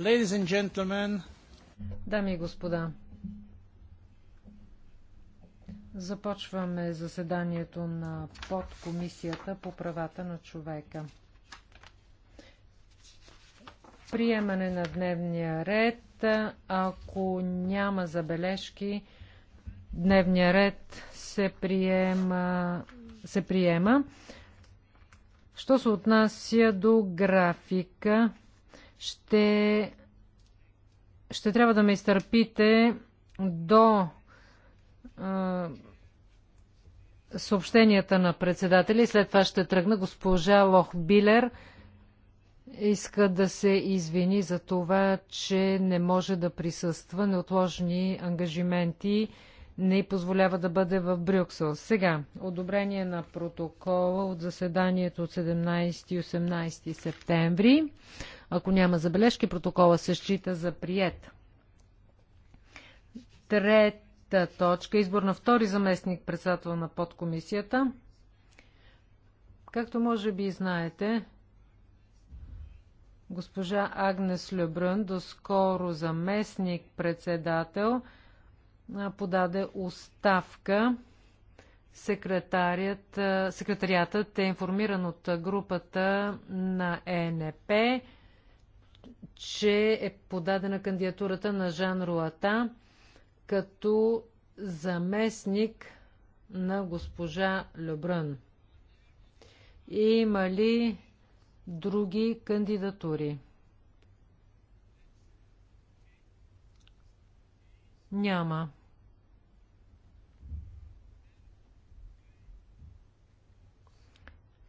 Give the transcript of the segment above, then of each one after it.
Ladies and gentlemen. Дами и господа, започваме заседанието на подкомисията по правата на човека. Приемане на дневния ред. Ако няма забележки, дневния ред се приема. Се приема. Що се отнася до графика, ще, ще трябва да ме изтърпите до а, съобщенията на председателя и след това ще тръгна. Госпожа Лох Билер иска да се извини за това, че не може да присъства неотложни ангажименти не й позволява да бъде в Брюксел. Сега, одобрение на протокола от заседанието от 17 и 18 септември. Ако няма забележки, протокола се счита за прият. Трета точка. Избор на втори заместник председател на подкомисията. Както може би знаете, госпожа Агнес Лебрън, доскоро заместник председател, подаде оставка. Секретарият, секретариатът е информиран от групата на ЕНП че е подадена кандидатурата на Жан Руата като заместник на госпожа Лебрън. Има ли други кандидатури? Няма.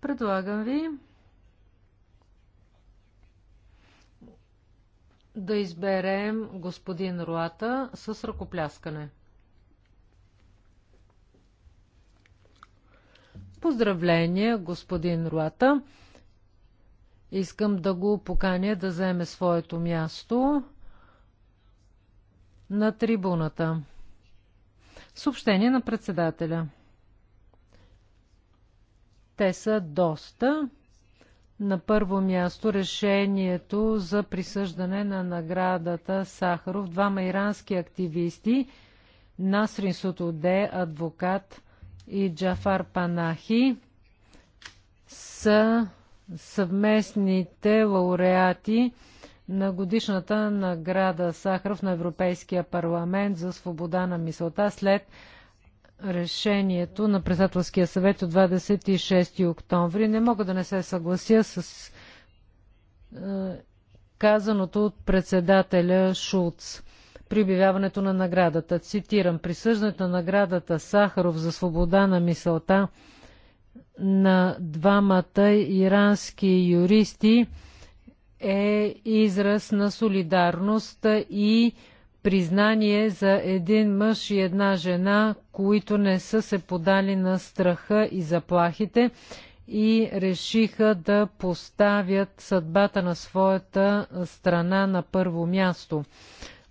Предлагам ви да изберем господин Руата с ръкопляскане. Поздравление, господин Руата. Искам да го поканя да вземе своето място на трибуната. Съобщение на председателя. Те са доста. На първо място решението за присъждане на наградата Сахаров. Двама ирански активисти, Насрин Сотоде, адвокат и Джафар Панахи, са съвместните лауреати на годишната награда Сахаров на Европейския парламент за свобода на мисълта след решението на председателския съвет от 26 октомври. Не мога да не се съглася с е, казаното от председателя Шулц при обявяването на наградата. Цитирам, присъждането на наградата Сахаров за свобода на мисълта на двамата ирански юристи е израз на солидарност и признание за един мъж и една жена, които не са се подали на страха и заплахите и решиха да поставят съдбата на своята страна на първо място.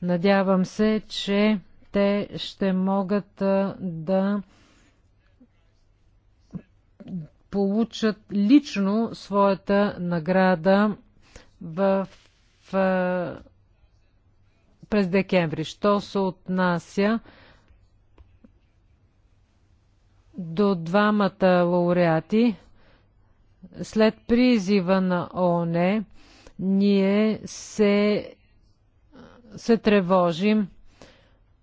Надявам се, че те ще могат да получат лично своята награда в, през декември. Що се отнася до двамата лауреати, след призива на ОНЕ, ние се, се тревожим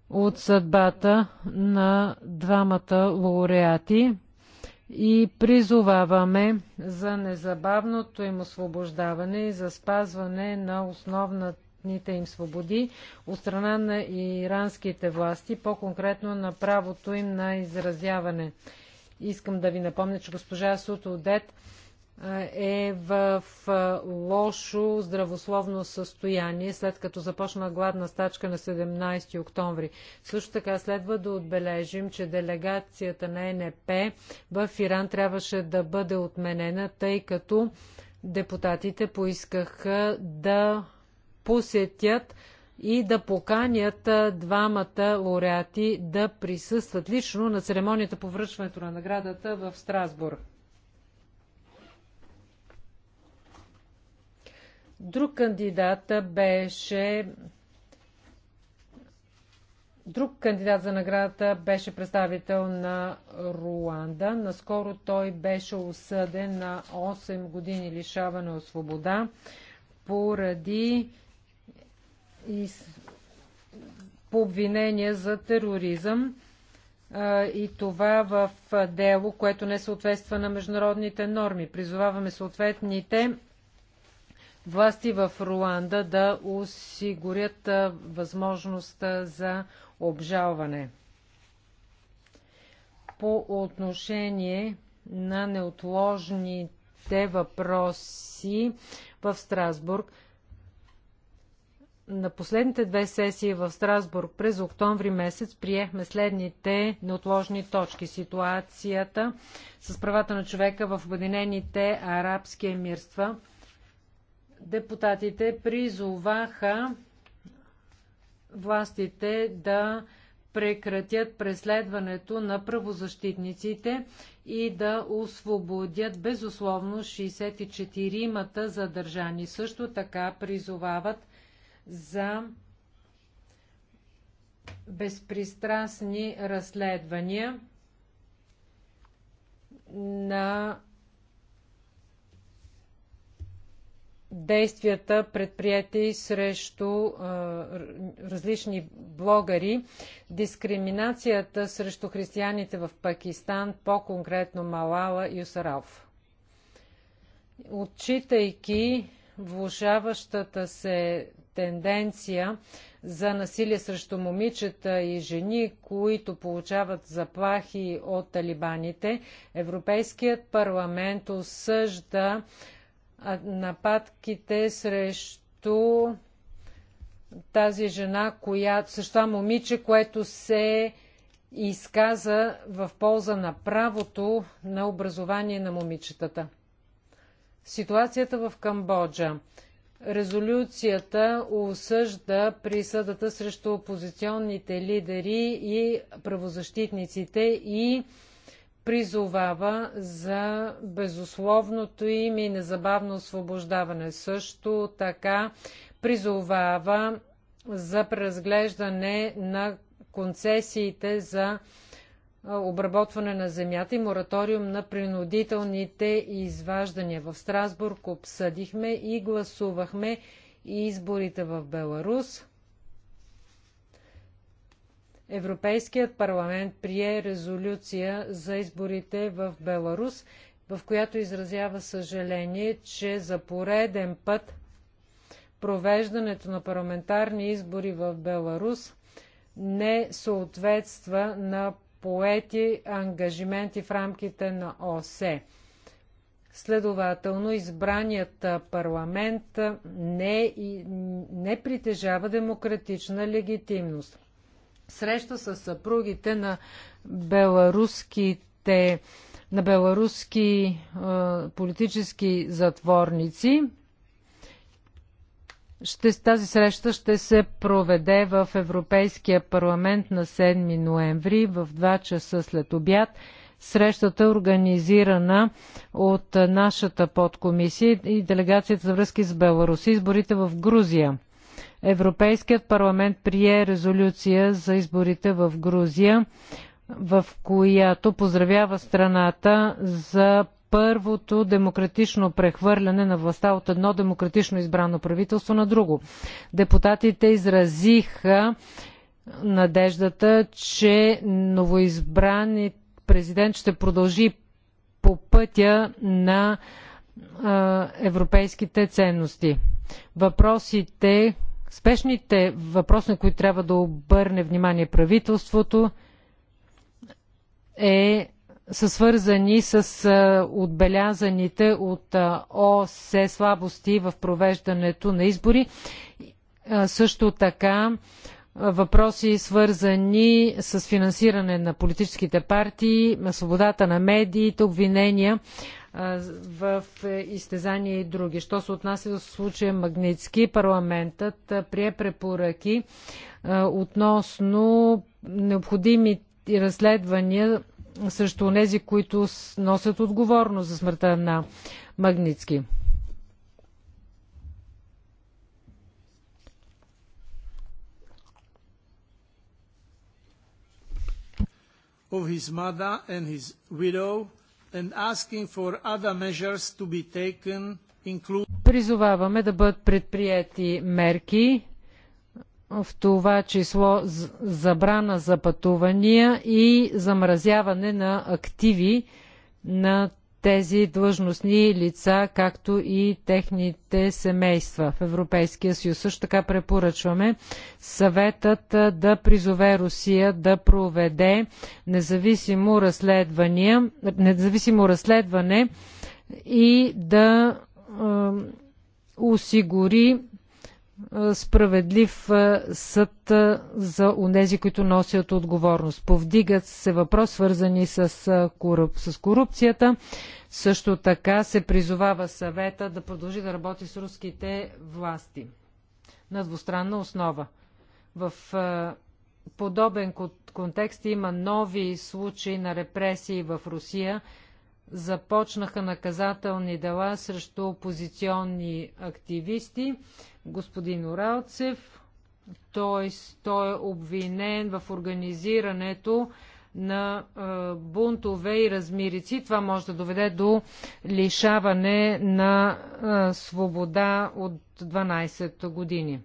от съдбата на двамата лауреати и призоваваме за незабавното им освобождаване и за спазване на основната конкретните им свободи от страна на иранските власти, по-конкретно на правото им на изразяване. Искам да ви напомня, че госпожа Сутодет е в лошо здравословно състояние, след като започна гладна стачка на 17 октомври. Също така следва да отбележим, че делегацията на НП в Иран трябваше да бъде отменена, тъй като депутатите поискаха да посетят и да поканят двамата лауреати да присъстват лично на церемонията по връчването на наградата в Страсбург. Друг кандидат беше Друг кандидат за наградата беше представител на Руанда. Наскоро той беше осъден на 8 години лишаване от свобода поради и по обвинение за тероризъм и това в дело, което не съответства на международните норми. Призоваваме съответните власти в Руанда да осигурят възможността за обжалване. По отношение на неотложните въпроси в Страсбург, на последните две сесии в Страсбург през октомври месец приехме следните неотложни точки. Ситуацията с правата на човека в Обединените арабски емирства. Депутатите призоваха властите да прекратят преследването на правозащитниците и да освободят безусловно 64-мата задържани. Също така призовават за безпристрастни разследвания на действията предприяти срещу а, различни блогъри. Дискриминацията срещу християните в Пакистан, по-конкретно Малала и Юсаралф. Отчитайки влушаващата се тенденция за насилие срещу момичета и жени, които получават заплахи от талибаните, Европейският парламент осъжда нападките срещу тази жена, която, също момиче, което се изказа в полза на правото на образование на момичетата. Ситуацията в Камбоджа. Резолюцията осъжда присъдата срещу опозиционните лидери и правозащитниците и призовава за безусловното им и незабавно освобождаване. Също така призовава за преразглеждане на концесиите за обработване на земята и мораториум на принудителните изваждания. В Страсбург обсъдихме и гласувахме изборите в Беларус. Европейският парламент прие резолюция за изборите в Беларус, в която изразява съжаление, че за пореден път провеждането на парламентарни избори в Беларус не съответства на поети ангажименти в рамките на ОСЕ. Следователно, избраният парламент не, не притежава демократична легитимност. Среща с съпругите на беларуските на беларуски е, политически затворници ще, тази среща ще се проведе в Европейския парламент на 7 ноември в 2 часа след обяд. Срещата е организирана от нашата подкомисия и делегацията за връзки с Беларус. Изборите в Грузия. Европейският парламент прие резолюция за изборите в Грузия, в която поздравява страната за първото демократично прехвърляне на властта от едно демократично избрано правителство на друго. Депутатите изразиха надеждата, че новоизбрани президент ще продължи по пътя на европейските ценности. Въпросите, спешните въпроси, на които трябва да обърне внимание правителството, е са свързани с отбелязаните от ОСЕ слабости в провеждането на избори. Също така въпроси свързани с финансиране на политическите партии, свободата на медиите, обвинения в изтезания и други. Що се отнася до случая Магницки, парламентът прие препоръки относно необходимите разследвания срещу тези, които носят отговорност за смъртта на Магницки. of his mother and his widow and asking for other measures to be taken, including Призоваваме да бъдат предприяти мерки, в това число забрана за пътувания и замразяване на активи на тези длъжностни лица, както и техните семейства в Европейския съюз. Също така препоръчваме съветът да призове Русия да проведе независимо, независимо разследване и да осигури справедлив е, съд е, за онези, които носят отговорност. Повдигат се въпрос, свързани с, е, с корупцията. Също така се призовава съвета да продължи да работи с руските власти на двустранна основа. В подобен контекст има нови случаи на репресии в Русия – започнаха наказателни дела срещу опозиционни активисти. Господин Оралцев, той, той е обвинен в организирането на е, бунтове и размирици. Това може да доведе до лишаване на е, свобода от 12 години.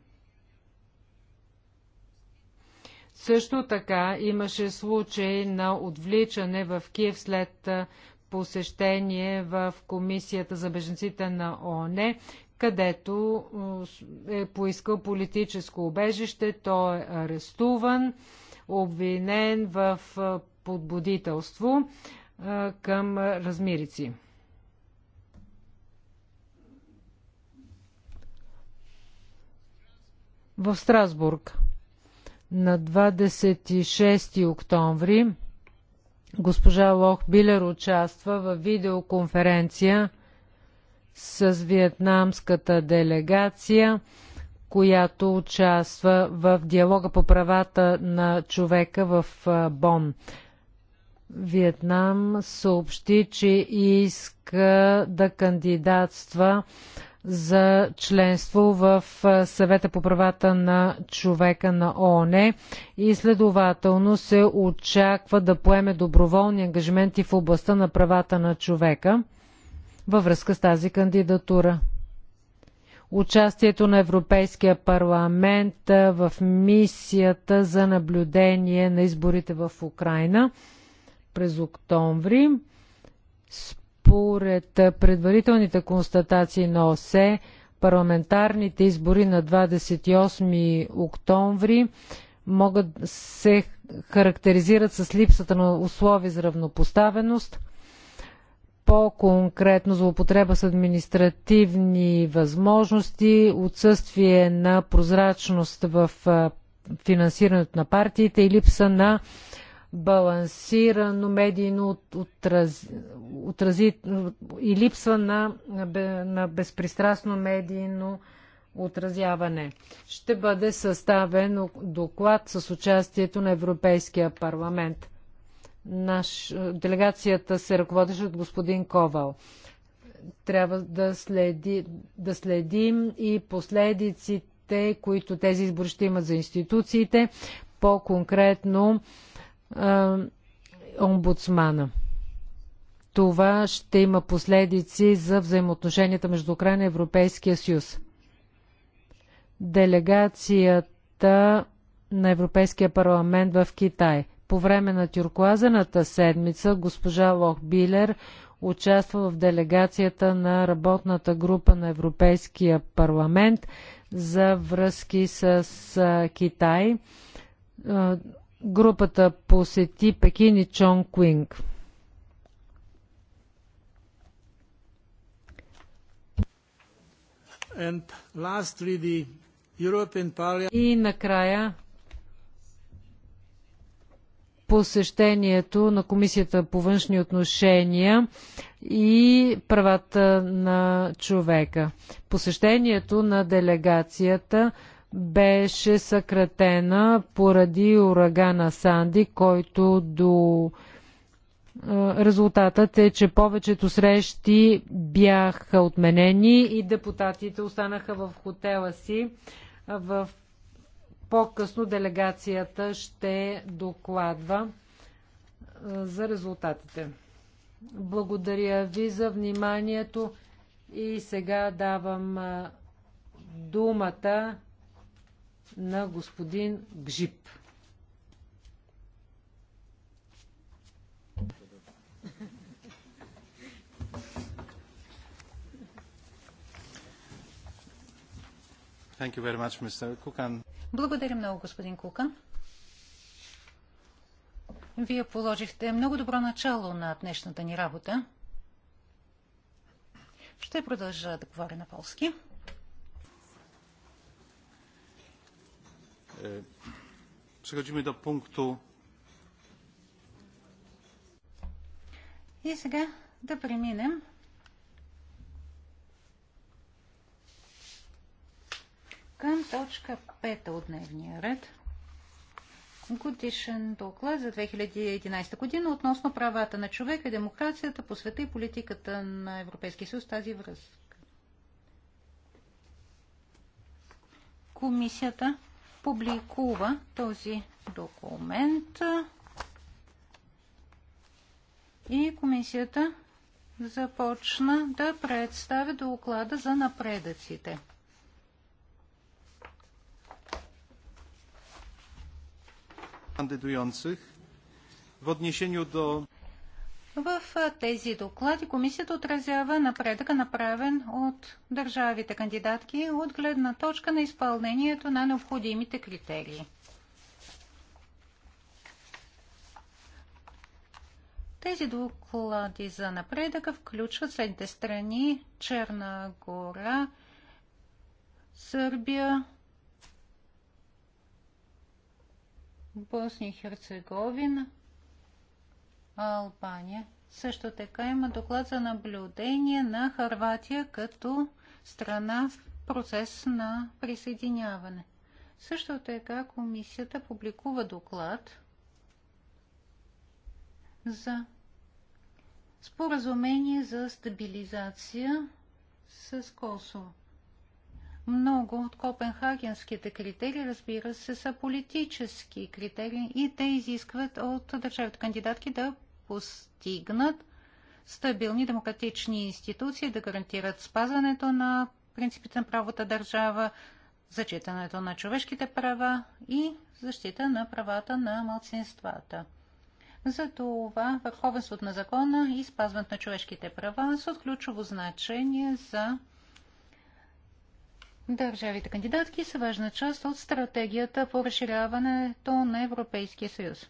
Също така имаше случай на отвличане в Киев след посещение в Комисията за беженците на ООН, където е, е поискал политическо убежище. Той е арестуван, обвинен в е, подбудителство е, към размирици. В Страсбург на 26 октомври Госпожа Лох Билер участва в видеоконференция с виетнамската делегация, която участва в диалога по правата на човека в Бон. Виетнам съобщи, че иска да кандидатства за членство в съвета по правата на човека на ООН и следователно се очаква да поеме доброволни ангажименти в областта на правата на човека във връзка с тази кандидатура. Участието на Европейския парламент в мисията за наблюдение на изборите в Украина през октомври според предварителните констатации на ОСЕ, парламентарните избори на 28 октомври могат се характеризират с липсата на условия за равнопоставеност, по-конкретно злоупотреба с административни възможности, отсъствие на прозрачност в финансирането на партиите и липса на балансирано медийно отраз... отрази и липсва на, на безпристрастно медийно отразяване. Ще бъде съставен доклад с участието на Европейския парламент. Наш, делегацията се ръководеше от господин Ковал. Трябва да, следи, да следим и последиците, които тези избори ще имат за институциите, по-конкретно омбудсмана. Това ще има последици за взаимоотношенията между Украина и Европейския съюз. Делегацията на Европейския парламент в Китай. По време на тюркуазената седмица госпожа Лох Билер участва в делегацията на работната група на Европейския парламент за връзки с Китай групата посети Пекин и Чон Куинг. Lastly, Parliament... И накрая посещението на Комисията по външни отношения и правата на човека. Посещението на делегацията беше съкратена поради урагана Санди, който до Резултатът е, че повечето срещи бяха отменени и депутатите останаха в хотела си. В по-късно делегацията ще докладва за резултатите. Благодаря ви за вниманието и сега давам думата на господин Гжип. Much, Благодаря много, господин Кукан. Вие положихте много добро начало на днешната ни работа. Ще продължа да говоря на полски. E, przechodzimy do punktu. И сега да преминем към точка 5 от дневния ред. Годишен доклад за 2011 година относно правата на човека и демокрацията по света и политиката на Европейския съюз тази връзка. Комисията публикува този документ и комисията започна да представя доклада за напредъците. Кандидуjących w odniesieniu do в тези доклади комисията отразява напредъка, направен от държавите кандидатки от гледна точка на изпълнението на необходимите критерии. Тези доклади за напредъка включват следните страни Черна гора, Сърбия, Босния и Херцеговина, Албания. Също така има доклад за наблюдение на Харватия като страна в процес на присъединяване. Също така комисията публикува доклад за споразумение за стабилизация с Косово. Много от копенхагенските критерии, разбира се, са политически критерии и те изискват от държавите кандидатки да постигнат стабилни демократични институции, да гарантират спазването на принципите на правата държава, зачитането на човешките права и защита на правата на малцинствата. За това върховенството на закона и спазването на човешките права са от ключово значение за държавите кандидатки са важна част от стратегията по разширяването на Европейския съюз.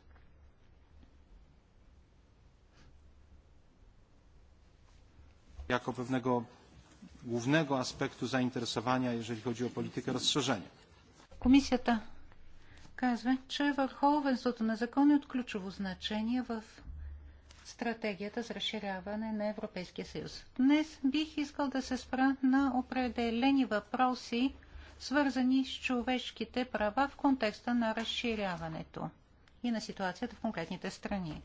jako pewnego głównego aspektu zainteresowania, jeżeli chodzi o politykę rozszerzenia. Комисията казва, че върховенството на закона е от ключово значение в стратегията за разширяване на Европейския съюз. Днес бих искал да се спра на определени въпроси, свързани с човешките права в контекста на разширяването и на ситуацията в конкретните страни.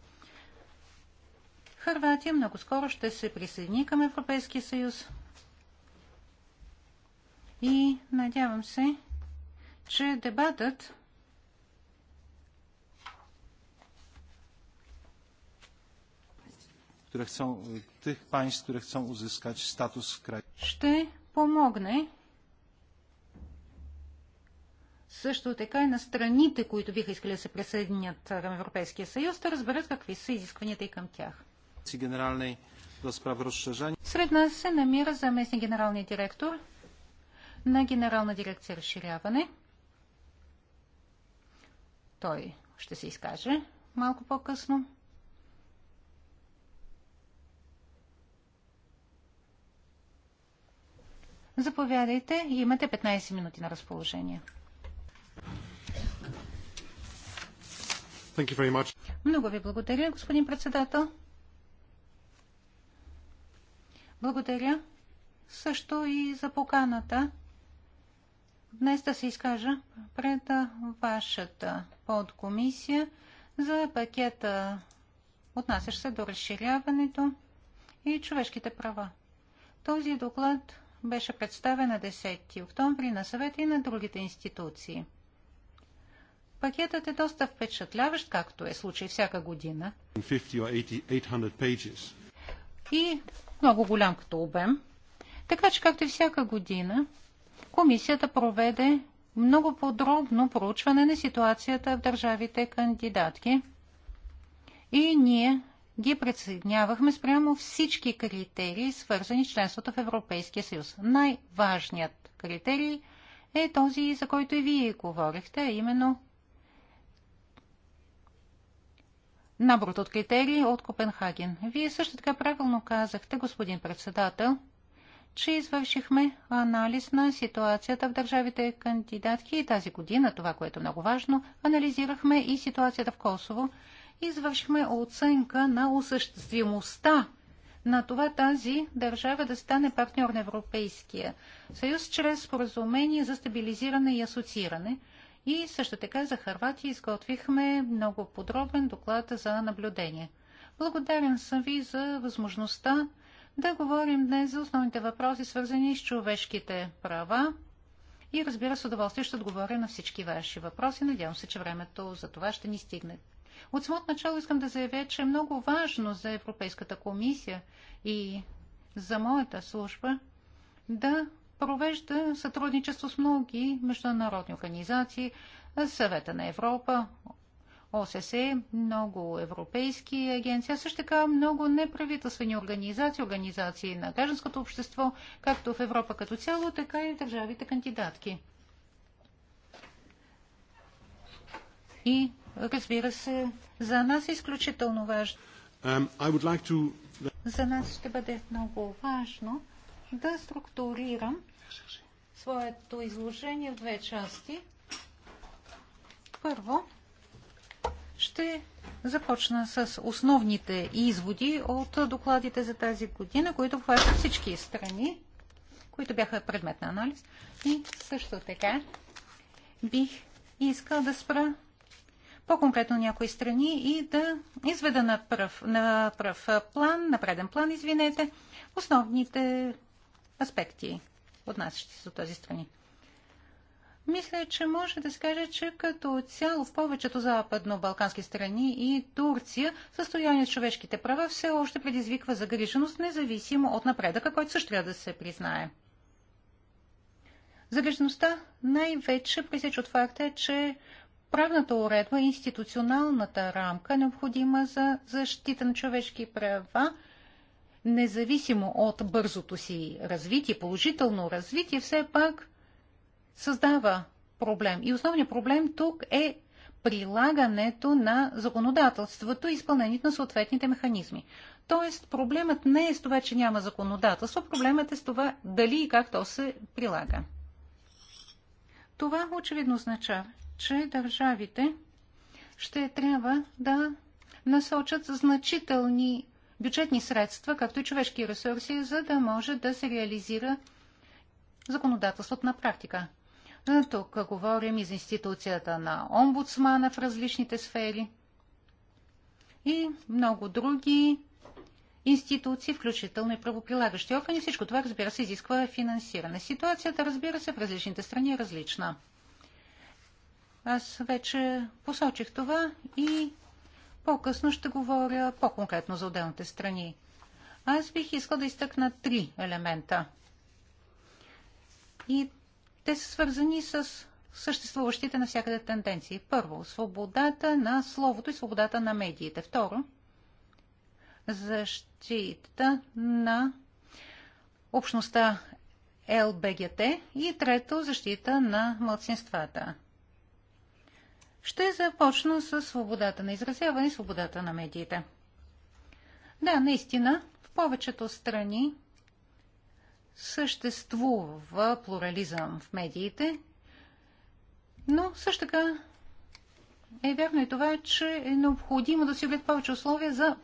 Харватия много скоро ще се присъедини към Европейския съюз. И надявам се, че дебатът które chcą, tych państw, które Ще помогне също така и на страните, които биха искали да се присъединят към Европейския съюз, да разберат какви са изискванията и към тях. Сред нас се намира заместник генералния директор на Генерална дирекция разширяване. Той ще се изкаже малко по-късно. Заповядайте, имате 15 минути на разположение. Много ви благодаря, господин председател. Благодаря също и за поканата днес да се изкажа пред вашата подкомисия за пакета, отнасящ се до разширяването и човешките права. Този доклад беше представен на 10 октомври на съвета и на другите институции. Пакетът е доста впечатляващ, както е случай всяка година. И много голям като обем. Така че, както и всяка година, комисията проведе много подробно проучване на ситуацията в държавите кандидатки и ние ги преценявахме спрямо всички критерии, свързани с членството в Европейския съюз. Най-важният критерий е този, за който и вие говорихте, а именно наборът от критерии от Копенхаген. Вие също така правилно казахте, господин председател, че извършихме анализ на ситуацията в държавите кандидатки и тази година, това, което е много важно, анализирахме и ситуацията в Косово. Извършихме оценка на осъществимостта на това тази държава да стане партньор на Европейския съюз чрез споразумение за стабилизиране и асоцииране – и също така за Харватия изготвихме много подробен доклад за наблюдение. Благодарен съм ви за възможността да говорим днес за основните въпроси, свързани с човешките права. И разбира се, удоволствие ще отговоря на всички ваши въпроси. Надявам се, че времето за това ще ни стигне. От самото начало искам да заявя, че е много важно за Европейската комисия и за моята служба да провежда сътрудничество с многи международни организации, Съвета на Европа, ОССЕ, много европейски агенции, а също така много неправителствени организации, организации на гражданското общество, както в Европа като цяло, така и в държавите кандидатки. И разбира се, за нас е изключително важно. Um, like to... За нас ще бъде много важно да структурирам своето изложение в две части. Първо, ще започна с основните изводи от докладите за тази година, които обхващат всички страни, които бяха предмет на анализ. И също така бих искал да спра по-конкретно някои страни и да изведа на пръв, на пръв план, на преден план, извинете, основните аспекти, отнасящи се от тези страни. Мисля, че може да се каже, че като цяло в повечето западно-балкански страни и Турция състояние с човешките права все още предизвиква загриженост, независимо от напредъка, който също трябва да се признае. Загрижеността най-вече пресече от факта, е, че правната уредба, институционалната рамка, необходима за защита на човешки права, независимо от бързото си развитие, положително развитие, все пак създава проблем. И основният проблем тук е прилагането на законодателството и изпълнението на съответните механизми. Тоест, проблемът не е с това, че няма законодателство, проблемът е с това дали и как то се прилага. Това очевидно означава, че държавите ще трябва да насочат значителни бюджетни средства, както и човешки ресурси, за да може да се реализира законодателството на практика. Тук говорим и за институцията на омбудсмана в различните сфери и много други институции, включително и правоприлагащи органи. Всичко това, разбира се, изисква финансиране. Ситуацията, разбира се, в различните страни е различна. Аз вече посочих това и по-късно ще говоря по-конкретно за отделните страни. Аз бих искал да изтъкна три елемента. И те са свързани с съществуващите навсякъде тенденции. Първо, свободата на словото и свободата на медиите. Второ, защита на общността ЛБГТ. И трето, защита на младсинствата. Ще започна с свободата на изразяване и свободата на медиите. Да, наистина, в повечето страни съществува плурализъм в медиите, но също така е вярно и това, че е необходимо да се гледат повече условия за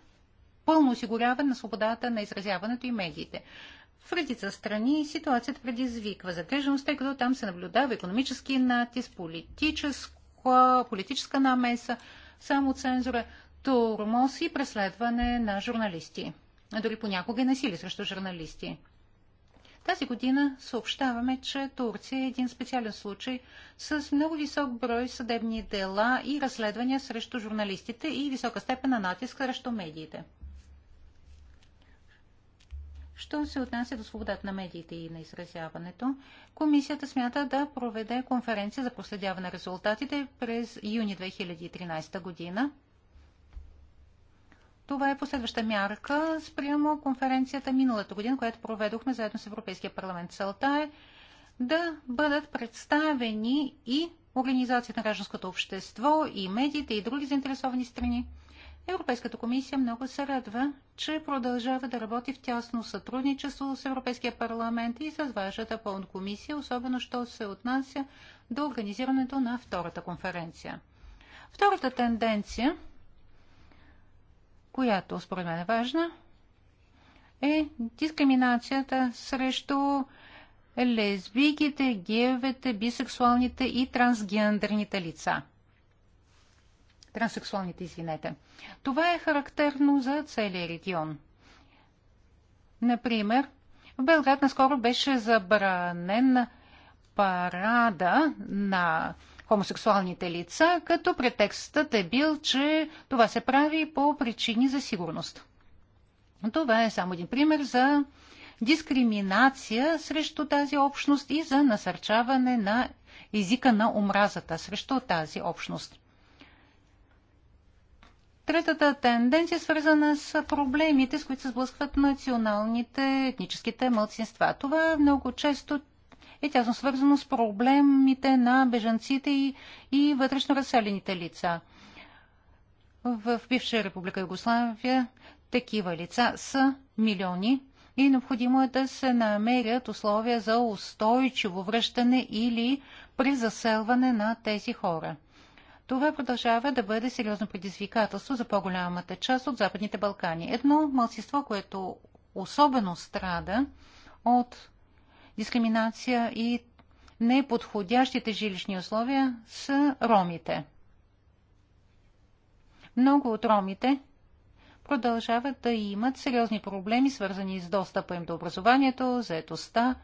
пълно осигуряване на свободата на изразяването и медиите. В редица страни ситуацията предизвиква загреженост, тъй като там се наблюдава економически натиск, политическо никаква политическа намеса, само цензура, тормоз и преследване на журналисти. А дори понякога и насили срещу журналисти. Тази година съобщаваме, че Турция е един специален случай с много висок брой съдебни дела и разследвания срещу журналистите и висока степен на натиск срещу медиите. Що се отнася до свободата на медиите и на изразяването, комисията смята да проведе конференция за проследяване на резултатите през юни 2013 година. Това е последваща мярка спрямо конференцията миналата година, която проведохме заедно с Европейския парламент. Целта е да бъдат представени и организацията на гражданското общество, и медиите, и други заинтересовани страни – Европейската комисия много се радва, че продължава да работи в тясно сътрудничество с Европейския парламент и с вашата пълна комисия, особено що се отнася до организирането на втората конференция. Втората тенденция, която според мен е важна, е дискриминацията срещу лесбийките, геевете, бисексуалните и трансгендерните лица – транссексуалните, извинете. Това е характерно за целия регион. Например, в Белград наскоро беше забранен парада на хомосексуалните лица, като претекстът е бил, че това се прави по причини за сигурност. Това е само един пример за дискриминация срещу тази общност и за насърчаване на езика на омразата срещу тази общност. Третата тенденция е свързана с проблемите, с които се сблъскват националните етническите мълцинства. Това много често е тясно свързано с проблемите на бежанците и, и вътрешно разселените лица. В бивша република Югославия такива лица са милиони и необходимо е да се намерят условия за устойчиво връщане или при заселване на тези хора. Това продължава да бъде сериозно предизвикателство за по-голямата част от Западните Балкани. Едно малцинство, което особено страда от дискриминация и неподходящите жилищни условия са ромите. Много от ромите продължават да имат сериозни проблеми, свързани с достъпа им до образованието, заетостта,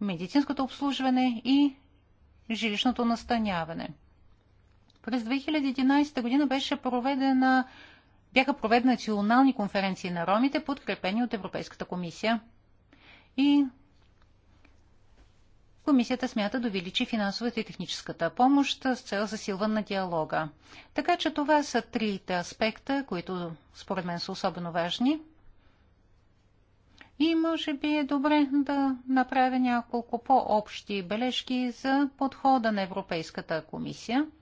медицинското обслужване и жилищното настаняване – през 2011 година беше проведена, бяха проведени национални конференции на ромите, подкрепени от Европейската комисия. И Комисията смята да увеличи финансовата и техническата помощ с цел засилване на диалога. Така че това са трите аспекта, които според мен са особено важни. И може би е добре да направя няколко по-общи бележки за подхода на Европейската комисия –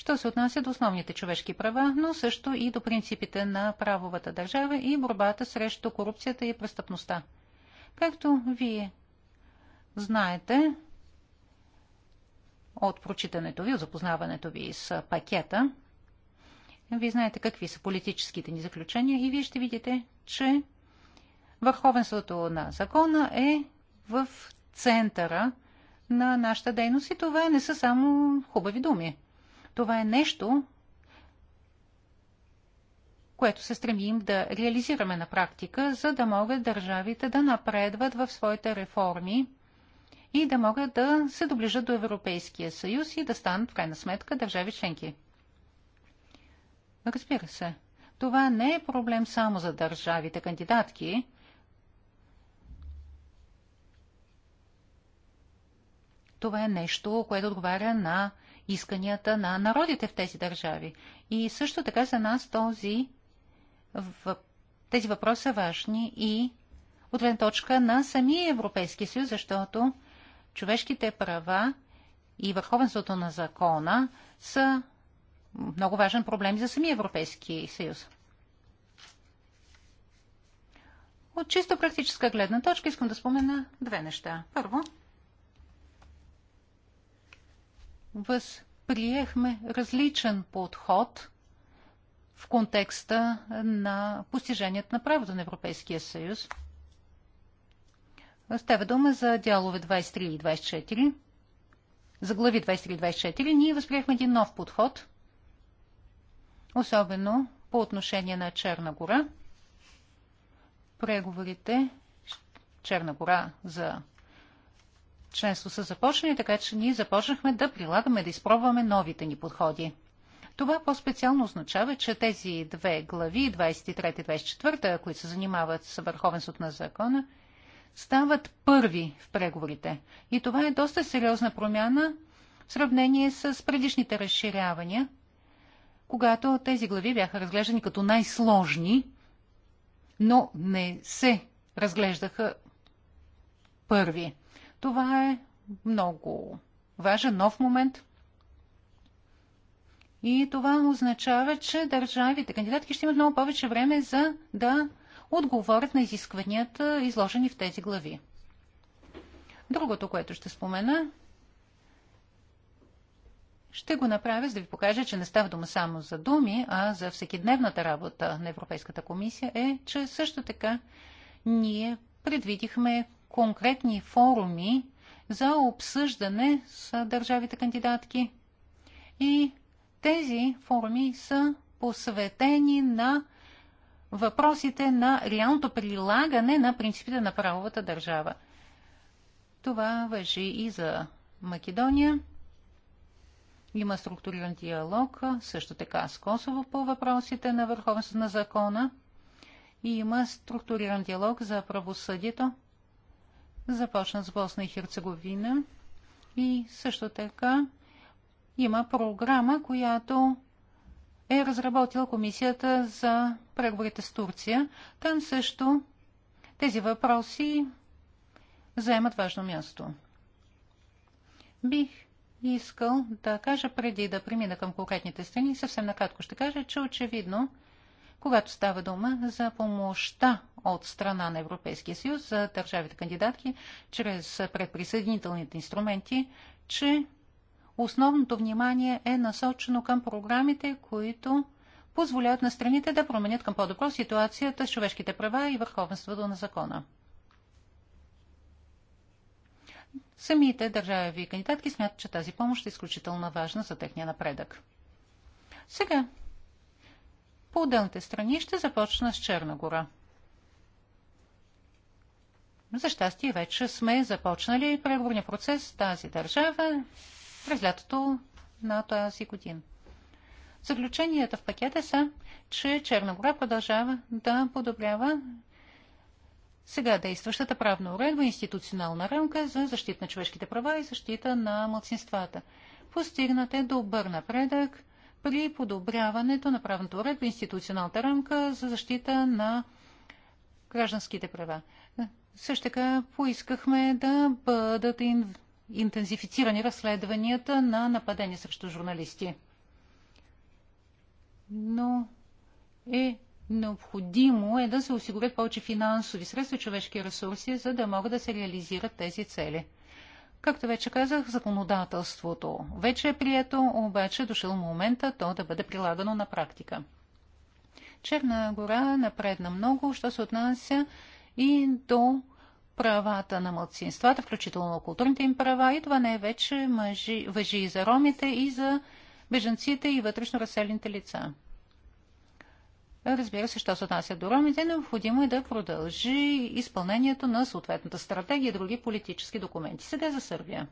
що се отнася до основните човешки права, но също и до принципите на правовата държава и борбата срещу корупцията и престъпността. Както вие знаете от прочитането ви, от запознаването ви с пакета, вие знаете какви са политическите ни заключения и вие ще видите, че върховенството на закона е в центъра на нашата дейност и това не са само хубави думи. Това е нещо, което се стремим да реализираме на практика, за да могат държавите да напредват в своите реформи и да могат да се доближат до Европейския съюз и да станат в крайна сметка държави членки. Разбира се, това не е проблем само за държавите кандидатки. Това е нещо, което отговаря на исканията на народите в тези държави. И също така за нас този, тези въпроси са важни и от гледна точка на самия Европейски съюз, защото човешките права и върховенството на закона са много важен проблем за самия Европейски съюз. От чисто практическа гледна точка искам да спомена две неща. Първо, възприехме различен подход в контекста на постижението на правото на Европейския съюз. Става дума за дялове 23 и 24. За глави 23 и 24 ние възприехме един нов подход, особено по отношение на Черна гора. Преговорите Черна гора за членство са започнали, така че ние започнахме да прилагаме, да изпробваме новите ни подходи. Това по-специално означава, че тези две глави, 23 и 24, които се занимават с върховенството на закона, стават първи в преговорите. И това е доста сериозна промяна в сравнение с предишните разширявания, когато тези глави бяха разглеждани като най-сложни, но не се разглеждаха първи. Това е много важен нов момент. И това означава, че държавите кандидатки ще имат много повече време за да отговорят на изискванията, изложени в тези глави. Другото, което ще спомена, ще го направя, за да ви покажа, че не става дума само за думи, а за всекидневната работа на Европейската комисия е, че също така ние предвидихме конкретни форуми за обсъждане с държавите кандидатки. И тези форуми са посветени на въпросите на реалното прилагане на принципите на правовата държава. Това въжи и за Македония. Има структуриран диалог, също така с Косово по въпросите на върховенство на закона. И има структуриран диалог за правосъдието започна с Босна и Херцеговина. И също така има програма, която е разработила комисията за преговорите с Турция. Там също тези въпроси заемат важно място. Бих искал да кажа преди да премина към конкретните страни, съвсем накратко ще кажа, че очевидно когато става дума за помощта от страна на Европейския съюз за държавите кандидатки чрез предприсъединителните инструменти, че основното внимание е насочено към програмите, които позволяват на страните да променят към по-добро ситуацията с човешките права и върховенството на закона. Самите държави и кандидатки смятат, че тази помощ е изключително важна за техния напредък. Сега по отделните страни ще започна с Черна гора. За щастие вече сме започнали преговорния процес с тази държава през лятото на тази година. Заключенията в пакета са, че Черна гора продължава да подобрява сега действащата правна уредба, институционална рамка за защита на човешките права и защита на младсинствата. Постигнат е добър напредък при подобряването на правната уредба, институционалната рамка за защита на гражданските права. Също така поискахме да бъдат интензифицирани разследванията на нападения срещу журналисти. Но е необходимо е да се осигурят повече финансови средства, човешки ресурси, за да могат да се реализират тези цели. Както вече казах, законодателството вече е прието, обаче е дошъл момента то да бъде прилагано на практика. Черна гора напредна много, що се отнася и до правата на младсинствата, включително на културните им права. И това не е вече въжи и за ромите, и за беженците и вътрешно разселените лица. Разбира се, що се отнася до ромите, необходимо е да продължи изпълнението на съответната стратегия и други политически документи. Сега за Сърбия.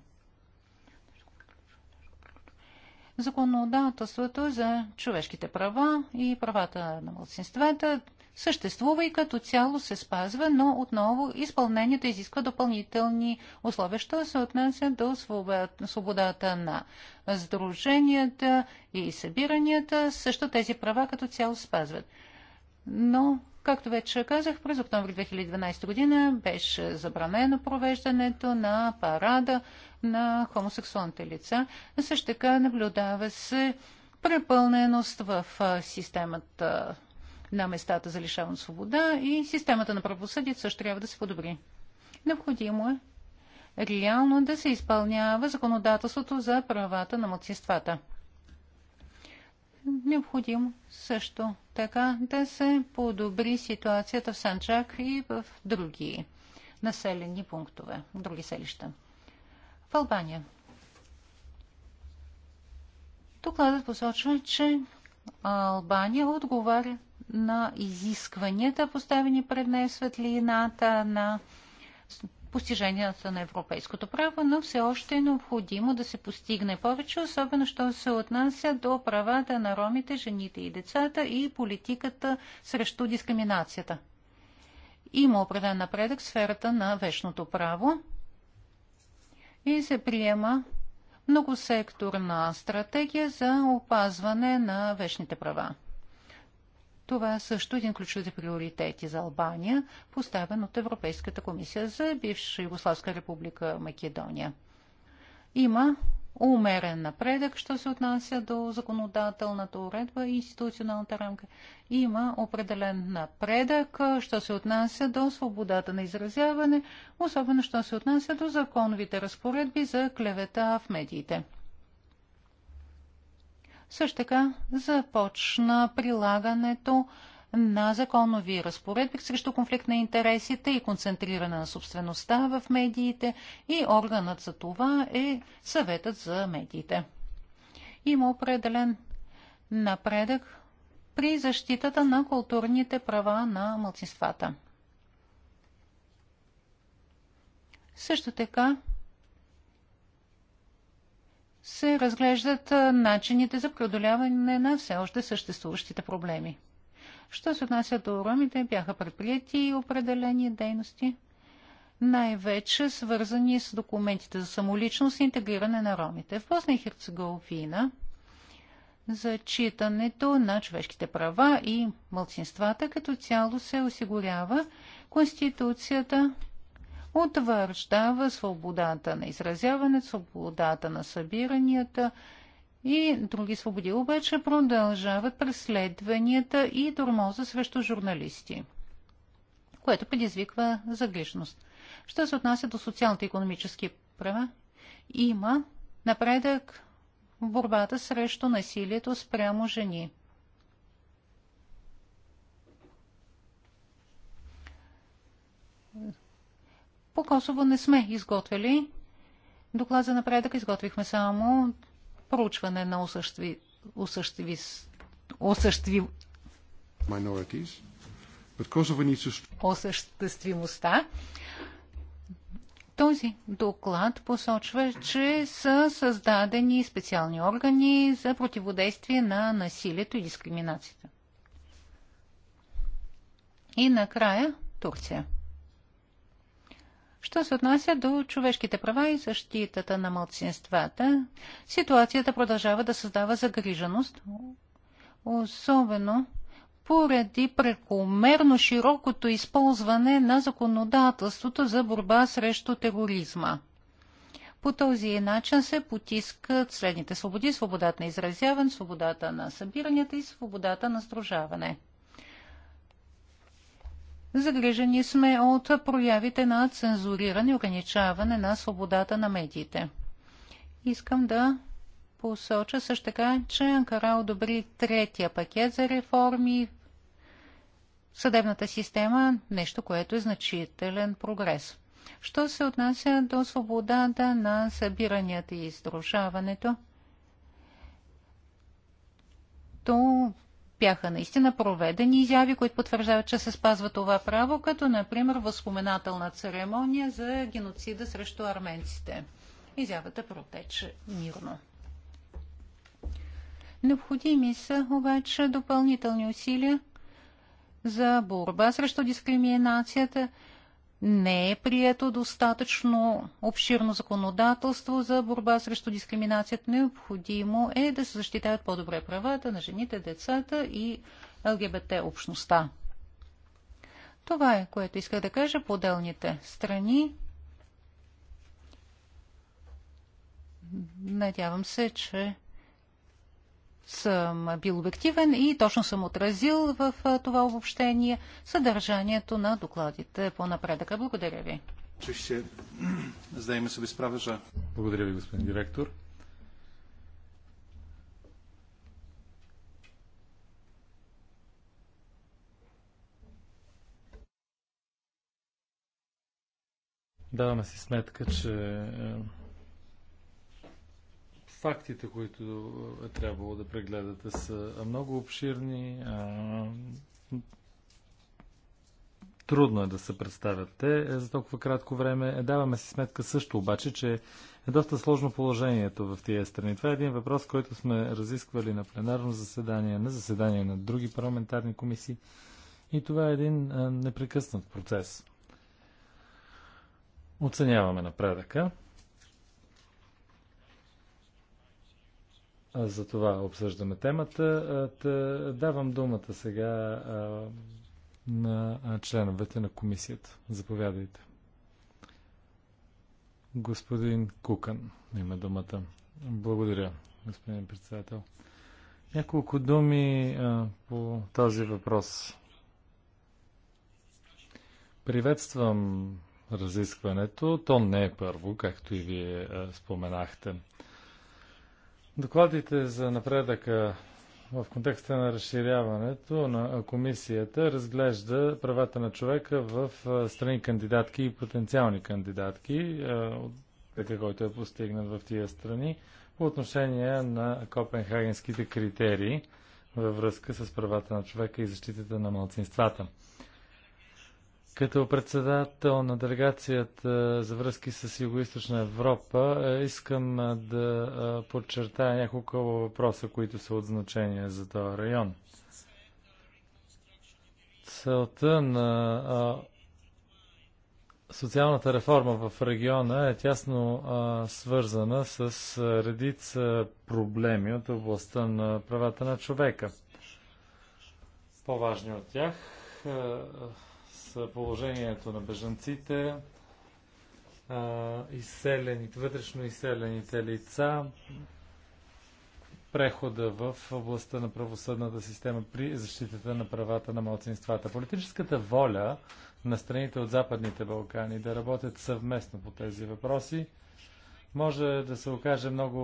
Законодателството за човешките права и правата на младсинствата съществува и като цяло се спазва, но отново изпълнението изисква допълнителни условия, що се отнася до свободата на сдруженията и събиранията. Също тези права като цяло спазват но, както вече казах, през октомври 2012 година беше забранено провеждането на парада на хомосексуалните лица. Също така наблюдава се препълненост в системата на местата за лишаване от свобода и системата на правосъдие също трябва да се подобри. Необходимо е реално да се изпълнява законодателството за правата на младсинствата необходимо също така да се подобри ситуацията в Санджак и в други населени пунктове, други селища. В Албания. Докладът посочва, че Албания отговаря на изискванията, поставени пред нея светлината на постиженията на европейското право, но все още е необходимо да се постигне повече, особено що се отнася до правата на ромите, жените и децата и политиката срещу дискриминацията. Има определен напредък в сферата на вечното право и се приема многосекторна стратегия за опазване на вечните права. Това е също един ключови приоритети за Албания, поставен от Европейската комисия за бивша Югославска република Македония. Има умерен напредък, що се отнася до законодателната уредба и институционалната рамка. Има определен напредък, що се отнася до свободата на изразяване, особено що се отнася до законовите разпоредби за клевета в медиите. Също така започна прилагането на законови разпоредби срещу конфликт на интересите и концентриране на собствеността в медиите и органът за това е съветът за медиите. Има определен напредък при защитата на културните права на младсинствата. Също така се разглеждат начините за преодоляване на все още съществуващите проблеми. Що се отнася до ромите, бяха предприяти и определени дейности, най-вече свързани с документите за самоличност и интегриране на ромите. В Босна и Херцеговина зачитането на човешките права и мълцинствата като цяло се осигурява. Конституцията утвърждава свободата на изразяване, свободата на събиранията и други свободи. Обаче продължават преследванията и тормоза срещу журналисти, което предизвиква загрижност. Що се отнася до социалните и економически права, има напредък в борбата срещу насилието спрямо жени. По Косово не сме изготвили доклад за напредък, изготвихме само проучване на осъществи, осъществимостта. Този доклад посочва, че са създадени специални органи за противодействие на насилието и дискриминацията. И накрая Турция. Що се отнася до човешките права и защитата на младсинствата, ситуацията продължава да създава загриженост, особено поради прекомерно широкото използване на законодателството за борба срещу тероризма. По този начин се потискат следните свободи – свободата на изразяване, свободата на събиранията и свободата на сдружаване. Загрижени сме от проявите на цензуриране и ограничаване на свободата на медиите. Искам да посоча също така, че Анкара одобри третия пакет за реформи в съдебната система, нещо, което е значителен прогрес. Що се отнася до свободата на събиранията и издружаването, то бяха наистина проведени изяви, които потвърждават, че се спазва това право, като например възпоменателна церемония за геноцида срещу арменците. Изявата протече мирно. Необходими са обаче допълнителни усилия за борба срещу дискриминацията не е прието достатъчно обширно законодателство за борба срещу дискриминацията. Необходимо е да се защитават по-добре правата на жените, децата и ЛГБТ общността. Това е, което иска да кажа по отделните страни. Надявам се, че съм бил обективен и точно съм отразил в това обобщение съдържанието на докладите по напредъка. Благодаря ви. Благодаря ви, господин директор. Даваме си сметка, че е, фактите, които е трябвало да прегледате, са много обширни. А, трудно е да се представят те е, за толкова кратко време. Е, даваме си сметка също обаче, че е доста сложно положението в тия страни. Това е един въпрос, който сме разисквали на пленарно заседание, на заседание на други парламентарни комисии. И това е един непрекъснат процес. Оценяваме напредъка. За това обсъждаме темата. Давам думата сега на членовете на комисията. Заповядайте. Господин Кукан има думата. Благодаря, господин председател. Няколко думи а, по този въпрос. Приветствам разискването. То не е първо, както и вие а, споменахте. Докладите за напредъка в контекста на разширяването на комисията разглежда правата на човека в страни кандидатки и потенциални кандидатки, така който е постигнат в тия страни, по отношение на копенхагенските критерии във връзка с правата на човека и защитата на малцинствата. Като председател на делегацията за връзки с Юго-Источна Европа, е, искам е, да е, подчертая няколко въпроса, които са от значение за този район. Целта на социалната реформа в региона е тясно свързана с редица проблеми от областта на правата на човека. По-важни от тях положението на бежанците, изселените, вътрешно изселените лица, прехода в областта на правосъдната система при защитата на правата на младсинствата. Политическата воля на страните от Западните Балкани да работят съвместно по тези въпроси може да се окаже много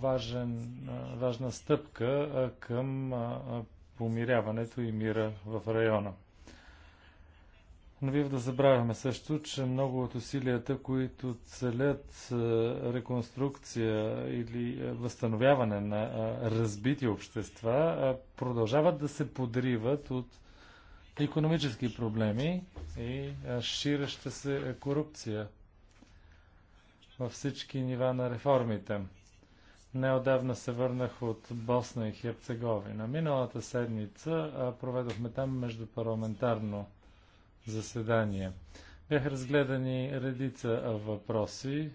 важен, важна стъпка към помиряването и мира в района. Не бива да забравяме също, че много от усилията, които целят реконструкция или възстановяване на разбити общества, продължават да се подриват от економически проблеми и шираща се корупция във всички нива на реформите. Неодавна се върнах от Босна и Херцеговина. Миналата седмица проведохме там междупарламентарно заседание. Бяха разгледани редица въпроси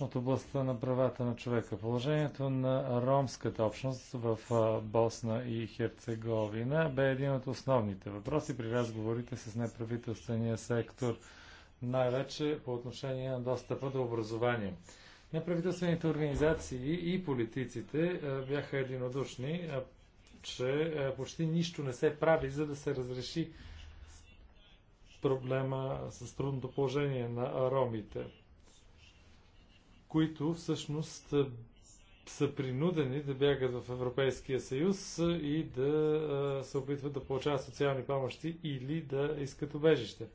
от областта на правата на човека. Положението на ромската общност в Босна и Херцеговина бе един от основните въпроси при разговорите с неправителствения сектор, най-вече по отношение на достъпа до образование. Неправителствените организации и политиците бяха единодушни че е, почти нищо не се прави, за да се разреши проблема с трудното положение на ромите, които всъщност е, са принудени да бягат в Европейския съюз е, и да се опитват да получават социални помощи или да искат убежище.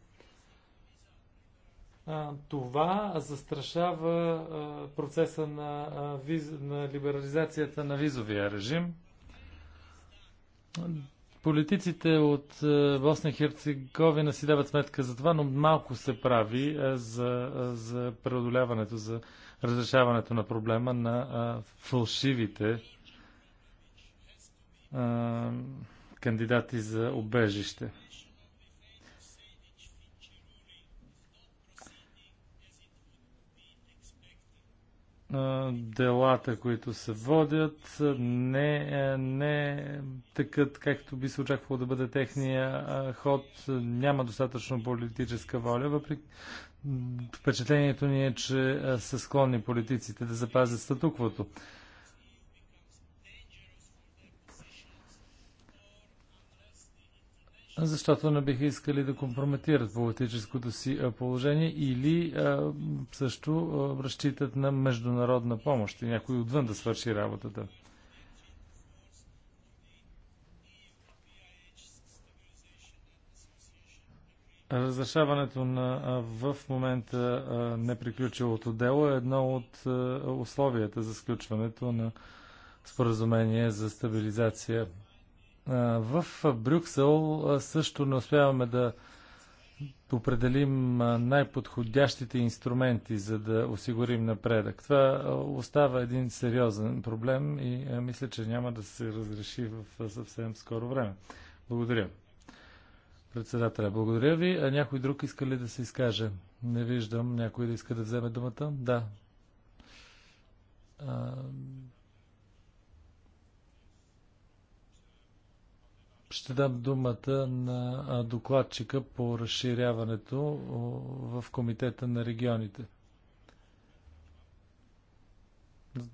Това застрашава процеса на, виз... на либерализацията на визовия режим Политиците от е, Босна и Херцеговина си дават сметка за това, но малко се прави е, за, е, за преодоляването, за разрешаването на проблема на фалшивите кандидати за обежище. делата, които се водят, не, е, не такът, както би се очаквало да бъде техния ход. Няма достатъчно политическа воля, въпреки впечатлението ни е, че са склонни политиците да запазят статуквото. защото не биха искали да компрометират политическото си положение или а, също а, разчитат на международна помощ и някой отвън да свърши работата. Разрешаването на в момента неприключилото дело е едно от условията за сключването на споразумение за стабилизация в Брюксел също не успяваме да определим най-подходящите инструменти, за да осигурим напредък. Това остава един сериозен проблем и мисля, че няма да се разреши в съвсем скоро време. Благодаря. Председателя, благодаря ви. А някой друг иска ли да се изкаже? Не виждам. Някой да иска да вземе думата? Да. Ще дам думата на докладчика по разширяването в Комитета на регионите.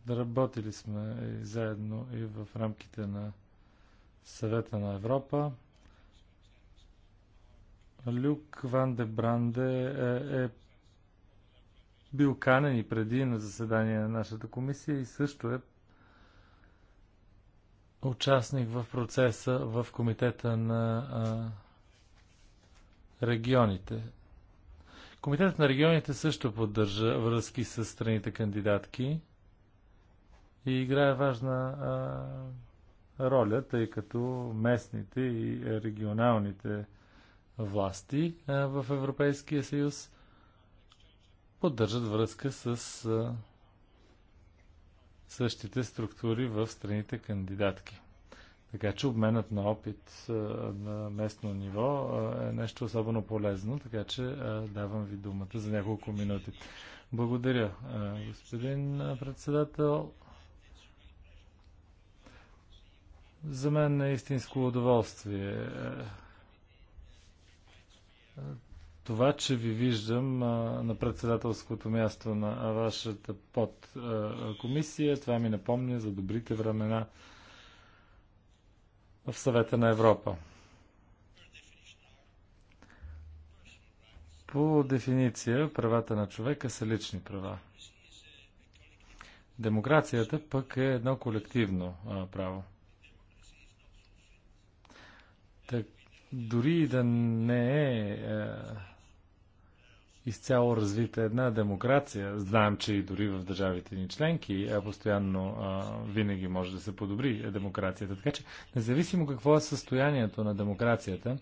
Работили сме и заедно и в рамките на Съвета на Европа. Люк Ван де Бранде е, е бил канен и преди на заседание на нашата комисия и също е участник в процеса в Комитета на а, регионите. Комитетът на регионите също поддържа връзки с страните кандидатки и играе важна а, роля, тъй като местните и регионалните власти а, в Европейския съюз поддържат връзка с а, същите структури в страните кандидатки. Така че обменът на опит на местно ниво е нещо особено полезно, така че давам ви думата за няколко минути. Благодаря, господин председател. За мен е истинско удоволствие това, че ви виждам а, на председателското място на вашата подкомисия, това ми напомня за добрите времена в съвета на Европа. По дефиниция, правата на човека са лични права. Демокрацията пък е едно колективно а, право. Так, дори да не е. А, е, изцяло развита една демокрация. Знаем, че и дори в държавите ни членки е постоянно а, винаги може да се подобри демокрацията. Така че, независимо какво е състоянието на демокрацията,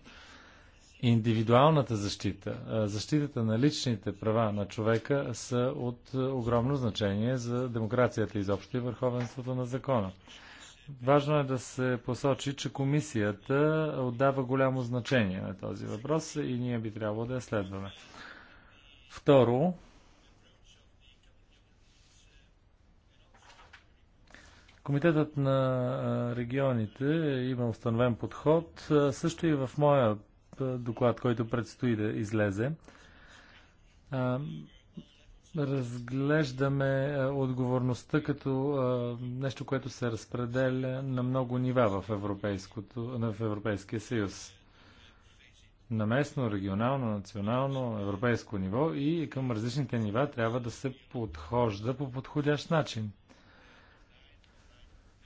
индивидуалната защита, защитата на личните права на човека са от огромно значение за демокрацията изобщо и върховенството на закона. Важно е да се посочи, че комисията отдава голямо значение на този въпрос и ние би трябвало да я следваме. Второ, Комитетът на регионите има установен подход. Също и в моя доклад, който предстои да излезе, разглеждаме отговорността като нещо, което се разпределя на много нива в, в Европейския съюз на местно, регионално, национално, европейско ниво и към различните нива трябва да се подхожда по подходящ начин.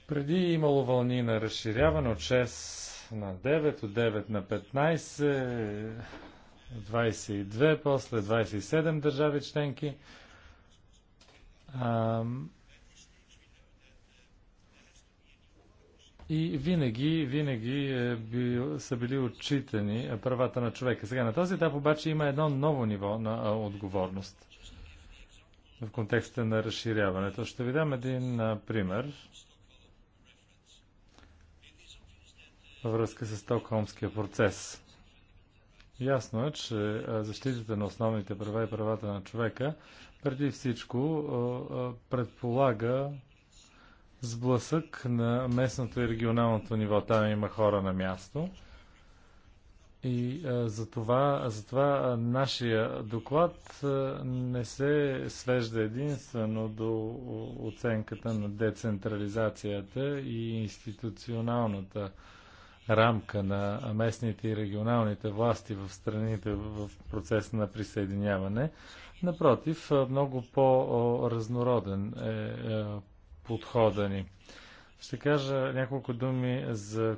Преди имало вълни на разширяване от 6 на 9, от 9 на 15, 22, после 27 държави членки. Ам... И винаги, винаги е бил, са били отчитани е, правата на човека. Сега на този етап обаче има едно ново ниво на е, отговорност в контекста на разширяването. Ще ви дам един е, пример във връзка с Стокхолмския процес. Ясно е, че защитата на основните права и правата на човека преди всичко предполага сблъсък на местното и регионалното ниво. Там има хора на място. И а, затова, затова а, нашия доклад а, не се свежда единствено до оценката на децентрализацията и институционалната рамка на местните и регионалните власти в страните в процес на присъединяване. Напротив, много по-разнороден е подхода ни. Ще кажа няколко думи за,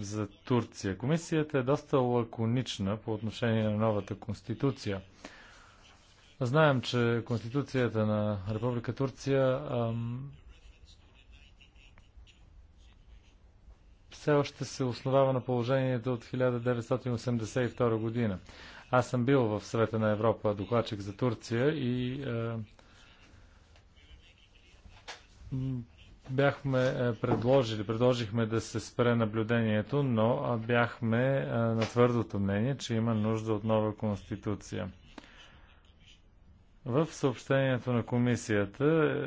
за Турция. Комисията е доста лаконична по отношение на новата конституция. Знаем, че конституцията на Република Турция ам, все още се основава на положението от 1982 година. Аз съм бил в Съвета на Европа докладчик за Турция и ам, е, бяхме е, предложили, предложихме да се спре наблюдението, но бяхме е, на твърдото мнение, че има нужда от нова конституция. В съобщението на комисията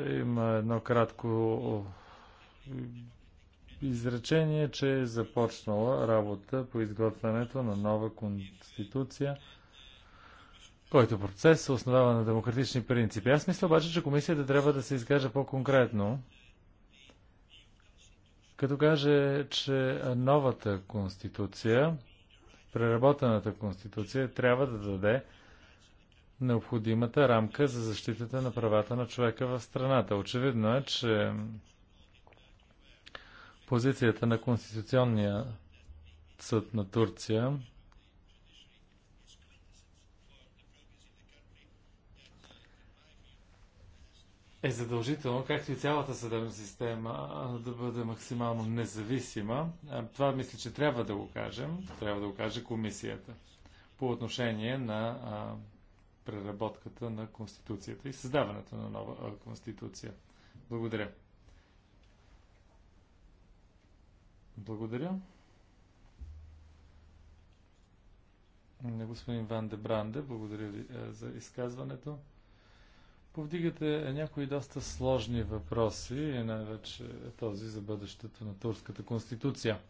е, има едно кратко изречение, че е започнала работа по изготвянето на нова конституция – който процес се основава на демократични принципи. Аз мисля обаче, че комисията трябва да се изкаже по-конкретно, като каже, че новата конституция, преработената конституция, трябва да даде необходимата рамка за защитата на правата на човека в страната. Очевидно е, че позицията на Конституционния съд на Турция е задължително, както и цялата съдебна система, да бъде максимално независима. Това мисля, че трябва да го кажем. Трябва да го каже комисията по отношение на преработката на Конституцията и създаването на нова Конституция. Благодаря. Благодаря. На господин Ван де Бранде, благодаря ви за изказването. Повдигате някои доста сложни въпроси, и най-вече този за бъдещето на турската конституция.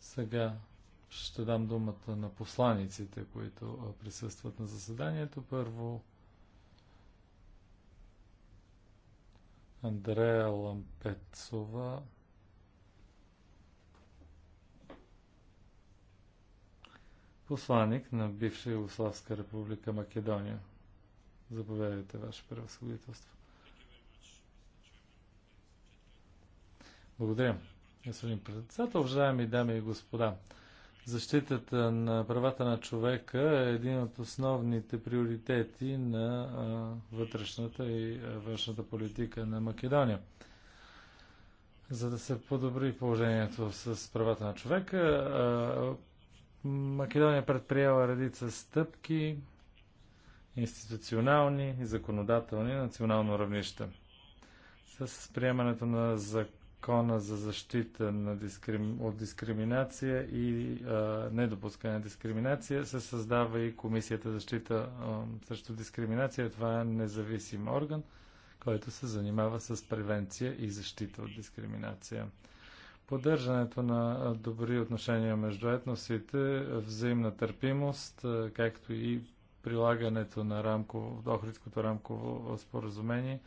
Сега ще дам думата на посланиците, които присъстват на заседанието. Първо Андрея Лампецова посланник на бивша Югославска република Македония. Заповядайте, Ваше превъзходителство. Благодаря. Господин председател, уважаеми дами и господа, защитата на правата на човека е един от основните приоритети на а, вътрешната и външната политика на Македония. За да се подобри положението с правата на човека, Македония предприела редица стъпки, институционални и законодателни национално равнище. С приемането на закона за защита на дискрим... от дискриминация и а, недопускане на дискриминация се създава и Комисията за защита а, срещу дискриминация. Това е независим орган, който се занимава с превенция и защита от дискриминация. Поддържането на добри отношения между етносите, взаимна търпимост, както и прилагането на рамково, Охридското рамково споразумение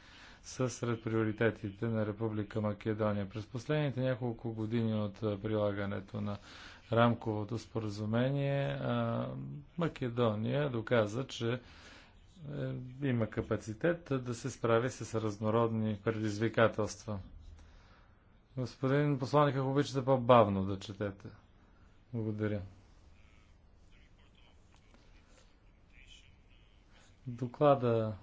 са сред приоритетите на Република Македония. През последните няколко години от прилагането на рамковото споразумение Македония доказа, че е, има капацитет да се справи с разнородни предизвикателства. Господин посланник, ако обичате по-бавно да четете. Благодаря. Доклада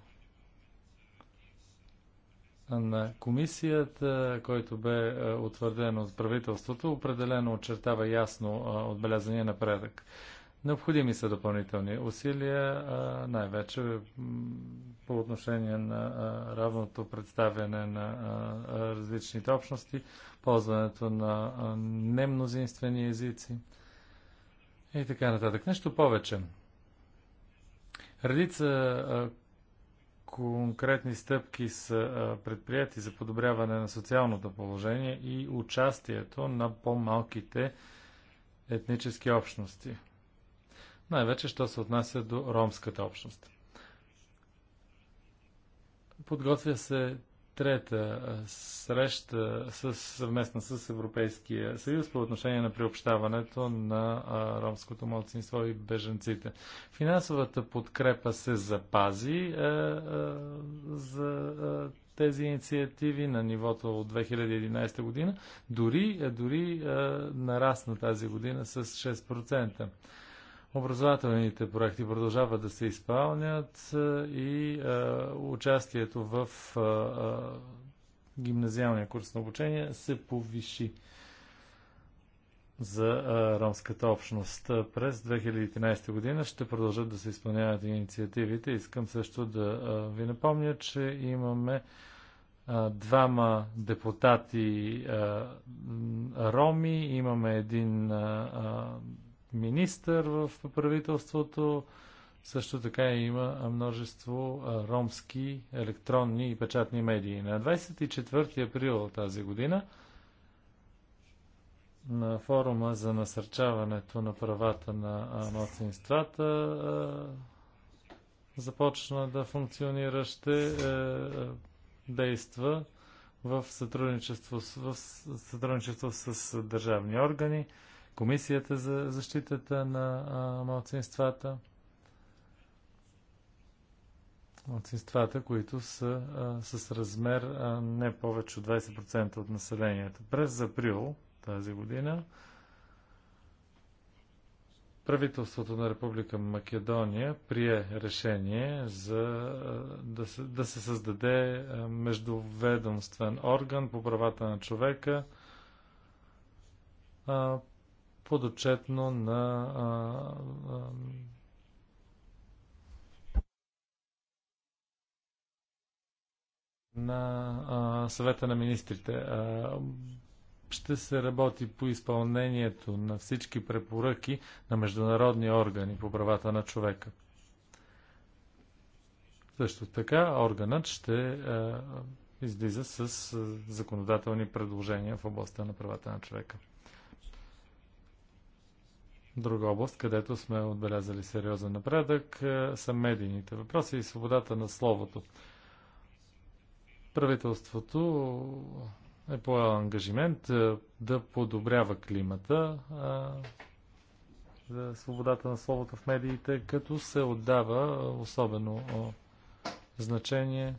на комисията, който бе е, утвърден от правителството, определено очертава ясно е, отбелязания напредък. Необходими са допълнителни усилия, най-вече по отношение на равното представяне на различните общности, ползването на немнозинствени езици и така нататък. Нещо повече. Редица конкретни стъпки са предприяти за подобряване на социалното положение и участието на по-малките етнически общности – най-вече, що се отнася до ромската общност. Подготвя се трета среща с, съвместна с Европейския съюз по отношение на приобщаването на ромското младсинство и беженците. Финансовата подкрепа се запази а, а, за тези инициативи на нивото от 2011 година, дори, дори нарасна тази година с 6%. Образователните проекти продължават да се изпълнят и а, участието в а, а, гимназиалния курс на обучение се повиши за а, ромската общност. През 2013 година ще продължат да се изпълняват инициативите. Искам също да а, ви напомня, че имаме двама депутати роми, имаме един министър в правителството. Също така има множество ромски електронни и печатни медии. На 24 април тази година на форума за насърчаването на правата на младсинствата започна да функционира, ще е, е, действа в сътрудничество, в сътрудничество с държавни органи, Комисията за защитата на а, малцинствата. Малцинствата, които са а, с размер а, не повече от 20% от населението. През април тази година правителството на Република Македония прие решение за да се, да се създаде междуведомствен орган по правата на човека подотчетно на на съвета на министрите. ще се работи по изпълнението на всички препоръки на международни органи по правата на човека. Също така, органът ще излиза с законодателни предложения в областта на правата на човека. Друга област, където сме отбелязали сериозен напредък, е, са медийните въпроси и свободата на словото. Правителството е поел ангажимент е, да подобрява климата е, за свободата на словото в медиите, като се отдава особено значение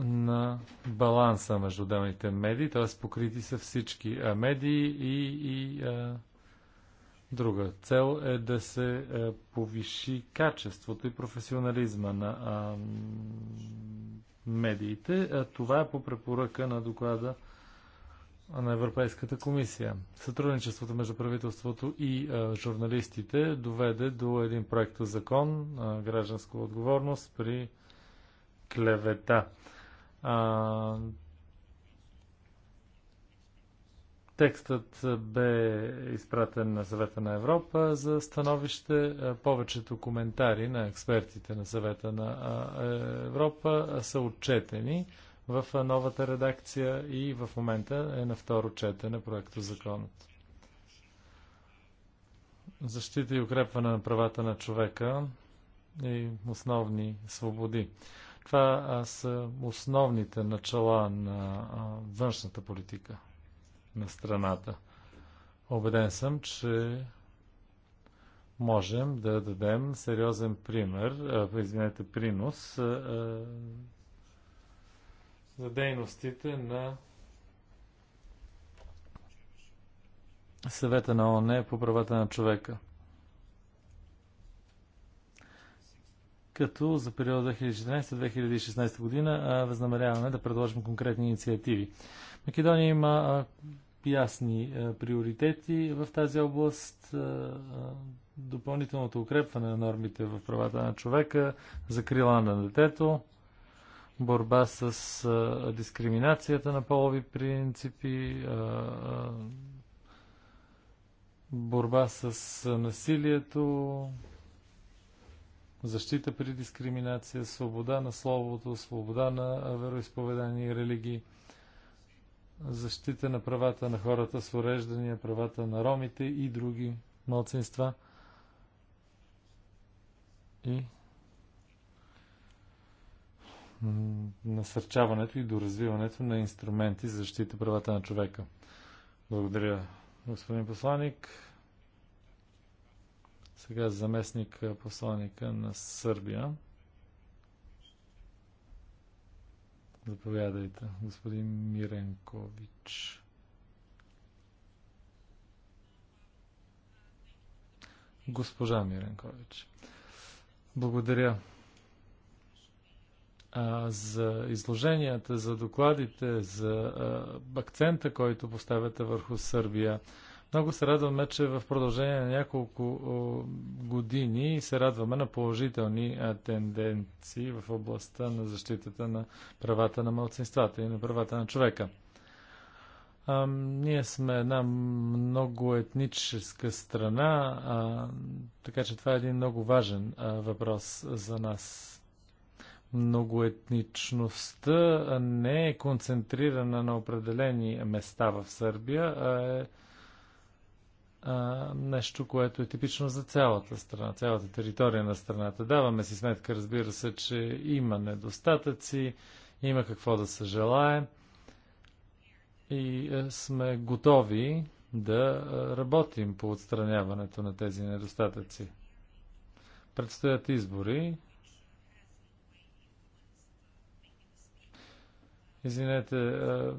на баланса между отделните медии, т.е. покрити са всички а, медии и, и а, друга цел е да се а, повиши качеството и професионализма на а, медиите. А, това е по препоръка на доклада на Европейската комисия. Сътрудничеството между правителството и а, журналистите доведе до един проект закон а, гражданска отговорност при клевета. А, Текстът бе изпратен на съвета на Европа за становище. Повечето коментари на експертите на съвета на е, Европа са отчетени в новата редакция и в момента е на второ четене проекто законът. Защита и укрепване на правата на човека и основни свободи. Това са основните начала на външната политика на страната. Обеден съм, че можем да дадем сериозен пример, извинете, принос за дейностите на съвета на ОНЕ по правата на човека. като за периода 2014-2016 година възнамеряваме да предложим конкретни инициативи. Македония има ясни приоритети в тази област. Допълнителното укрепване на нормите в правата на човека, закрила на детето, борба с дискриминацията на полови принципи, борба с насилието, защита при дискриминация, свобода на словото, свобода на вероисповедание и религии, защита на правата на хората с уреждания, правата на ромите и други младсинства. И насърчаването и доразвиването на инструменти за защита правата на човека. Благодаря, господин посланник сега заместник посланника на Сърбия. Заповядайте, господин Миренкович. Госпожа Миренкович. Благодаря а, за изложенията, за докладите, за а, акцента, който поставяте върху Сърбия. Много се радваме, че в продължение на няколко години се радваме на положителни тенденции в областта на защитата на правата на малцинствата и на правата на човека. А, ние сме една много етническа страна, а, така че това е един много важен а, въпрос за нас. Многоетничността не е концентрирана на определени места в Сърбия, а е а, нещо, което е типично за цялата страна, цялата територия на страната. Даваме си сметка, разбира се, че има недостатъци, има какво да се желае и е, сме готови да е, работим по отстраняването на тези недостатъци. Предстоят избори. Извинете, е,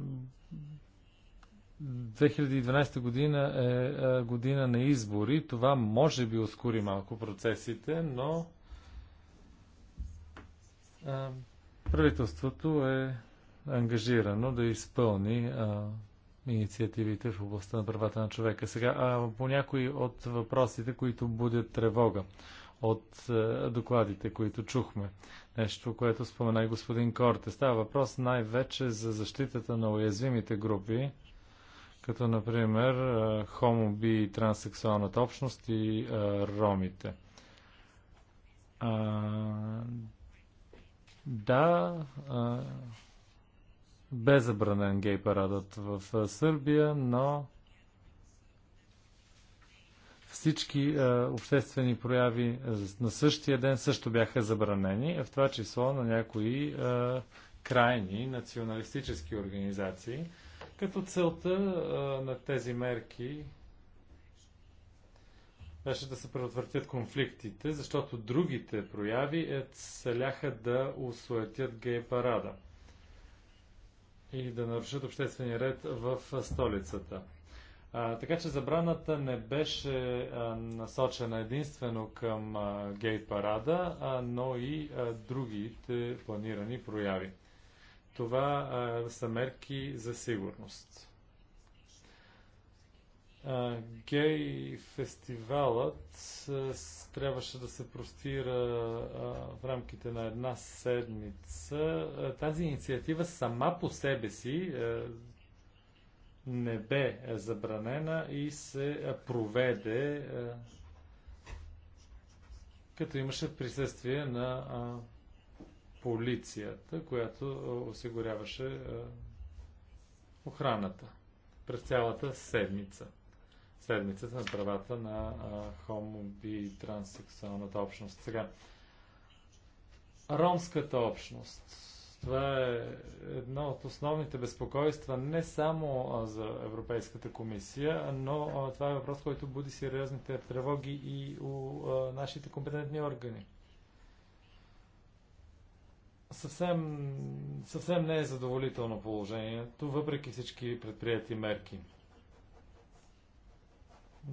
2012 година е, е година на избори. Това може би ускори малко процесите, но правителството е ангажирано да изпълни инициативите в областта на правата на човека. Сега, а, по някои от въпросите, които будят тревога от докладите, които чухме. Нещо, което спомена и господин Корте. Става въпрос най-вече за защитата на уязвимите групи като например хомо, би и транссексуалната общност и ромите. А, да, а, бе забранен гей парадът в Сърбия, но всички а, обществени прояви на същия ден също бяха забранени, в това число на някои а, крайни националистически организации – като целта а, на тези мерки беше да се предотвратят конфликтите, защото другите прояви е целяха да усуетят гей парада и да нарушат обществения ред в столицата. А, така че забраната не беше а, насочена единствено към а, гей парада, а, но и а, другите планирани прояви. Това а, са мерки за сигурност. А, гей фестивалът а, с, трябваше да се простира а, в рамките на една седмица. А, тази инициатива сама по себе си а, не бе забранена и се проведе а, като имаше присъствие на а, полицията, която осигуряваше охраната през цялата седмица. Седмицата на правата на хомо и транссексуалната общност. Сега, ромската общност. Това е едно от основните безпокойства не само за Европейската комисия, но това е въпрос, който буди сериозните тревоги и у нашите компетентни органи съвсем, съвсем не е задоволително положението, въпреки всички предприяти мерки.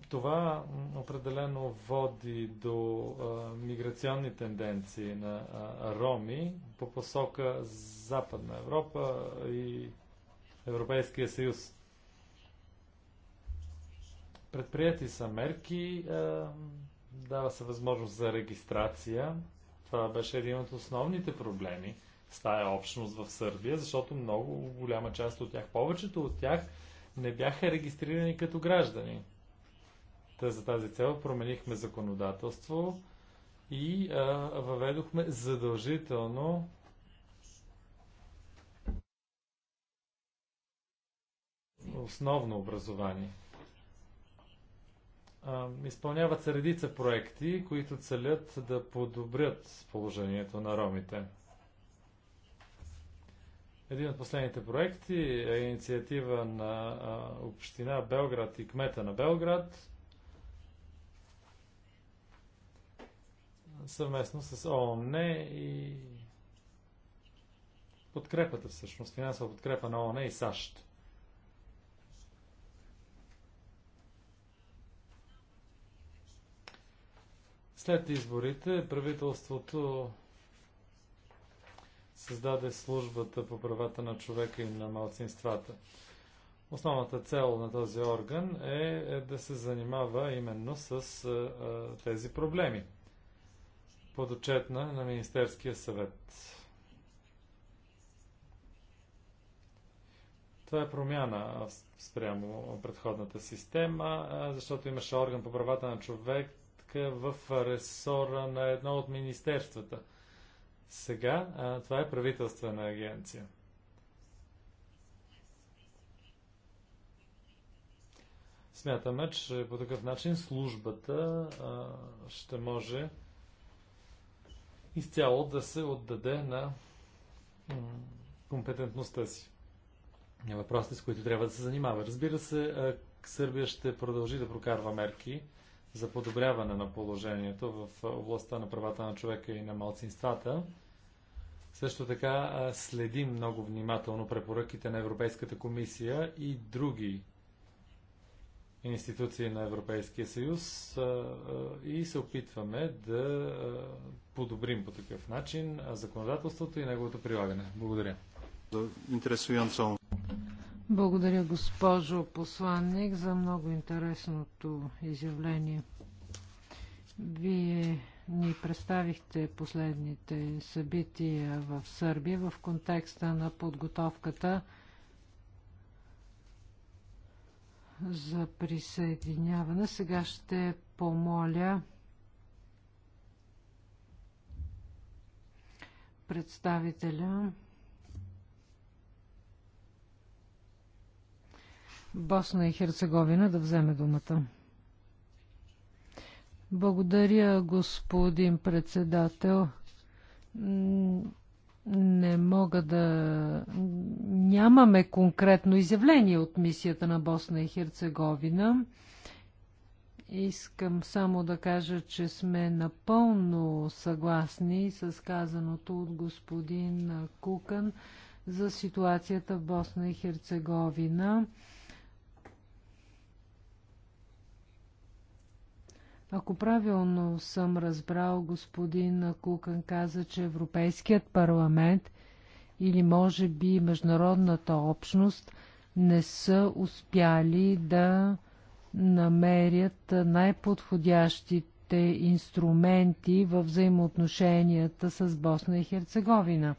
Това определено води до а, миграционни тенденции на а, роми по посока Западна Европа и Европейския съюз. Предприяти са мерки, а, дава се възможност за регистрация това беше един от основните проблеми с тая общност в Сърбия, защото много голяма част от тях, повечето от тях не бяха регистрирани като граждани. Та за тази цел променихме законодателство и а, въведохме задължително основно образование изпълняват се редица проекти, които целят да подобрят положението на ромите. Един от последните проекти е инициатива на община Белград и кмета на Белград съвместно с ООН и подкрепата всъщност, финансова подкрепа на ООН и САЩ. След изборите правителството създаде службата по правата на човека и на малцинствата. Основната цел на този орган е, е да се занимава именно с е, е, тези проблеми. Подочетна на Министерския съвет. Това е промяна спрямо предходната система, защото имаше орган по правата на човек, сметка в ресора на едно от министерствата. Сега а, това е правителствена агенция. Смятаме, че по такъв начин службата а, ще може изцяло да се отдаде на компетентността си. Въпросите, с които трябва да се занимава. Разбира се, Сърбия ще продължи да прокарва мерки за подобряване на положението в областта на правата на човека и на малцинствата. Също така следим много внимателно препоръките на Европейската комисия и други институции на Европейския съюз и се опитваме да подобрим по такъв начин законодателството и неговото прилагане. Благодаря. само. Благодаря, госпожо посланник, за много интересното изявление. Вие ни представихте последните събития в Сърбия в контекста на подготовката за присъединяване. Сега ще помоля представителя Босна и Херцеговина да вземе думата. Благодаря, господин председател. Не мога да... Нямаме конкретно изявление от мисията на Босна и Херцеговина. Искам само да кажа, че сме напълно съгласни с казаното от господин Кукан за ситуацията в Босна и Херцеговина. Ако правилно съм разбрал, господин Кукан каза, че Европейският парламент или може би международната общност не са успяли да намерят най-подходящите инструменти в взаимоотношенията с Босна и Херцеговина.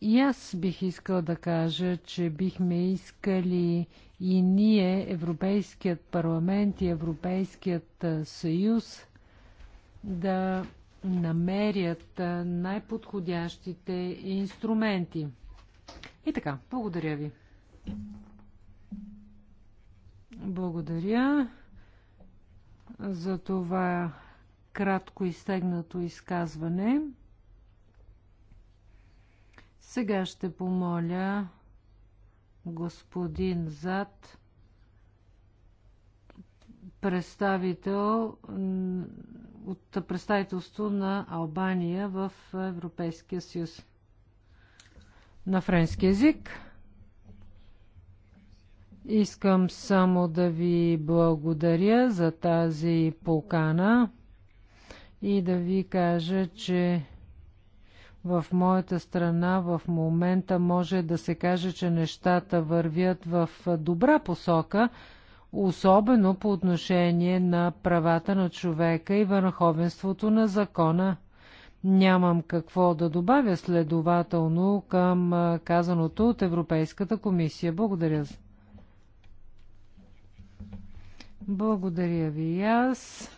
И аз бих искал да кажа, че бихме искали и ние, Европейският парламент и Европейският съюз, да намерят най-подходящите инструменти. И така, благодаря ви. Благодаря за това кратко изтегнато изказване. Сега ще помоля господин Зад, представител от представителство на Албания в Европейския съюз на френски язик. Искам само да ви благодаря за тази покана и да ви кажа, че в моята страна в момента може да се каже, че нещата вървят в добра посока, особено по отношение на правата на човека и върховенството на закона. Нямам какво да добавя следователно към казаното от Европейската комисия. Благодаря. Благодаря ви и аз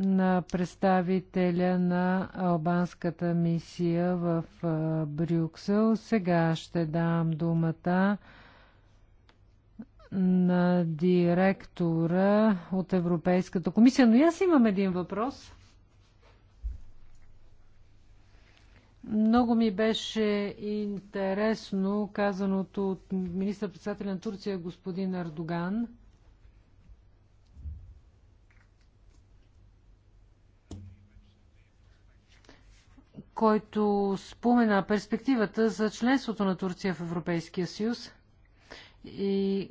на представителя на албанската мисия в Брюксел. Сега ще дам думата на директора от Европейската комисия. Но аз имам един въпрос. Много ми беше интересно казаното от министър-председателя на Турция господин Ардоган – който спомена перспективата за членството на Турция в Европейския съюз. И,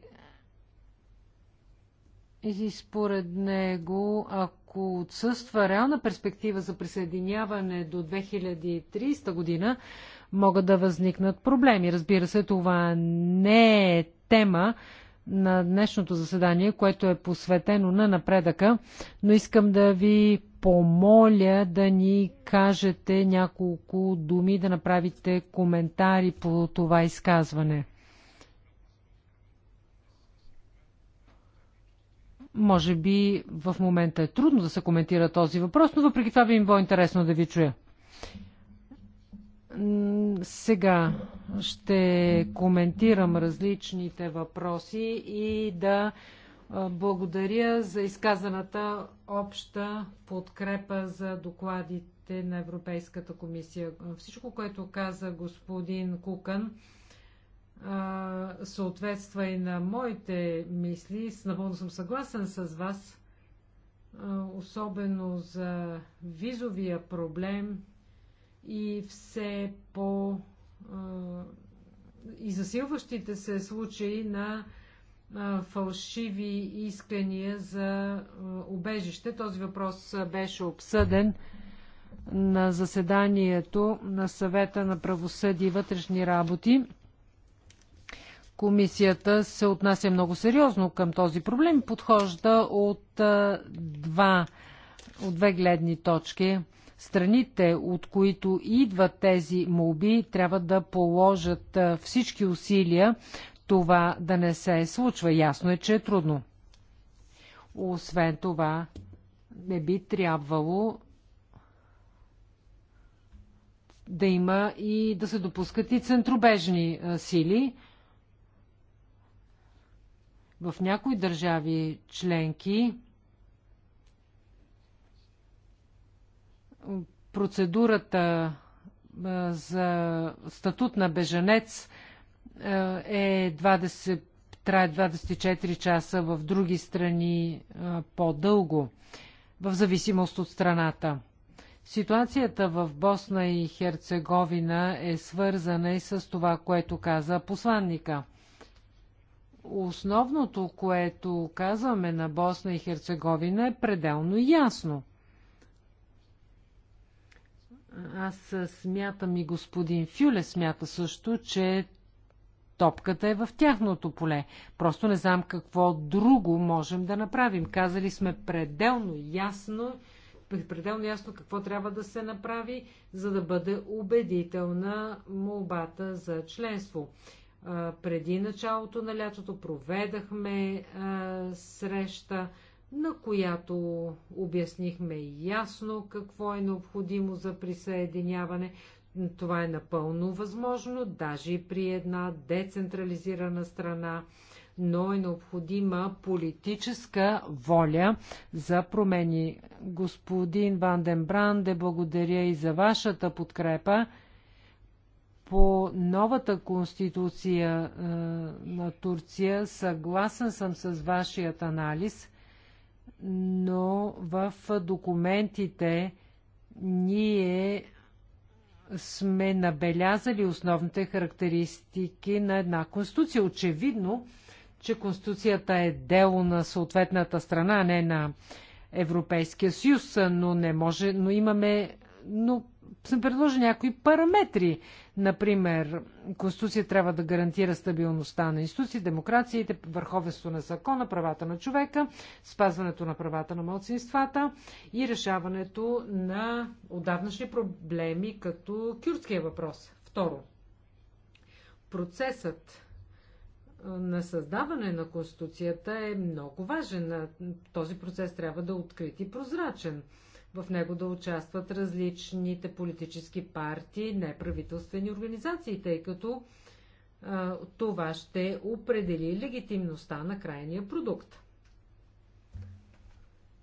и според него, ако отсъства реална перспектива за присъединяване до 2030 година, могат да възникнат проблеми. Разбира се, това не е тема на днешното заседание, което е посветено на напредъка, но искам да ви помоля да ни кажете няколко думи, да направите коментари по това изказване. Може би в момента е трудно да се коментира този въпрос, но въпреки това би им било интересно да ви чуя. Сега ще коментирам различните въпроси и да благодаря за изказаната обща подкрепа за докладите на Европейската комисия. Всичко, което каза господин Кукан, съответства и на моите мисли. Напълно съм съгласен с вас, особено за визовия проблем и все по и засилващите се случаи на фалшиви искания за убежище. Този въпрос беше обсъден на заседанието на съвета на правосъди и вътрешни работи. Комисията се отнася много сериозно към този проблем, подхожда от два от две гледни точки. Страните, от които идват тези молби, трябва да положат всички усилия това да не се случва. Ясно е, че е трудно. Освен това, не би трябвало да има и да се допускат и центробежни сили. В някои държави членки процедурата за статут на беженец е 20, трае 24 часа, в други страни по-дълго, в зависимост от страната. Ситуацията в Босна и Херцеговина е свързана и с това, което каза посланника. Основното, което казваме на Босна и Херцеговина е пределно ясно. Аз смятам и господин Фюле смята също, че топката е в тяхното поле. Просто не знам какво друго можем да направим. Казали сме пределно ясно, пределно ясно какво трябва да се направи, за да бъде убедителна молбата за членство. преди началото на лятото проведахме среща, на която обяснихме ясно какво е необходимо за присъединяване. Това е напълно възможно, даже и при една децентрализирана страна, но е необходима политическа воля за промени. Господин Ванден Бранде, благодаря и за вашата подкрепа. По новата конституция е, на Турция съгласен съм с вашият анализ, но в документите ние сме набелязали основните характеристики на една конституция. Очевидно, че конституцията е дело на съответната страна, а не на Европейския съюз, но не може, но имаме, но съм предложил някои параметри. Например, Конституция трябва да гарантира стабилността на институции, демокрациите, върховенство на закона, правата на човека, спазването на правата на младсинствата и решаването на отдавнашни проблеми, като кюртския въпрос. Второ, процесът на създаване на Конституцията е много важен. Този процес трябва да е открит и прозрачен в него да участват различните политически партии, неправителствени организации, тъй като а, това ще определи легитимността на крайния продукт.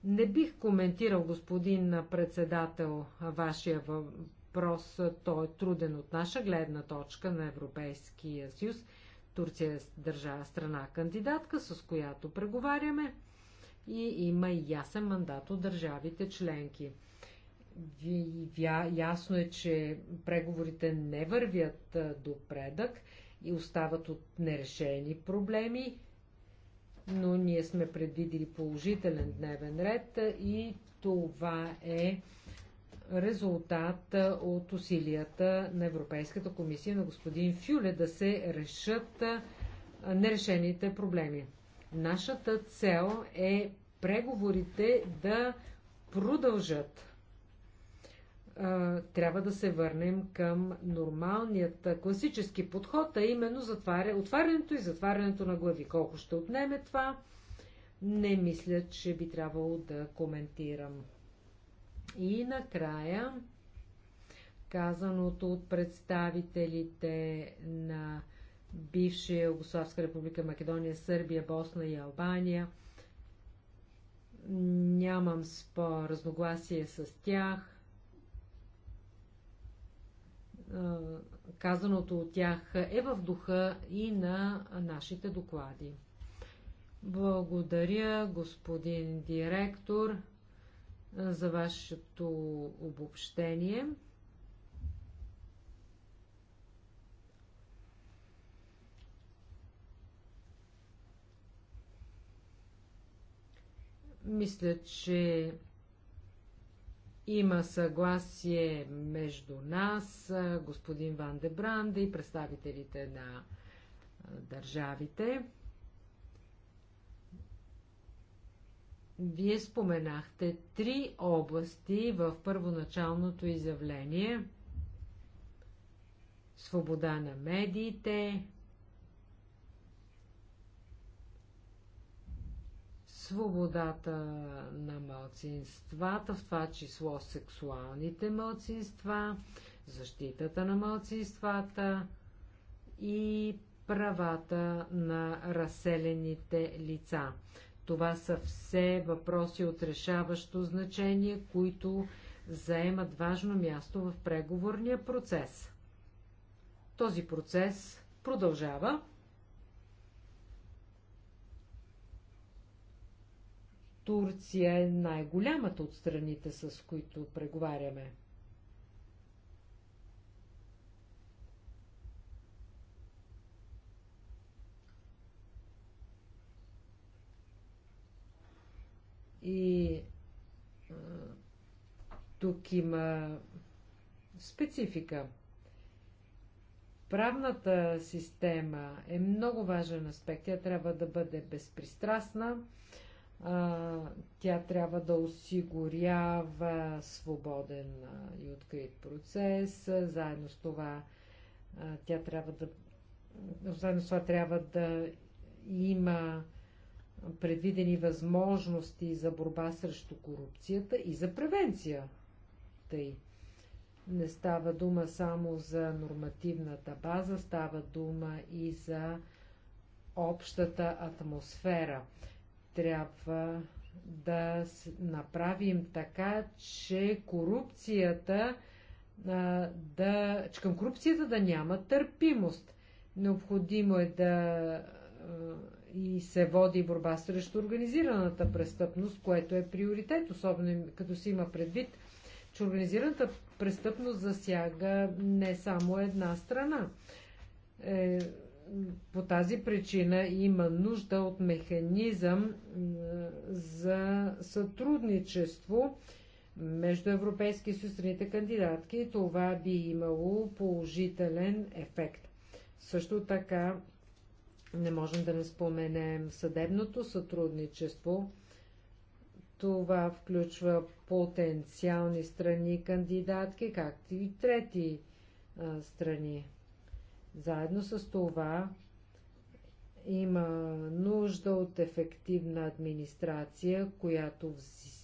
Не бих коментирал, господин председател, вашия въпрос. Той е труден от наша гледна точка на Европейския съюз. Турция е държава страна кандидатка, с която преговаряме и има ясен мандат от държавите членки. Ясно е, че преговорите не вървят до предък и остават от нерешени проблеми, но ние сме предвидили положителен дневен ред и това е резултат от усилията на Европейската комисия на господин Фюле да се решат нерешените проблеми. Нашата цел е преговорите да продължат. Трябва да се върнем към нормалният класически подход, а именно затваря, отварянето и затварянето на глави. Колко ще отнеме това? Не мисля, че би трябвало да коментирам. И накрая казаното от представителите на бивши Югославска република Македония, Сърбия, Босна и Албания. Нямам спор, разногласие с тях. Казаното от тях е в духа и на нашите доклади. Благодаря, господин директор, за вашето обобщение. Мисля, че има съгласие между нас, господин Ван де Бранде и представителите на държавите. Вие споменахте три области в първоначалното изявление. Свобода на медиите, свободата на мълцинствата, в това число сексуалните мълцинства, защитата на мълцинствата и правата на разселените лица. Това са все въпроси от решаващо значение, които заемат важно място в преговорния процес. Този процес продължава. Турция е най-голямата от страните, с които преговаряме. И тук има специфика. Правната система е много важен аспект. Тя трябва да бъде безпристрастна, тя трябва да осигурява свободен и открит процес. Заедно с това тя трябва да заедно с това трябва да има предвидени възможности за борба срещу корупцията и за превенция. Тъй. Не става дума само за нормативната база, става дума и за общата атмосфера. Трябва да направим така, че корупцията да, че към корупцията да няма търпимост. Необходимо е да и се води борба срещу организираната престъпност, което е приоритет, особено като се има предвид, че организираната престъпност засяга не само една страна. Е, по тази причина има нужда от механизъм за сътрудничество между Европейски съюз страните кандидатки и това би имало положителен ефект. Също така не можем да не споменем съдебното сътрудничество. Това включва потенциални страни кандидатки, както и трети а, страни. Заедно с това има нужда от ефективна администрация, която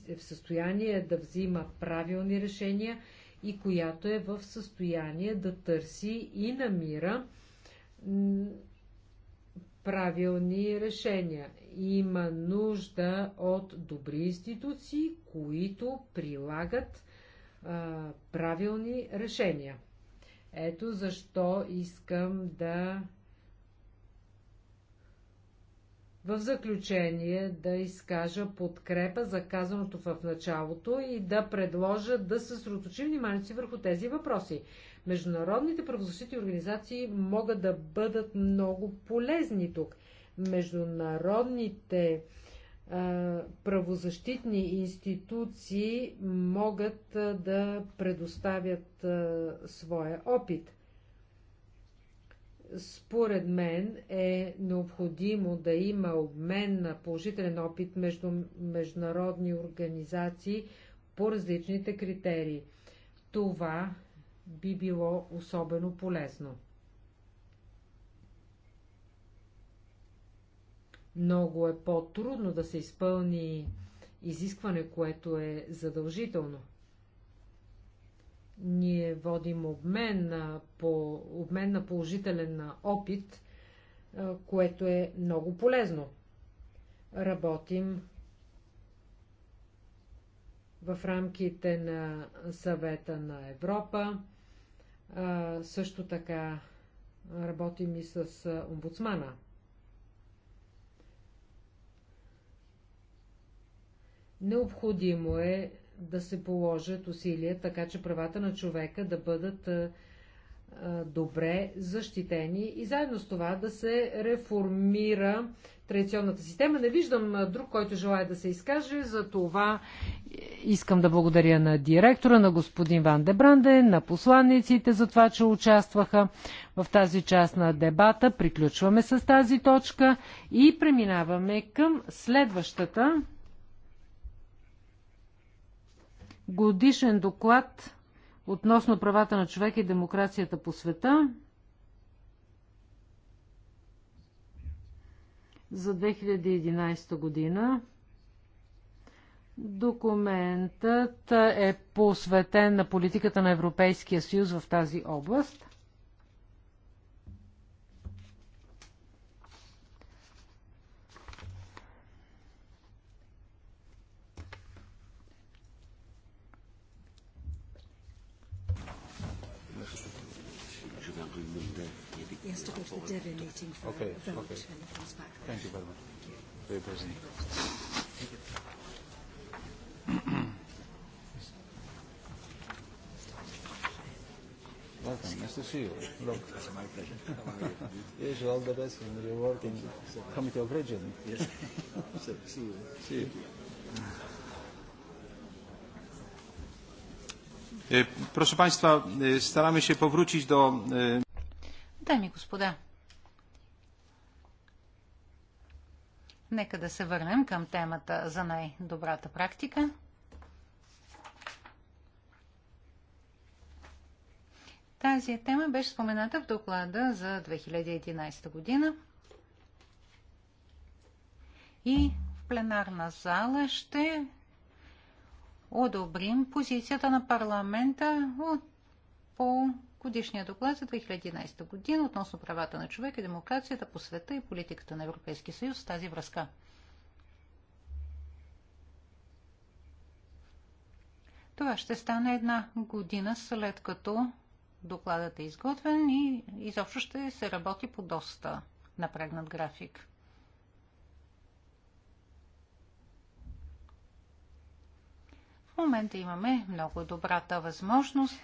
е в състояние да взима правилни решения и която е в състояние да търси и намира правилни решения. Има нужда от добри институции, които прилагат а, правилни решения. Ето защо искам да в заключение да изкажа подкрепа за казаното в началото и да предложа да се съсредоточи вниманието си върху тези въпроси. Международните правозащитни организации могат да бъдат много полезни тук. Международните правозащитни институции могат да предоставят своя опит. Според мен е необходимо да има обмен на положителен опит между международни организации по различните критерии. Това би било особено полезно. Много е по-трудно да се изпълни изискване, което е задължително. Ние водим обмен на, по, обмен на положителен опит, което е много полезно. Работим в рамките на съвета на Европа. също така работим и с омбудсмана. Необходимо е да се положат усилия, така че правата на човека да бъдат добре защитени и заедно с това да се реформира традиционната система. Не виждам друг, който желая да се изкаже, за това искам да благодаря на директора, на господин Ван Дебранде, на посланниците за това, че участваха в тази част на дебата. Приключваме с тази точка и преминаваме към следващата годишен доклад относно правата на човека и демокрацията по света за 2011 година. Документът е посветен на политиката на Европейския съюз в тази област. Okay, okay. Thank you very much. Very present. Welcome, nice to see you. Look, it's my pleasure. Yes, all the best in your work in Committee of Region. Yes. see you. See you. Proszę Państwa, staramy się powrócić do... Dami, gospoda. Нека да се върнем към темата за най-добрата практика. Тази тема беше спомената в доклада за 2011 година. И в пленарна зала ще одобрим позицията на парламента по Годишният доклад за 2011 година относно правата на човека и демокрацията по света и политиката на Европейския съюз с тази връзка. Това ще стане една година след като докладът е изготвен и изобщо ще се работи по доста напрегнат график. В момента имаме много добрата възможност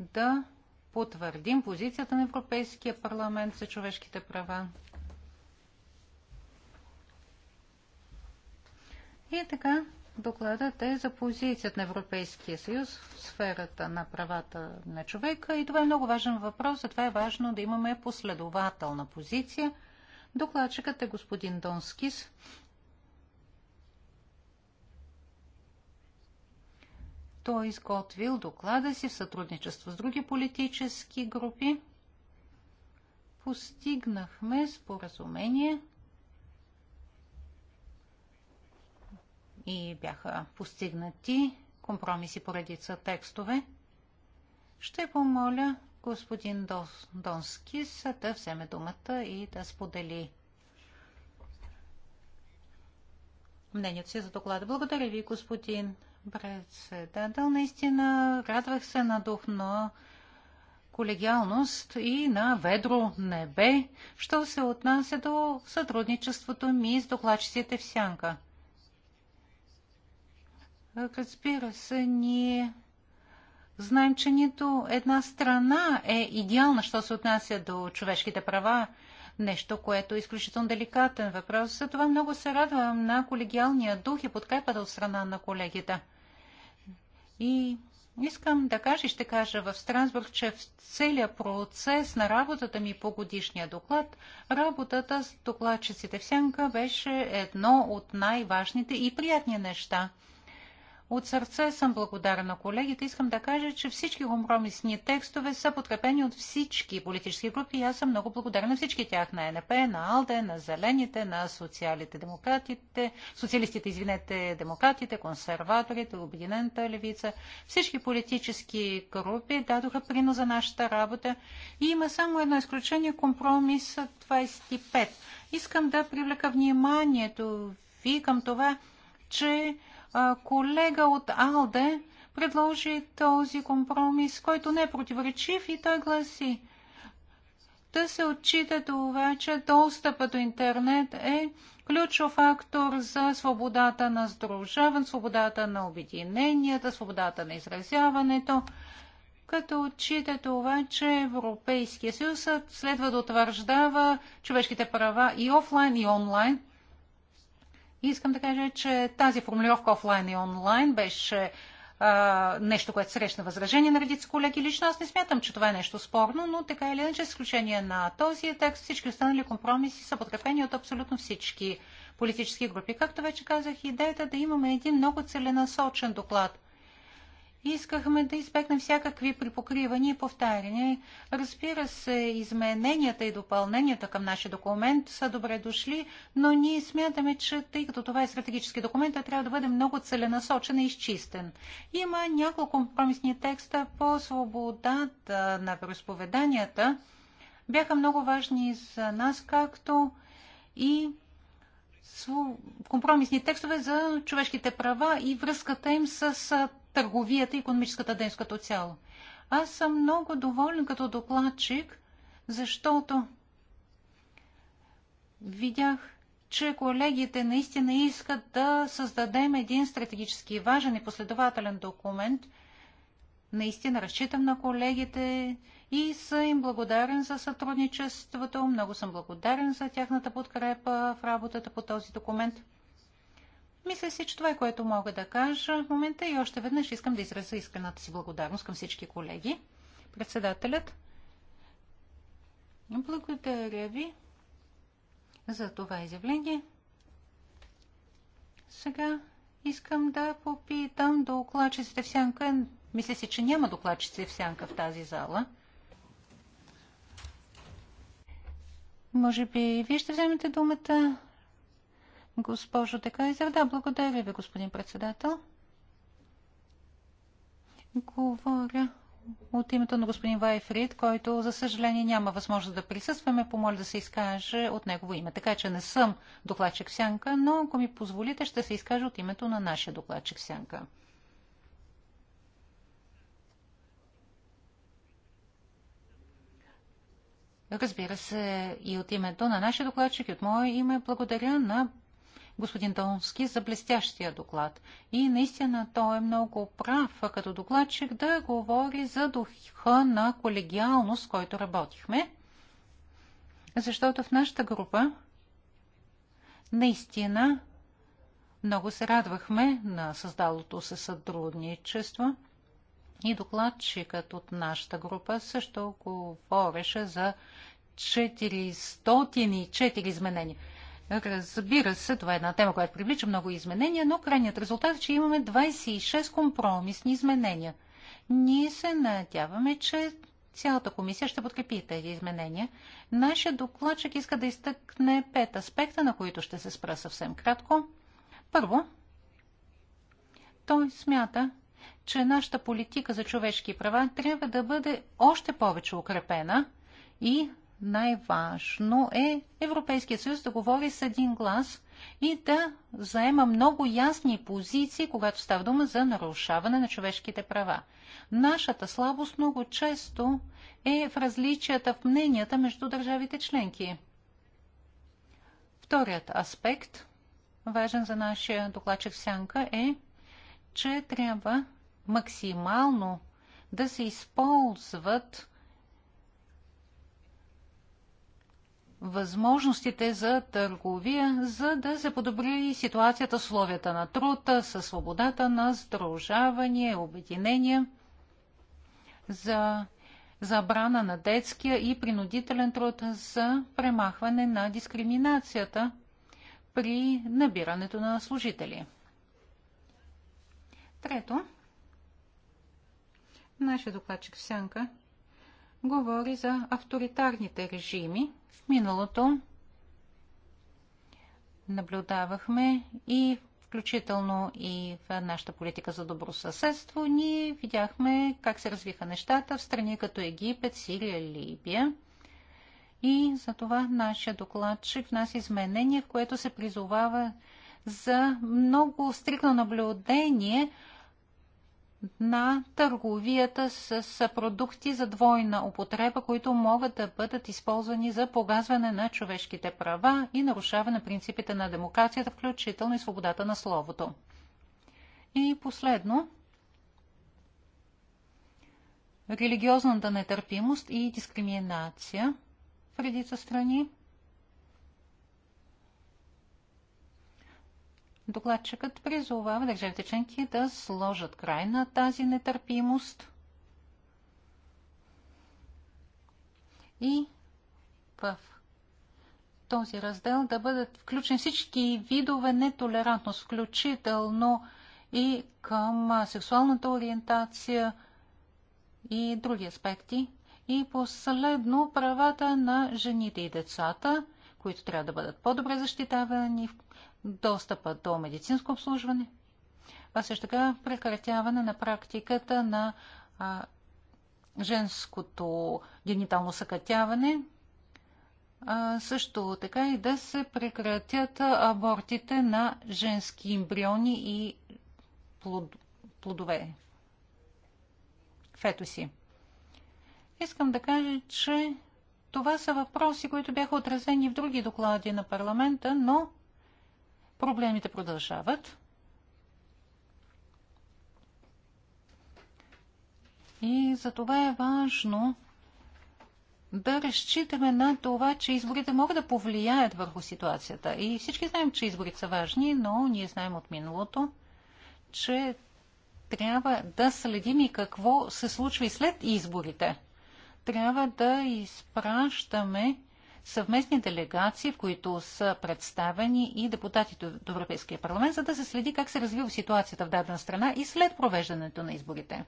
да потвърдим позицията на Европейския парламент за човешките права. И така, докладът е за позицията на Европейския съюз в сферата на правата на човека. И това е много важен въпрос, затова е важно да имаме последователна позиция. Докладчикът е господин Донскис. Той е изготвил доклада си в сътрудничество с други политически групи. Постигнахме споразумение и бяха постигнати компромиси по редица текстове. Ще помоля господин Донскис да вземе думата и да сподели мнението си за доклада. Благодаря ви, господин председател. Наистина радвах се на дух на колегиалност и на ведро небе, що се отнася до сътрудничеството ми с докладчиците в Сянка. Разбира се, ние знаем, че нито една страна е идеална, що се отнася до човешките права, нещо, което е изключително деликатен въпрос. това много се радвам на колегиалния дух и подкрепата от страна на колегите. И искам да кажа и ще кажа в Страсбург, че в целият процес на работата ми по годишния доклад, работата с докладчиците в Сянка беше едно от най-важните и приятни неща – от сърце съм благодарен на колегите. Искам да кажа, че всички компромисни текстове са подкрепени от всички политически групи и аз съм много благодарен на всички тях. На НП, на АЛДЕ, на Зелените, на социалите, демократите, социалистите, извинете, демократите, консерваторите, Обединената левица. Всички политически групи дадоха прино за нашата работа. И има само едно изключение компромис 25. Искам да привлека вниманието ви към това, че колега от АЛДЕ предложи този компромис, който не е противоречив и той гласи да се отчита това, че достъпа до интернет е ключов фактор за свободата на сдружаване, свободата на обединенията, свободата на изразяването, като отчита това, че Европейския съюз следва да утвърждава човешките права и офлайн, и онлайн – Искам да кажа, че тази формулировка офлайн и онлайн беше а, нещо, което срещна възражение на редица колеги. Лично аз не смятам, че това е нещо спорно, но така или иначе, с изключение на този текст, всички останали компромиси са подкрепени от абсолютно всички политически групи. Както вече казах, идеята е да имаме един много целенасочен доклад искахме да избегнем всякакви припокривания и повтаряния. Разбира се, измененията и допълненията към нашия документ са добре дошли, но ние смятаме, че тъй като това е стратегически документ, трябва да бъде много целенасочен и изчистен. Има няколко компромисни текста по свободата на вероисповеданията. Бяха много важни за нас, както и компромисни текстове за човешките права и връзката им с търговията и економическата дейност като цяло. Аз съм много доволен като докладчик, защото видях, че колегите наистина искат да създадем един стратегически важен и последователен документ. Наистина разчитам на колегите и съм им благодарен за сътрудничеството. Много съм благодарен за тяхната подкрепа в работата по този документ. Мисля си, че това е което мога да кажа в момента и още веднъж искам да изразя искрената си благодарност към всички колеги. Председателят, благодаря ви за това изявление. Сега искам да попитам докладчиците в сянка. Мисля си, че няма докладчици в сянка в тази зала. Може би вие ще вземете думата Госпожо Декайзер, да, благодаря ви, господин председател. Говоря от името на господин Вайфрид, който, за съжаление, няма възможност да присъстваме. Помоля да се изкаже от негово име. Така че не съм докладчик Сянка, но ако ми позволите, ще се изкаже от името на нашия докладчик Сянка. Разбира се, и от името на нашия докладчик, и от мое име, благодаря на господин Донски за блестящия доклад. И наистина той е много прав като докладчик да говори за духа на колегиалност, с който работихме. Защото в нашата група наистина много се радвахме на създалото се сътрудничество и докладчикът от нашата група също говореше за 404 изменения. Разбира се, това е една тема, която привлича много изменения, но крайният резултат е, че имаме 26 компромисни изменения. Ние се надяваме, че цялата комисия ще подкрепи тези изменения. Нашия докладчик иска да изтъкне пет аспекта, на които ще се спра съвсем кратко. Първо, той смята, че нашата политика за човешки права трябва да бъде още повече укрепена и най-важно е Европейския съюз да говори с един глас и да заема много ясни позиции, когато става дума за нарушаване на човешките права. Нашата слабост много често е в различията в мненията между държавите членки. Вторият аспект, важен за нашия докладчик Сянка, е, че трябва максимално да се използват възможностите за търговия, за да се подобри ситуацията, условията на труд, със свободата на сдружаване, обединение, за забрана на детския и принудителен труд, за премахване на дискриминацията при набирането на служители. Трето, нашия докладчик сянка – говори за авторитарните режими. В миналото наблюдавахме и включително и в нашата политика за добро съседство, ние видяхме как се развиха нещата в страни като Египет, Сирия, Либия. И за това нашия докладчик нас изменение, в което се призовава за много стрикно наблюдение на търговията с, продукти за двойна употреба, които могат да бъдат използвани за погазване на човешките права и нарушаване на принципите на демокрацията, включително и свободата на словото. И последно, религиозната нетърпимост и дискриминация в редица страни. Докладчикът призовава държавите членки да сложат край на тази нетърпимост и в този раздел да бъдат включени всички видове нетолерантност, включително и към сексуалната ориентация и други аспекти. И последно, правата на жените и децата, които трябва да бъдат по-добре защитавани, достъпа до медицинско обслужване, а също така прекратяване на практиката на а, женското генитално съкътяване, а, също така и да се прекратят абортите на женски ембриони и плод, плодове, фетоси. Искам да кажа, че това са въпроси, които бяха отразени в други доклади на парламента, но Проблемите продължават. И за това е важно да разчитаме на това, че изборите могат да повлияят върху ситуацията. И всички знаем, че изборите са важни, но ние знаем от миналото, че трябва да следим и какво се случва и след изборите. Трябва да изпращаме съвместни делегации, в които са представени и депутатите от Европейския парламент, за да се следи как се развива ситуацията в дадена страна и след провеждането на изборите.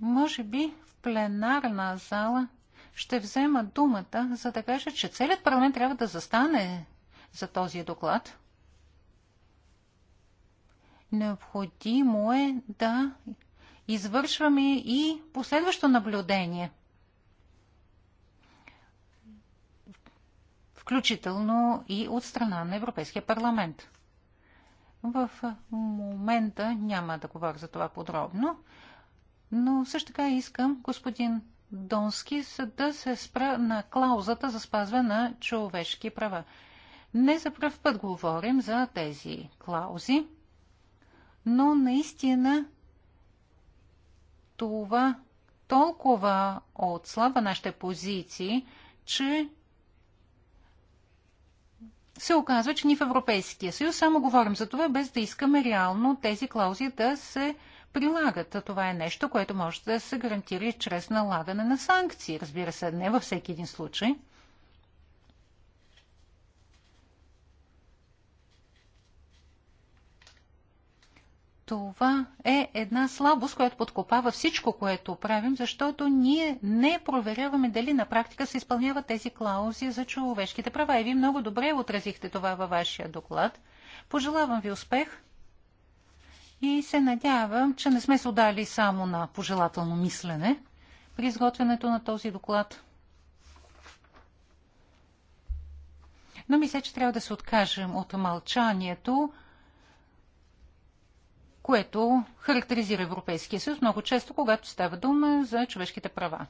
Може би в пленарна зала ще взема думата, за да кажа, че целият парламент трябва да застане за този доклад. Необходимо е да извършваме и последващо наблюдение. Включително и от страна на Европейския парламент. В момента няма да говоря за това подробно, но също така искам господин Донски да се спра на клаузата за спазване на човешки права. Не за пръв път говорим за тези клаузи, но наистина това толкова отслабва нашите позиции, че се оказва, че ни в Европейския съюз само говорим за това, без да искаме реално тези клаузи да се прилагат. А това е нещо, което може да се гарантира и чрез налагане на санкции. Разбира се, не във всеки един случай – това е една слабост, която подкопава всичко, което правим, защото ние не проверяваме дали на практика се изпълняват тези клаузи за човешките права. И вие много добре отразихте това във вашия доклад. Пожелавам ви успех и се надявам, че не сме се удали само на пожелателно мислене при изготвянето на този доклад. Но мисля, че трябва да се откажем от мълчанието, което характеризира Европейския съюз много често, когато става дума за човешките права.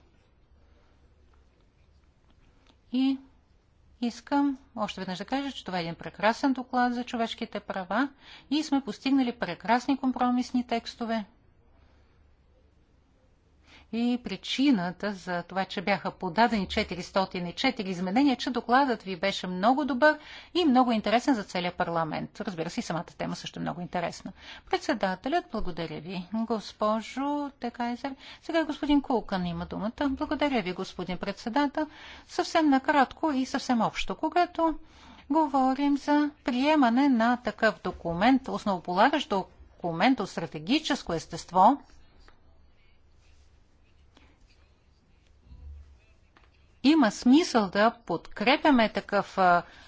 И искам още веднъж да кажа, че това е един прекрасен доклад за човешките права и сме постигнали прекрасни компромисни текстове. И причината за това, че бяха подадени 404 изменения, че докладът ви беше много добър и много интересен за целия парламент. Разбира се, и самата тема също е много интересна. Председателят, благодаря ви, госпожо Текайзер. Сега господин Кулкан има думата. Благодаря ви, господин председател. Съвсем накратко и съвсем общо. Когато говорим за приемане на такъв документ, основополагащ документ от стратегическо естество, има смисъл да подкрепяме такъв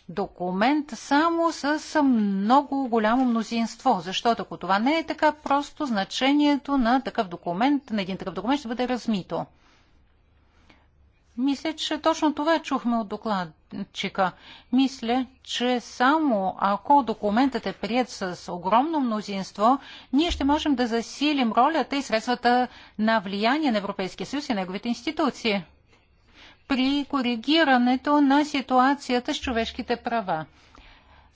документ само с много голямо мнозинство, защото ако това не е така, просто значението на такъв документ, на един такъв документ ще бъде размито. Мисля, че точно това чухме от докладчика. Мисля, че само ако документът е прият с огромно мнозинство, ние ще можем да засилим ролята и средствата на влияние на Европейския съюз и неговите институции при коригирането на ситуацията с човешките права.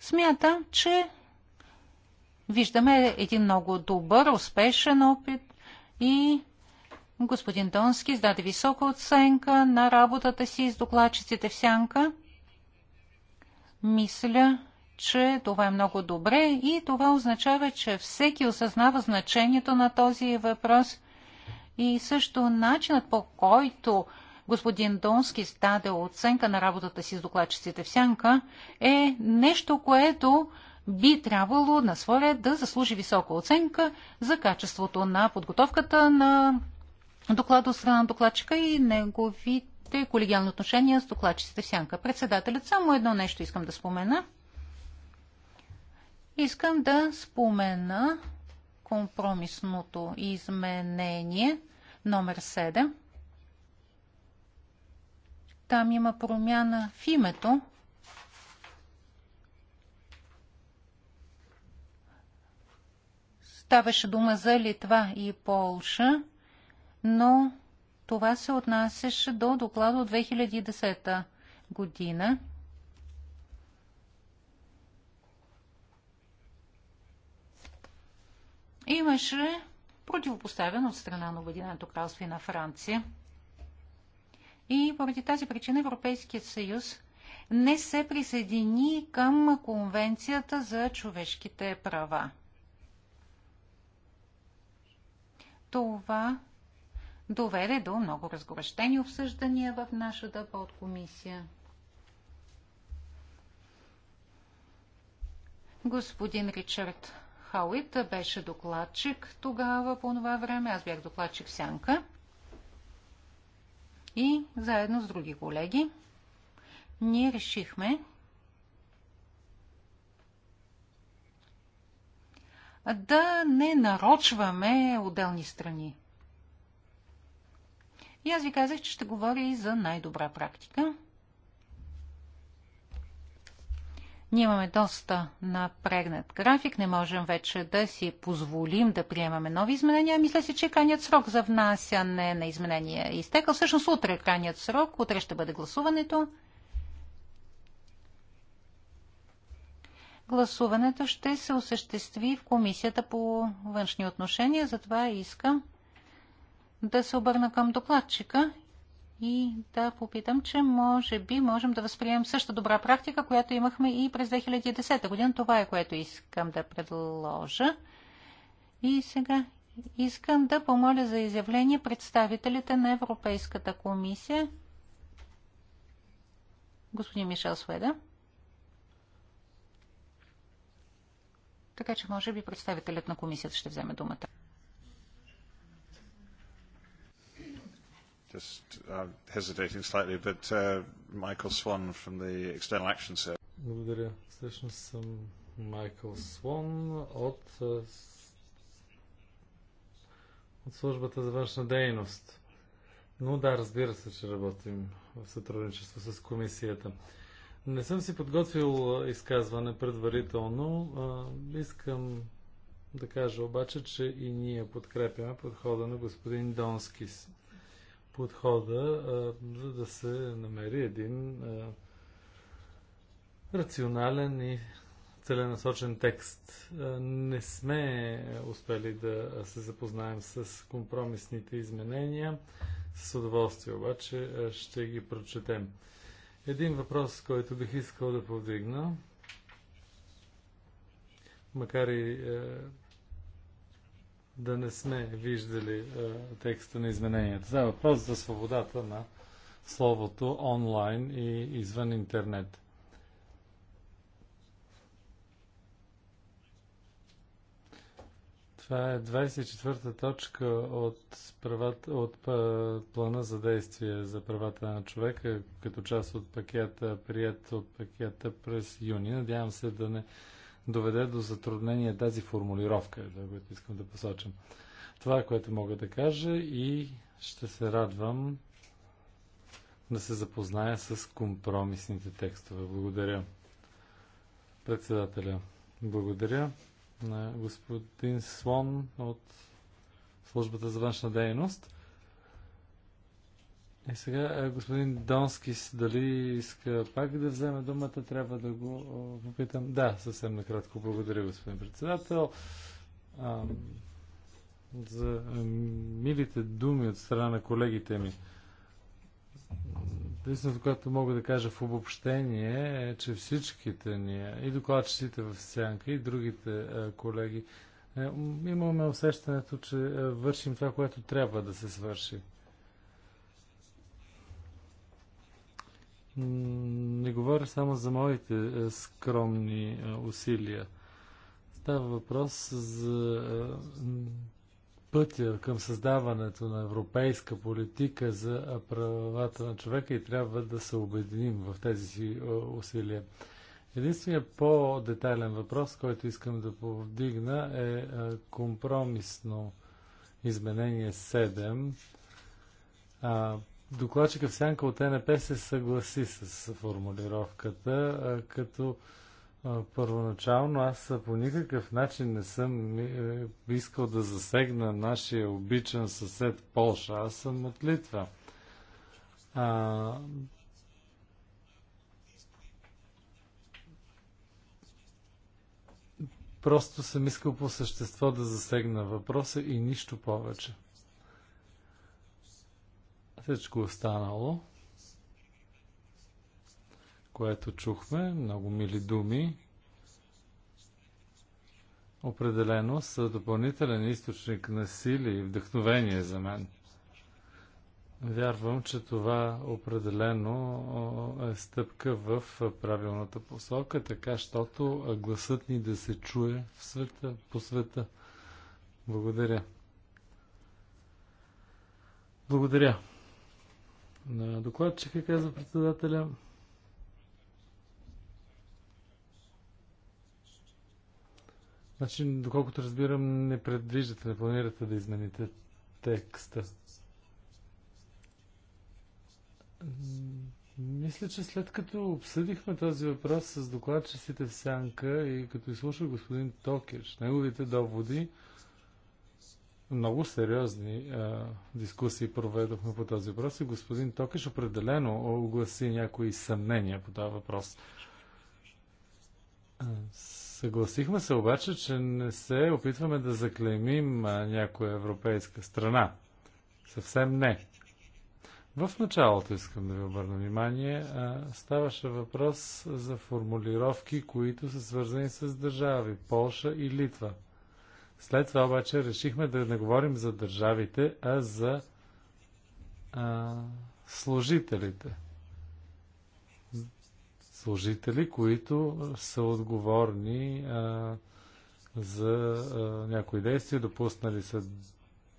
Смята, че виждаме един много добър, успешен опит и господин Донски издаде висока оценка на работата си с докладчиците в Сянка. Мисля, че това е много добре и това означава, че всеки осъзнава значението на този въпрос и също начинът по който господин Донски даде оценка на работата си с докладчиците в Сянка, е нещо, което би трябвало на своя да заслужи висока оценка за качеството на подготовката на доклада от страна на докладчика и неговите колегиални отношения с докладчиците в Сянка. Председателят, само едно нещо искам да спомена. Искам да спомена компромисното изменение номер 7. Там има промяна в името. Ставаше дума за Литва и Полша, но това се отнасяше до доклада от 2010 година. Имаше противопоставено от страна на Обединеното кралство и на Франция и поради тази причина Европейският съюз не се присъедини към Конвенцията за човешките права. Това доведе до много разгорещени обсъждания в нашата подкомисия. Господин Ричард Хауит беше докладчик тогава по това време. Аз бях докладчик Сянка. И заедно с други колеги ние решихме да не нарочваме отделни страни. И аз ви казах, че ще говоря и за най-добра практика – Ние имаме доста напрегнат график, не можем вече да си позволим да приемаме нови изменения. Мисля си, че крайният срок за внасяне на изменения е изтекал. Всъщност утре е крайният срок, утре ще бъде гласуването. Гласуването ще се осъществи в Комисията по външни отношения, затова искам да се обърна към докладчика и да попитам, че може би можем да възприемем също добра практика, която имахме и през 2010 година. Това е което искам да предложа. И сега искам да помоля за изявление представителите на Европейската комисия. Господин Мишел Сведа. Така че може би представителят на комисията ще вземе думата. Just uh, hesitating slightly, but uh, Michael Swan from the External Action Service. Благодаря. Всъщност съм Майкъл Слон от, от службата за външна дейност. Но да, разбира се, че работим в сътрудничество с комисията. Не съм си подготвил изказване предварително. Искам да кажа обаче, че и ние подкрепяме подхода на господин Донскис подхода, а, за да се намери един а, рационален и целенасочен текст. Не сме успели да се запознаем с компромисните изменения. С удоволствие обаче ще ги прочетем. Един въпрос, който бих искал да повдигна, макар и да не сме виждали е, текста на изменението. За въпрос за свободата на словото онлайн и извън интернет. Това е 24-та точка от, правата, от е, плана за действие за правата на човека, като част от пакета, прият от пакета през юни. Надявам се да не доведе до затруднение тази формулировка, да, е това, което искам да посочам. Това е което мога да кажа и ще се радвам да се запозная с компромисните текстове. Благодаря. Председателя, благодаря на господин Слон от Службата за външна дейност. И е, сега е, господин Донскис, дали иска пак да вземе думата, трябва да го попитам. Да, съвсем накратко. Благодаря, господин председател. А, за е, милите думи от страна на колегите ми. Единственото, което мога да кажа в обобщение е, че всичките ние, и докладчиците в Сянка, и другите колеги, имаме усещането, че вършим това, което трябва да се свърши. не говоря само за моите е, скромни е, усилия. Става въпрос за е, пътя към създаването на европейска политика за правата на човека и трябва да се обединим в тези си усилия. Единственият по-детайлен въпрос, който искам да повдигна е компромисно изменение 7 докладчика в сянка от НП се съгласи с формулировката, като първоначално аз по никакъв начин не съм е, искал да засегна нашия обичан съсед Полша. Аз съм от Литва. А, просто съм искал по същество да засегна въпроса и нищо повече. Всичко останало, което чухме, много мили думи, определено са допълнителен източник на сили и вдъхновение за мен. Вярвам, че това определено е стъпка в правилната посока, така щото гласът ни да се чуе в света, по света. Благодаря. Благодаря на докладчика, казва председателя. Значи, доколкото разбирам, не предвиждате, не планирате да измените текста. Мисля, че след като обсъдихме този въпрос с докладчиците в Сянка и като изслушах господин Токич, неговите доводи, много сериозни а, дискусии проведохме по този въпрос и господин Токиш определено огласи някои съмнения по този въпрос. Съгласихме се обаче, че не се опитваме да заклеймим някоя европейска страна. Съвсем не. В началото искам да ви обърна внимание, а, ставаше въпрос за формулировки, които са свързани с държави Полша и Литва – след това обаче решихме да не говорим за държавите, а за а, служителите. Служители, които са отговорни а, за а, някои действия, допуснали са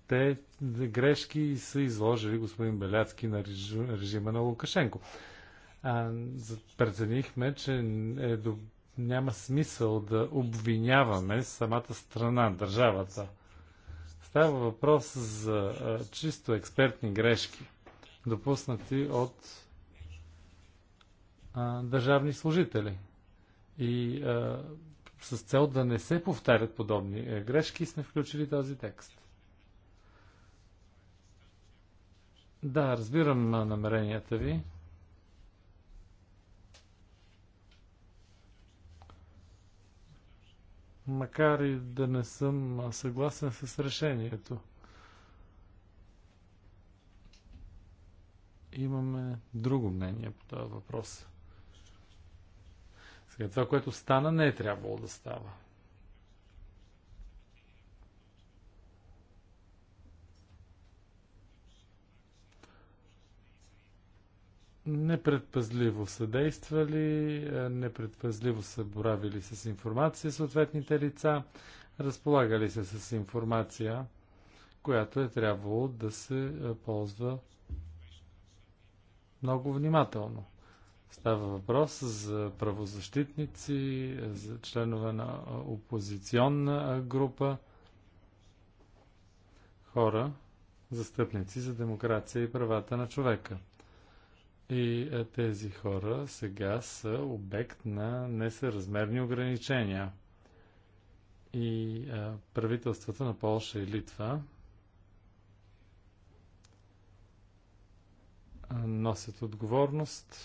те грешки и са изложили господин Беляцки на режима на Лукашенко. А, преценихме, че е няма смисъл да обвиняваме самата страна, държавата. Става въпрос за а, чисто експертни грешки, допуснати от а, държавни служители. И а, с цел да не се повтарят подобни грешки, сме включили този текст. Да, разбирам намеренията ви. макар и да не съм съгласен с решението. Имаме друго мнение по този въпрос. Сега това, което стана, не е трябвало да става. непредпазливо са действали, е, непредпазливо са боравили с информация съответните лица, разполагали се с информация, която е трябвало да се е, ползва много внимателно. Става въпрос за правозащитници, е, за членове на опозиционна група, хора, застъпници за демокрация и правата на човека. И е, тези хора сега са обект на несъразмерни ограничения. И а, е, правителствата на Полша и Литва е, носят отговорност.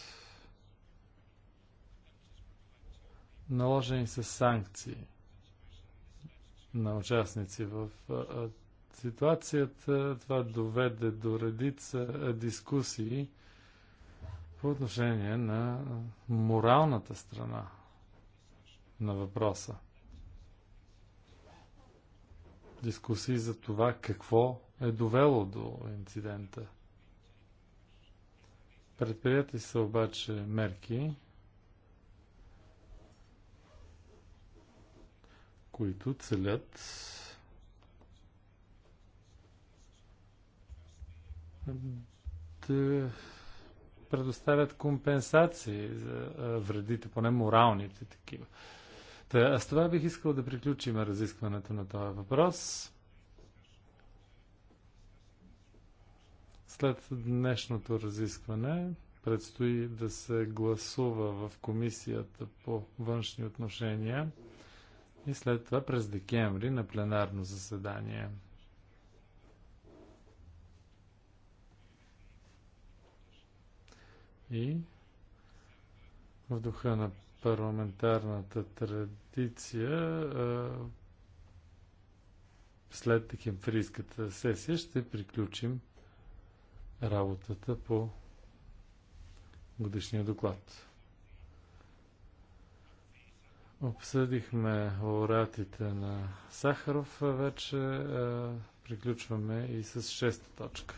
Наложени са санкции на участници в ситуацията. Това доведе до редица дискусии по отношение на моралната страна на въпроса. Дискусии за това какво е довело до инцидента. Предприяти са обаче мерки, които целят да предоставят компенсации за вредите, поне моралните такива. Та, а с това бих искал да приключим разискването на този въпрос. След днешното разискване предстои да се гласува в комисията по външни отношения и след това през декември на пленарно заседание. И в духа на парламентарната традиция след декемврийската сесия ще приключим работата по годишния доклад. Обсъдихме лауреатите на Сахаров вече. Приключваме и с шеста точка.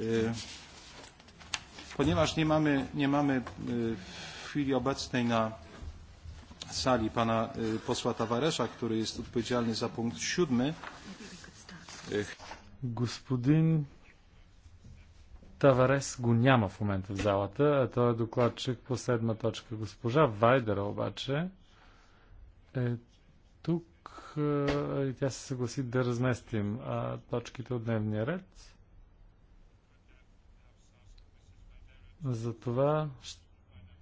E, ponieważ nie mamy, nie mamy e, w chwili obecnej na sali pana e, posła Tawaresza, który jest odpowiedzialny za punkt siódmy. Господин Таварес го няма в момента в залата, а той е докладчик по седма точка. Госпожа Вайдера обаче е тук е, и тя се съгласи да разместим точките от дневния ред. Затова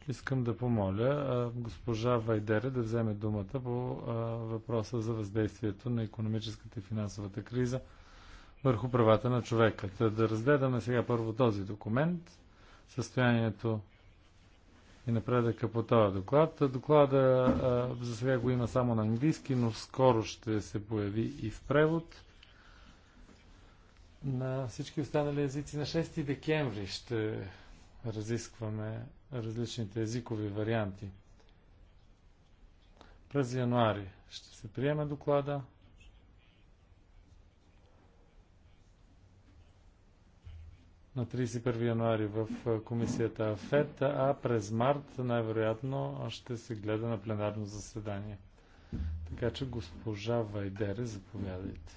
искам да помоля госпожа Вайдере да вземе думата по въпроса за въздействието на економическата и финансовата криза върху правата на човека. Та да разгледаме сега първо този документ, състоянието и напредъка по този доклад. Доклада за сега го има само на английски, но скоро ще се появи и в превод. На всички останали езици на 6 декември ще разискваме различните езикови варианти. През януари ще се приеме доклада. на 31 януари в комисията АФЕТ, а през март най-вероятно ще се гледа на пленарно заседание. Така че госпожа Вайдере, заповядайте.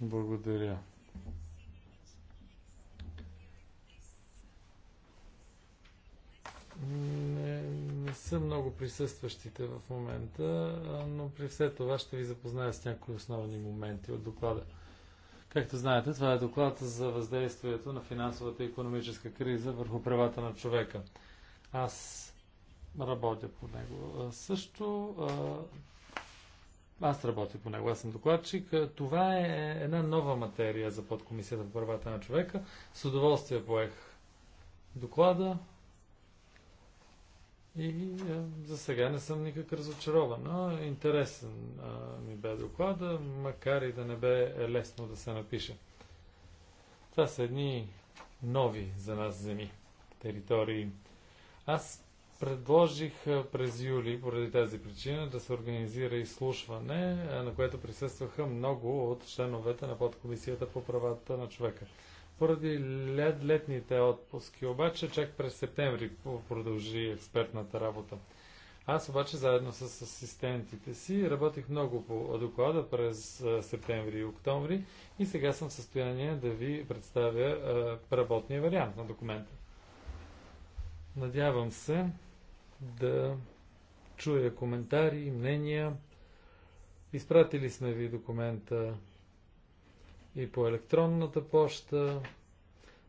Благодаря. не, не са много присъстващите в момента, но при все това ще ви запозная с някои основни моменти от доклада. Както знаете, това е доклад за въздействието на финансовата и економическа криза върху правата на човека. Аз работя по него. Също аз работя по него, аз съм докладчик. Това е една нова материя за подкомисията по правата на човека. С удоволствие поех доклада, и за сега не съм никак разочарован, но Интересен ми бе доклада, макар и да не бе лесно да се напише. Това са едни нови за нас земи, територии. Аз предложих през юли, поради тази причина, да се организира изслушване, на което присъстваха много от членовете на подкомисията по правата на човека. Поради лед, летните отпуски, обаче чак през септември продължи експертната работа. Аз обаче заедно с асистентите си работих много по доклада през септември и октомври и сега съм в състояние да ви представя работния вариант на документа. Надявам се да чуя коментари, мнения. Изпратили сме ви документа и по електронната поща,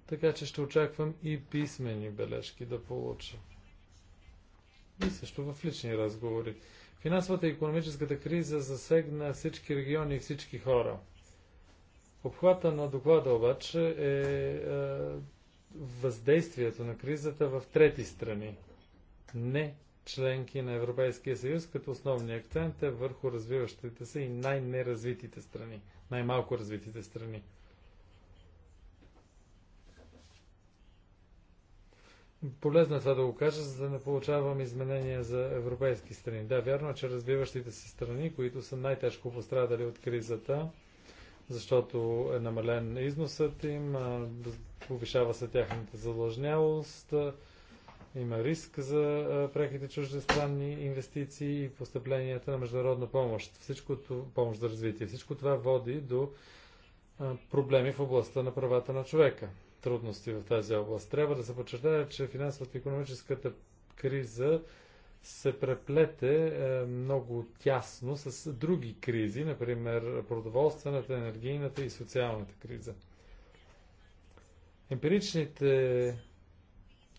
така че ще очаквам и писмени бележки да получа. И също в лични разговори. Финансовата и економическата криза засегна всички региони и всички хора. Обхвата на доклада обаче е, е въздействието на кризата в трети страни, не членки на Европейския съюз, като основният акцент е върху развиващите се и най-неразвитите страни, най-малко развитите страни. Полезно е това да го кажа, за да не получавам изменения за европейски страни. Да, вярно е, че развиващите се страни, които са най-тежко пострадали от кризата, защото е намален износът им, повишава се тяхната задлъжнялост, има риск за преките чуждестранни инвестиции и постъпленията на международна помощ. Всичкото помощ за развитие. Всичко това води до проблеми в областта на правата на човека. Трудности в тази област. Трябва да се подчертая, че финансовата и економическата криза се преплете много тясно с други кризи, например продоволствената, енергийната и социалната криза. Емпиричните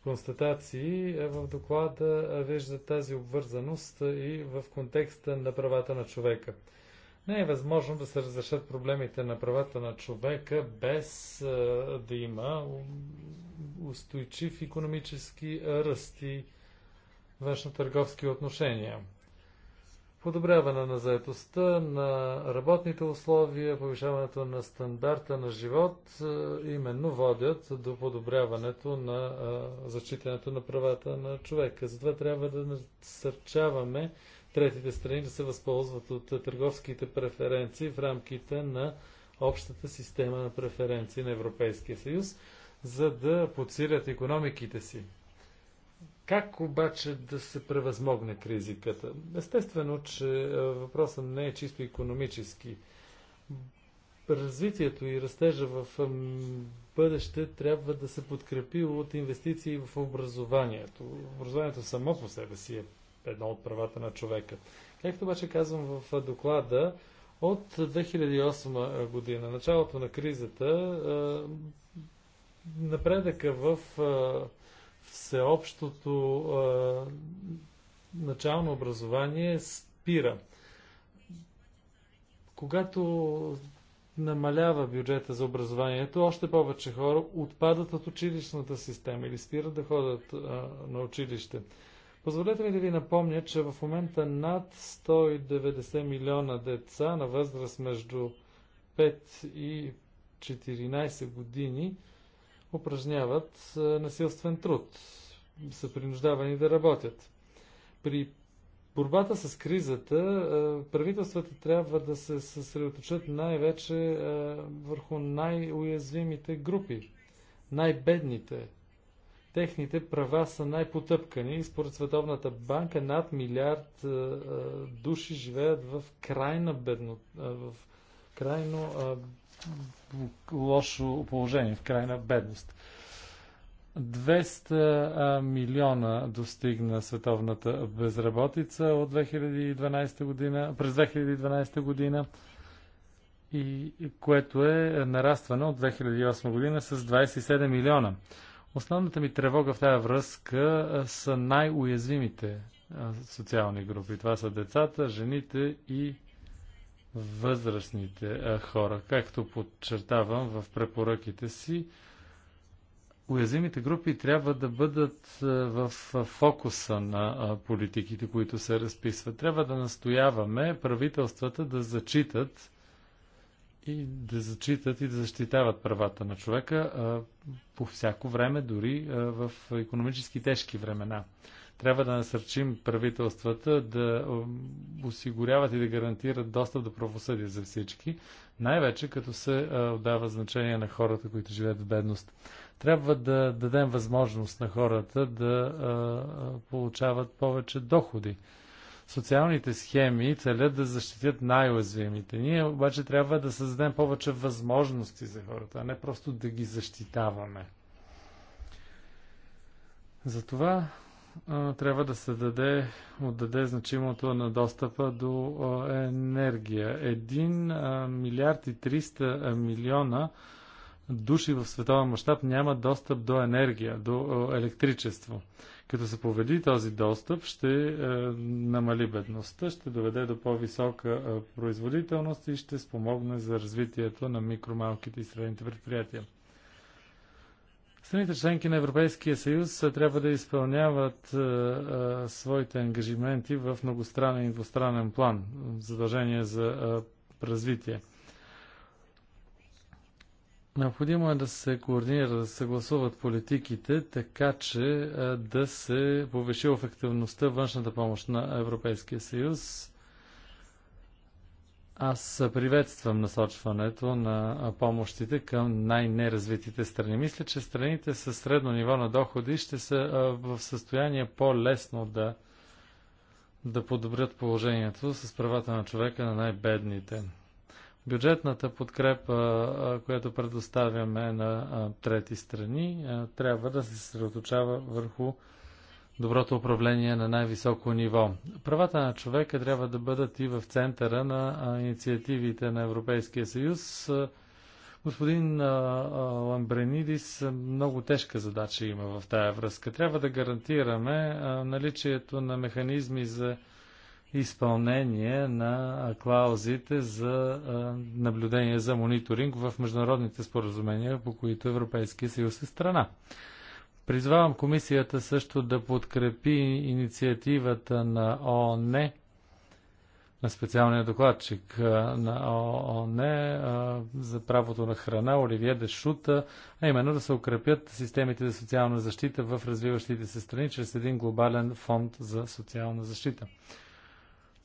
констатации е, в доклада вижда тази обвързаност и в контекста на правата на човека. Не е възможно да се разрешат проблемите на правата на човека без е, да има устойчив економически ръст и външно-търговски отношения подобряване на заетостта, на работните условия, повишаването на стандарта на живот, е, именно водят до подобряването на е, зачитането на правата на човека. Затова трябва да насърчаваме третите страни да се възползват от търговските преференции в рамките на общата система на преференции на Европейския съюз, за да подсилят економиките си как обаче да се превъзмогне кризиката? Естествено, че е, въпросът не е чисто економически. Развитието и растежа в бъдеще трябва да се подкрепи от инвестиции в образованието. Образованието само по себе си е едно от правата на човека. Както обаче казвам в е, доклада, от 2008 е, година, началото на кризата, напредъка в всеобщото а, начално образование спира. Когато намалява бюджета за образованието, още повече хора отпадат от училищната система или спират да ходят а, на училище. Позволете ми да ви напомня, че в момента над 190 милиона деца на възраст между 5 и 14 години упражняват насилствен труд, са принуждавани да работят. При борбата с кризата правителствата трябва да се съсредоточат най-вече върху най-уязвимите групи, най-бедните. Техните права са най-потъпкани и според Световната банка над милиард души живеят в крайна бедно, в крайно лошо положение, в крайна бедност. 200 милиона достигна световната безработица от 2012 година, през 2012 година, и, което е нарастване от 2008 година с 27 милиона. Основната ми тревога в тази връзка са най-уязвимите социални групи. Това са децата, жените и възрастните хора. Както подчертавам в препоръките си, уязвимите групи трябва да бъдат в фокуса на политиките, които се разписват. Трябва да настояваме правителствата да зачитат и да зачитат и да защитават правата на човека по всяко време, дори в економически тежки времена. Трябва да насърчим правителствата да осигуряват и да гарантират достъп до правосъдие за всички, най-вече като се отдава значение на хората, които живеят в бедност. Трябва да дадем възможност на хората да получават повече доходи социалните схеми целят да защитят най-уязвимите. Ние обаче трябва да създадем повече възможности за хората, а не просто да ги защитаваме. Затова трябва да се даде, отдаде значимото на достъпа до енергия. 1 милиард и 300 милиона души в световен мащаб нямат достъп до енергия, до електричество. Като се поведи този достъп, ще намали бедността, ще доведе до по-висока производителност и ще спомогне за развитието на микромалките и средните предприятия. Страните членки на Европейския съюз трябва да изпълняват а, а, своите ангажименти в многостранен и двустранен план, задължение за а, развитие. Необходимо е да се координира, да се съгласуват политиките, така че а, да се повиши ефективността външната помощ на Европейския съюз аз приветствам насочването на помощите към най-неразвитите страни. Мисля, че страните с средно ниво на доходи ще са в състояние по-лесно да, да подобрят положението с правата на човека на най-бедните. Бюджетната подкрепа, която предоставяме на трети страни, трябва да се съсредоточава върху доброто управление на най-високо ниво. Правата на човека трябва да бъдат и в центъра на инициативите на Европейския съюз. Господин Ламбренидис, много тежка задача има в тая връзка. Трябва да гарантираме наличието на механизми за изпълнение на клаузите за наблюдение за мониторинг в международните споразумения, по които Европейския съюз е страна. Призвавам комисията също да подкрепи инициативата на ООН, на специалния докладчик на ООН за правото на храна, Оливие Дешута, а именно да се укрепят системите за социална защита в развиващите се страни чрез един глобален фонд за социална защита.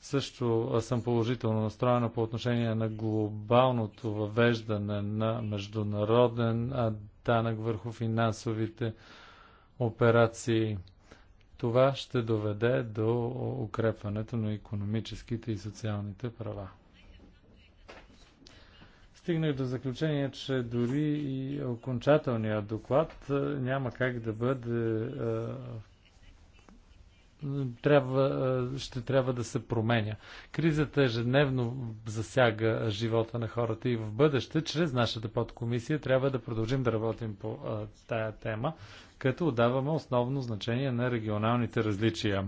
Също съм положително настроена по отношение на глобалното въвеждане на международен данък върху финансовите операции. Това ще доведе до укрепването на економическите и социалните права. Стигнах до заключение, че дори и окончателният доклад е, няма как да бъде е, трябва, е, ще трябва да се променя. Кризата ежедневно засяга живота на хората и в бъдеще, чрез нашата подкомисия, трябва да продължим да работим по а, тая тема, като отдаваме основно значение на регионалните различия.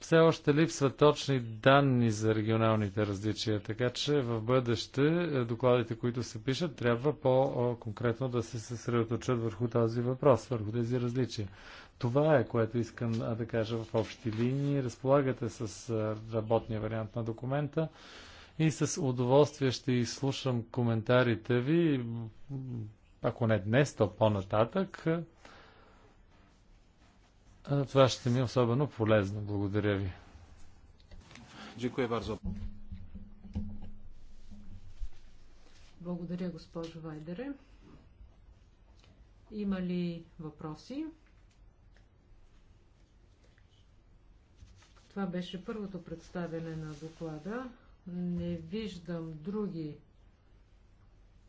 Все още липсват точни данни за регионалните различия, така че в бъдеще е, докладите, които се пишат, трябва по-конкретно да се съсредоточат върху този въпрос, върху тези различия. Това е, което искам да кажа в общи линии. Разполагате с работния вариант на документа и с удоволствие ще изслушам коментарите ви ако не днес, то по-нататък, това ще ми е особено полезно. Благодаря ви. Благодаря, госпожо Вайдере. Има ли въпроси? Това беше първото представяне на доклада. Не виждам други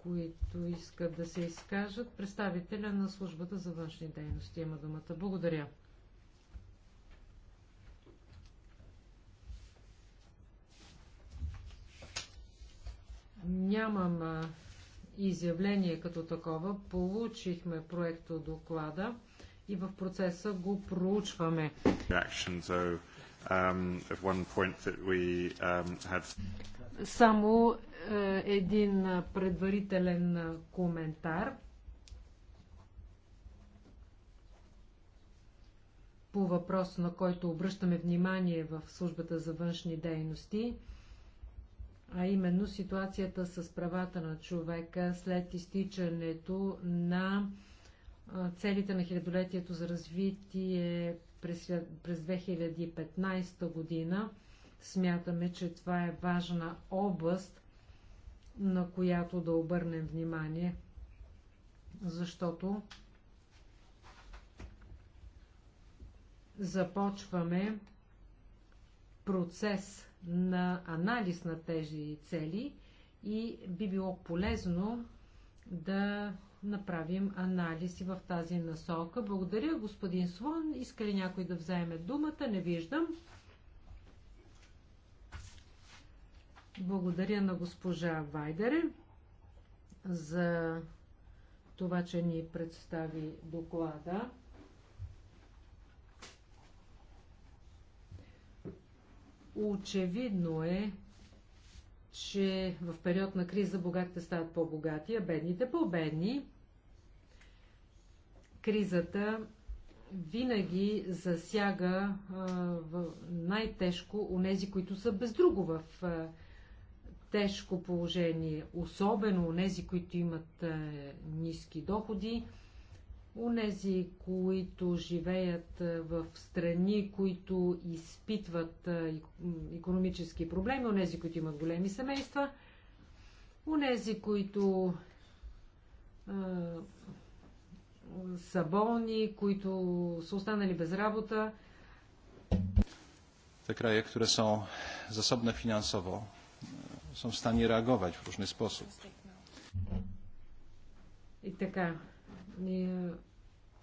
които искат да се изкажат. Представителя на службата за външни дейности има думата. Благодаря. Нямам изявление като такова. Получихме проекто доклада и в процеса го проучваме. Само е, един е, предварителен е, коментар по въпрос, на който обръщаме внимание в службата за външни дейности, а именно ситуацията с правата на човека след изтичането на целите на хилядолетието за развитие през 2015 година – Смятаме, че това е важна област, на която да обърнем внимание, защото започваме процес на анализ на тези цели и би било полезно да направим анализ и в тази насока. Благодаря, господин Слон. Иска ли някой да вземе думата? Не виждам. Благодаря на госпожа Вайдере за това, че ни представи доклада. Очевидно е, че в период на криза богатите стават по-богати, а бедните по-бедни. Кризата винаги засяга най-тежко у нези, които са без друго в а, тежко положение, особено у нези, които имат е, ниски доходи, у нези, които живеят е, в страни, които изпитват економически проблеми, у нези, които имат големи семейства, у нези, които е, са болни, които са останали без работа. Те краje, които са zasobne финансово, są w stanie reagować w różny sposób. И така,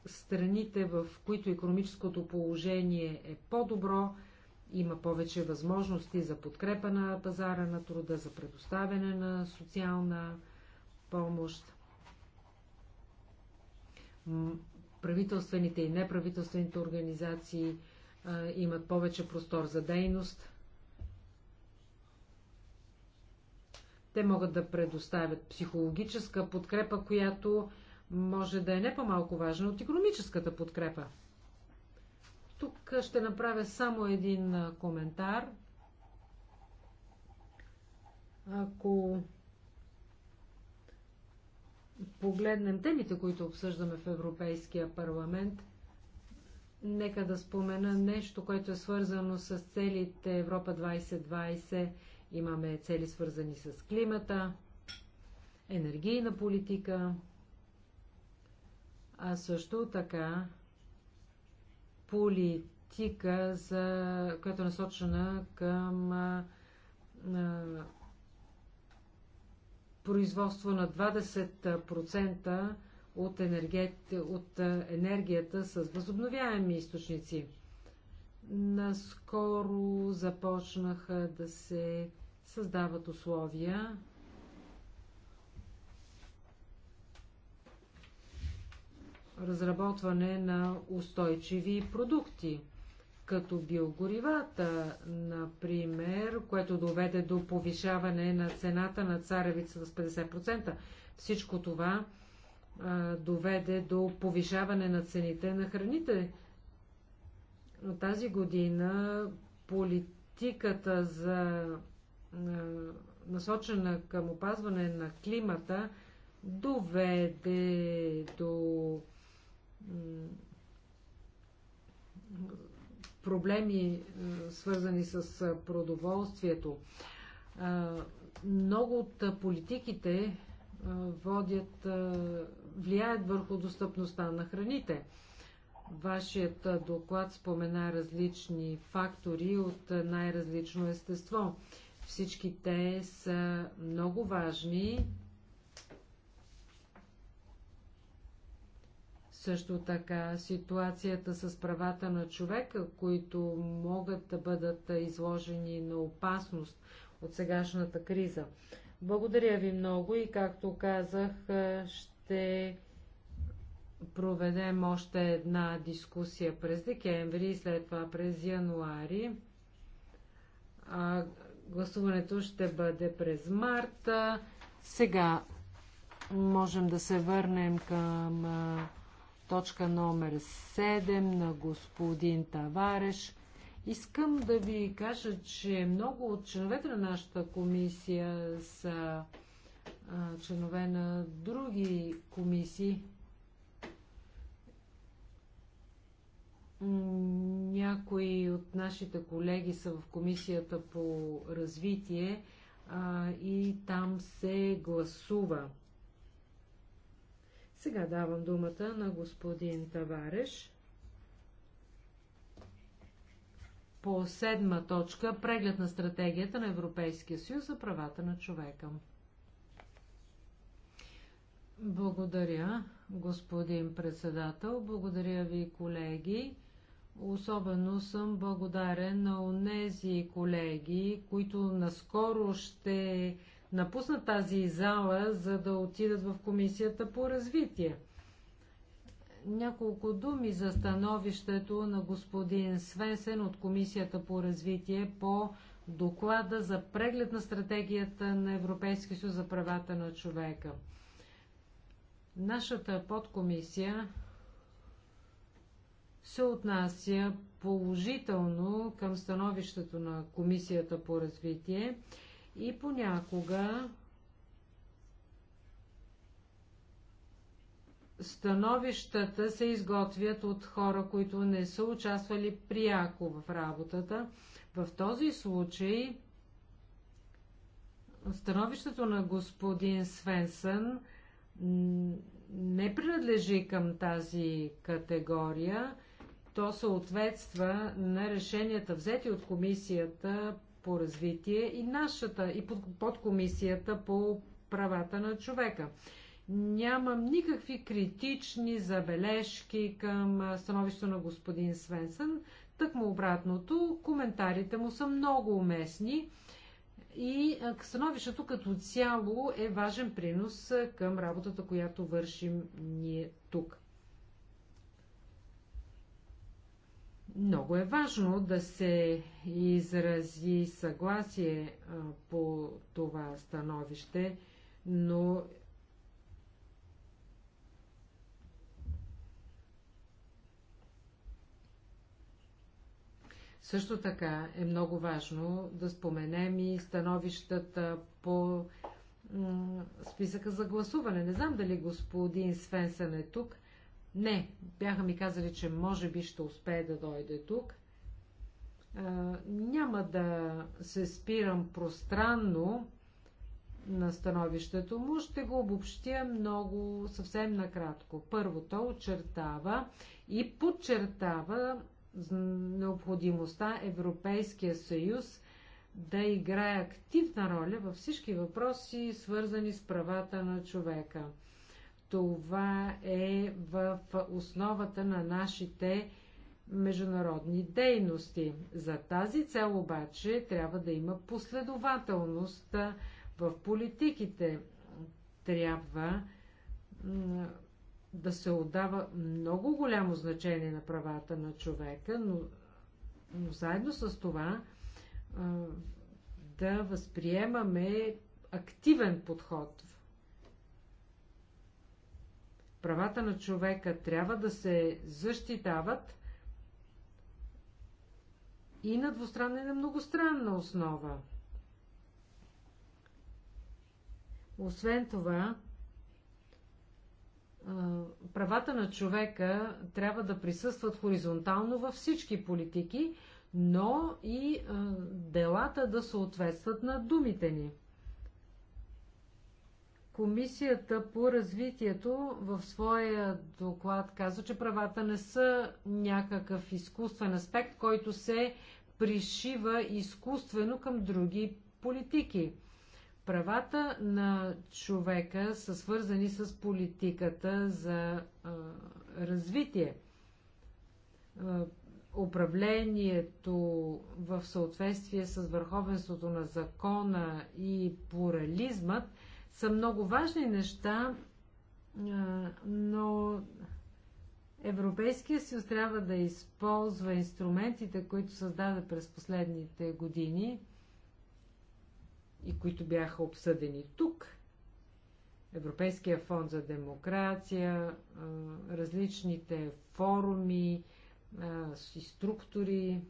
страните, в които економическото положение е по-добро, има повече възможности за подкрепа на пазара на труда, за предоставяне на социална помощ. Правителствените и неправителствените организации а, имат повече простор за дейност. Те могат да предоставят психологическа подкрепа, която може да е не по-малко важна от економическата подкрепа. Тук ще направя само един коментар. Ако погледнем темите, които обсъждаме в Европейския парламент, нека да спомена нещо, което е свързано с целите Европа 2020 Имаме цели свързани с климата, енергийна политика, а също така политика, за, която е насочена към а, а, производство на 20% от, енергет, от енергията с възобновяеми източници. Наскоро започнаха да се създават условия разработване на устойчиви продукти, като биогоривата, например, което доведе до повишаване на цената на царевица с 50%. Всичко това а, доведе до повишаване на цените на храните. Тази година политиката за насочена към опазване на климата, доведе до проблеми, е, свързани с е, продоволствието. Много от е, политиките водят, влияят върху достъпността на храните. Вашият доклад спомена различни фактори от най-различно естество. Всички те са много важни. Също така ситуацията с правата на човека, които могат да бъдат изложени на опасност от сегашната криза. Благодаря ви много и, както казах, ще проведем още една дискусия през декември и след това през януари. Гласуването ще бъде през марта, Сега можем да се върнем към точка номер 7 на господин Тавареш. Искам да ви кажа, че много от членовете на нашата комисия са а, членове на други комисии. Някои от нашите колеги са в комисията по развитие а, и там се гласува. Сега давам думата на господин Тавареш. По седма точка преглед на стратегията на Европейския съюз за правата на човека. Благодаря, господин председател. Благодаря ви, колеги. Особено съм благодарен на онези колеги, които наскоро ще напуснат тази зала, за да отидат в Комисията по развитие. Няколко думи за становището на господин Свенсен от Комисията по развитие по доклада за преглед на стратегията на Европейския съюз за правата на човека. Нашата подкомисия се отнася положително към становището на Комисията по развитие и понякога становищата се изготвят от хора, които не са участвали пряко в работата. В този случай становището на господин Свенсън не принадлежи към тази категория то съответства на решенията взети от комисията по развитие и нашата, и комисията по правата на човека. Нямам никакви критични забележки към становището на господин Свенсън. Тъкмо обратното, коментарите му са много уместни и становището като цяло е важен принос към работата, която вършим ние тук. Много е важно да се изрази съгласие по това становище, но Също така е много важно да споменем и становищата по списъка за гласуване. Не знам дали господин Свенсън е тук. Не, бяха ми казали, че може би ще успее да дойде тук. А, няма да се спирам пространно на становището му, ще го обобщя много съвсем накратко. Първо, то очертава и подчертава необходимостта Европейския съюз да играе активна роля във всички въпроси, свързани с правата на човека – това е в основата на нашите международни дейности. За тази цел обаче трябва да има последователност в политиките. Трябва да се отдава много голямо значение на правата на човека, но, но заедно с това да възприемаме активен подход правата на човека трябва да се защитават и на двустранна и на многостранна основа. Освен това, правата на човека трябва да присъстват хоризонтално във всички политики, но и делата да съответстват на думите ни – Комисията по развитието в своя доклад казва, че правата не са някакъв изкуствен аспект, който се пришива изкуствено към други политики. Правата на човека са свързани с политиката за а, развитие. А, управлението в съответствие с върховенството на закона и плурализмът са много важни неща, но Европейския съюз трябва да използва инструментите, които създаде през последните години и които бяха обсъдени тук. Европейския фонд за демокрация, различните форуми и структури,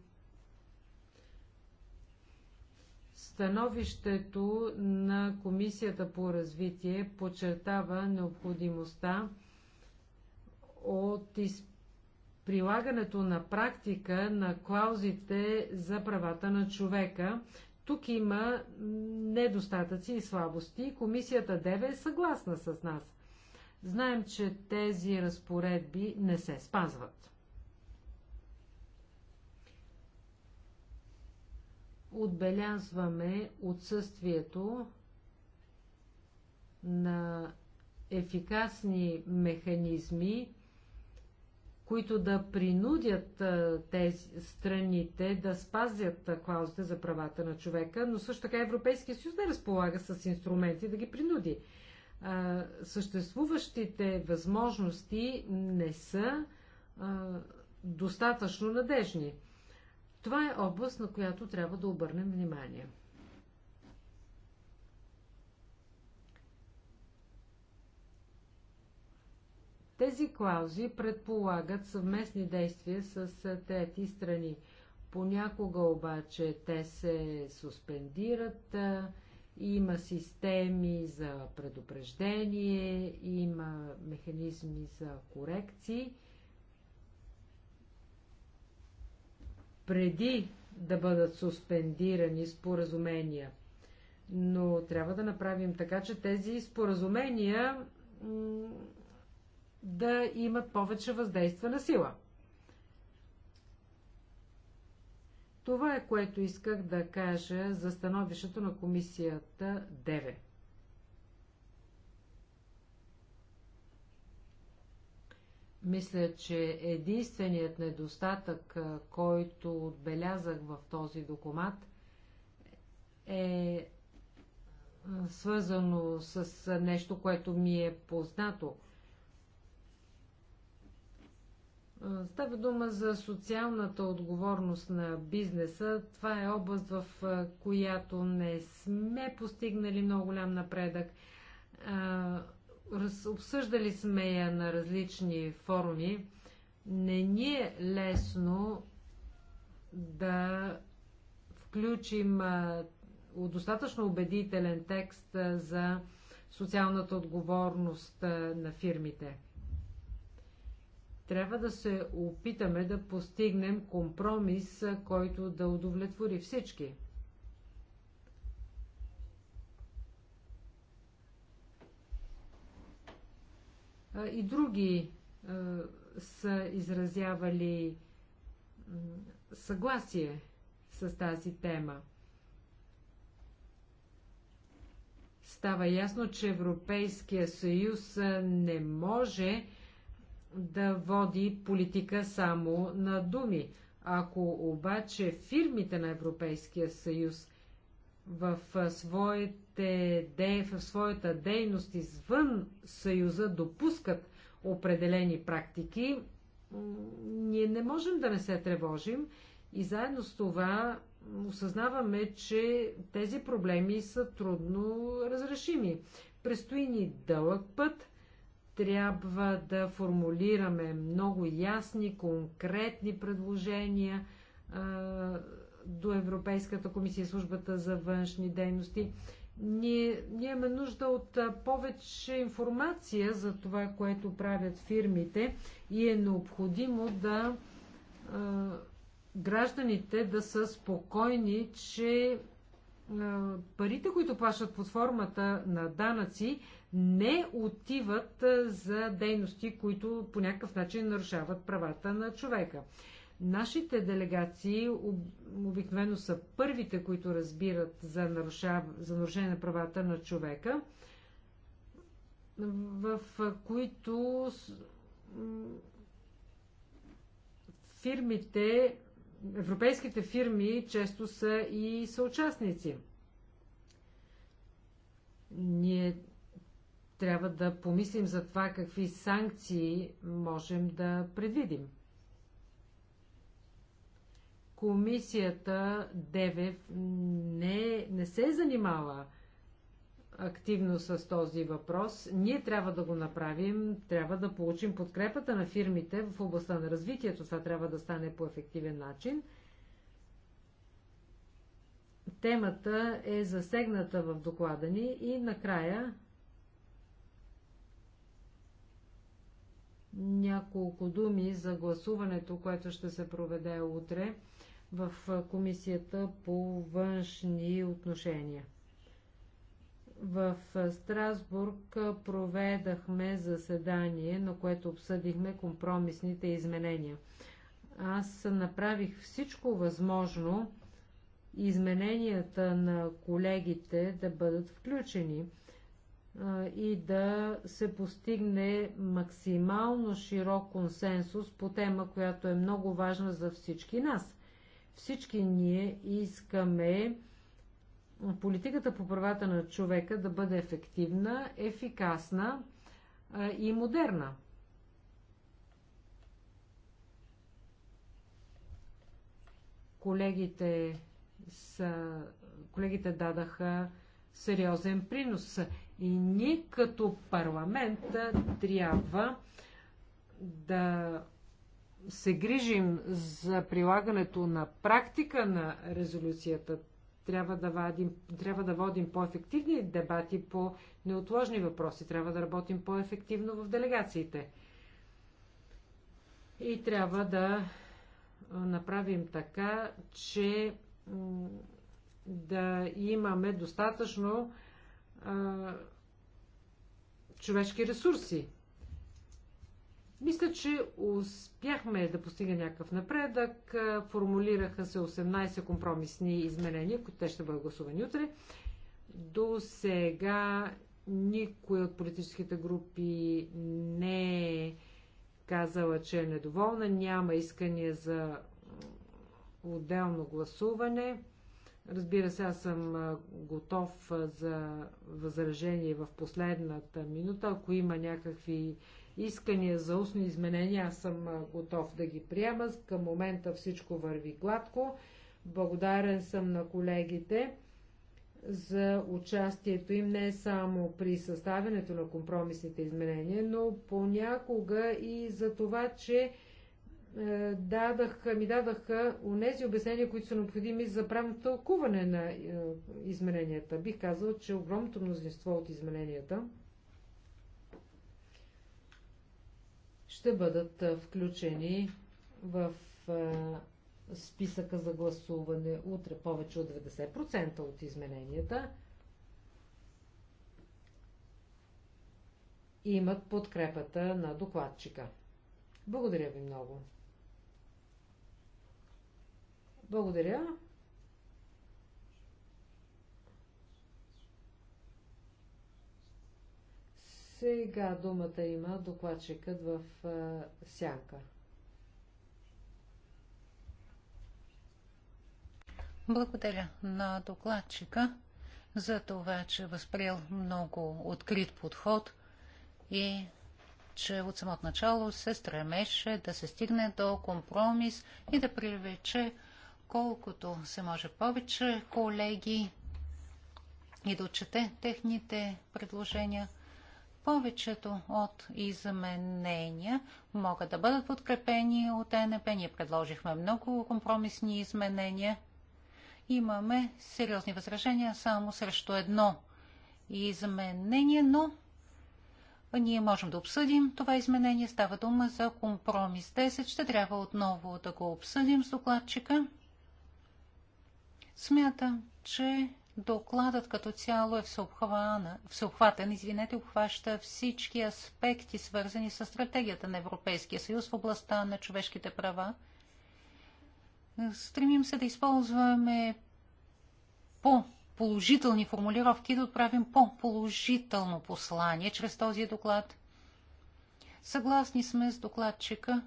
Становището на Комисията по развитие подчертава необходимостта от прилагането на практика на клаузите за правата на човека. Тук има недостатъци и слабости. Комисията ДЕВЕ е съгласна с нас. Знаем, че тези разпоредби не се спазват. отбелязваме отсъствието на ефикасни механизми, които да принудят тези страните да спазят клаузите за правата на човека, но също така Европейския съюз да разполага с инструменти да ги принуди. съществуващите възможности не са достатъчно надежни. Това е област, на която трябва да обърнем внимание. Тези клаузи предполагат съвместни действия с трети страни. Понякога обаче те се суспендират, има системи за предупреждение, има механизми за корекции – преди да бъдат суспендирани споразумения. Но трябва да направим така, че тези споразумения да имат повече въздейства на сила. Това е което исках да кажа за становището на комисията 9. Мисля, че единственият недостатък, който отбелязах в този документ, е свързано с нещо, което ми е познато. Става дума за социалната отговорност на бизнеса. Това е област, в която не сме постигнали много голям напредък раз, обсъждали сме я на различни форуми. Не ни е лесно да включим а, достатъчно убедителен текст а, за социалната отговорност а, на фирмите. Трябва да се опитаме да постигнем компромис, който да удовлетвори всички. и други са изразявали съгласие с тази тема. Става ясно, че Европейския съюз не може да води политика само на думи. Ако обаче фирмите на Европейския съюз в своите де... в своята дейност извън Съюза допускат определени практики, ние не можем да не се тревожим и заедно с това осъзнаваме, че тези проблеми са трудно разрешими. Престои ни дълъг път, трябва да формулираме много ясни, конкретни предложения, до Европейската комисия, службата за външни дейности. Ние, ние имаме нужда от повече информация за това, което правят фирмите и е необходимо да а, гражданите да са спокойни, че а, парите, които плащат под формата на данъци, не отиват за дейности, които по някакъв начин нарушават правата на човека. Нашите делегации обикновено са първите, които разбират за, наруша... за нарушение на правата на човека, в които фирмите, европейските фирми често са и съучастници. Ние трябва да помислим за това какви санкции можем да предвидим комисията ДЕВЕВ не, не се е занимава активно с този въпрос. Ние трябва да го направим, трябва да получим подкрепата на фирмите в областта на развитието. Това трябва да стане по ефективен начин. Темата е засегната в доклада ни и накрая няколко думи за гласуването, което ще се проведе утре в Комисията по външни отношения. В Страсбург проведахме заседание, на което обсъдихме компромисните изменения. Аз направих всичко възможно измененията на колегите да бъдат включени и да се постигне максимално широк консенсус по тема, която е много важна за всички нас. Всички ние искаме политиката по правата на човека да бъде ефективна, ефикасна и модерна. Колегите, са, колегите дадаха сериозен принос. И ние като парламент трябва да се грижим за прилагането на практика на резолюцията, трябва да, вадим, трябва да водим по-ефективни дебати по неотложни въпроси, трябва да работим по-ефективно в делегациите. И трябва да направим така, че да имаме достатъчно а, човешки ресурси мисля, че успяхме да постига някакъв напредък. Е, формулираха се 18 компромисни изменения, които те ще бъдат гласувани утре. До сега никой от политическите групи не е казала, че е недоволна. Няма искания за отделно гласуване. Разбира се, аз съм готов за възражение в последната минута. Ако има някакви искания за устни изменения, аз съм готов да ги приема. Към момента всичко върви гладко. Благодарен съм на колегите за участието им не само при съставянето на компромисните изменения, но понякога и за това, че е, дадаха, ми дадаха унези обяснения, които са необходими за правно тълкуване на е, измененията. Бих казал, че огромното мнозинство от измененията ще бъдат включени в списъка за гласуване утре повече от 90% от измененията имат подкрепата на докладчика. Благодаря ви много. Благодаря. Сега думата има докладчикът в сянка. Благодаря на докладчика за това, че възприел много открит подход и че от самото начало се стремеше да се стигне до компромис и да привлече колкото се може повече колеги и да отчете техните предложения – повечето от изменения могат да бъдат подкрепени от ЕНП. Ние предложихме много компромисни изменения. Имаме сериозни възражения само срещу едно изменение, но ние можем да обсъдим това изменение. Става дума за компромис 10. Ще трябва отново да го обсъдим с докладчика. Смятам, че Докладът като цяло е всеобхватен, извинете, обхваща всички аспекти, свързани с стратегията на Европейския съюз в областта на човешките права. Стремим се да използваме по-положителни формулировки и да отправим по-положително послание чрез този доклад. Съгласни сме с докладчика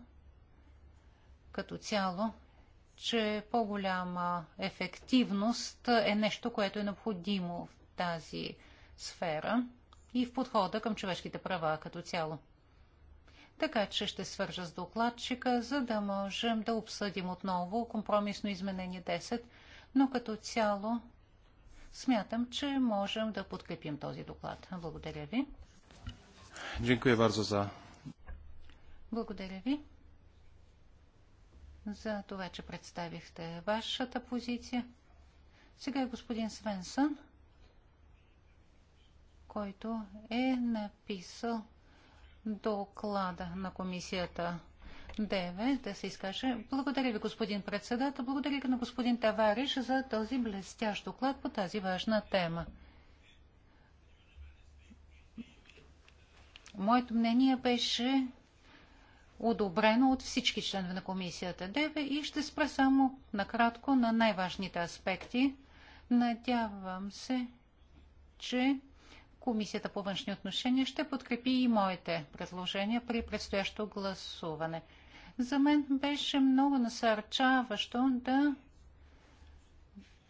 като цяло че по-голяма ефективност е нещо, което е необходимо в тази сфера и в подхода към човешките права като цяло. Така че ще свържа с докладчика, за да можем да обсъдим отново компромисно изменение 10, но като цяло смятам, че можем да подкрепим този доклад. Благодаря ви. Благодаря ви за това, че представихте вашата позиция. Сега е господин Свенсън, който е написал доклада на комисията ДВ да се изкаже. Благодаря ви, господин председател. Благодаря ви на господин Тавариш за този блестящ доклад по тази важна тема. Моето мнение беше одобрено от всички членове на комисията ДЕВЕ и ще спра само накратко на най-важните аспекти. Надявам се, че Комисията по външни отношения ще подкрепи и моите предложения при предстоящо гласуване. За мен беше много насърчаващо да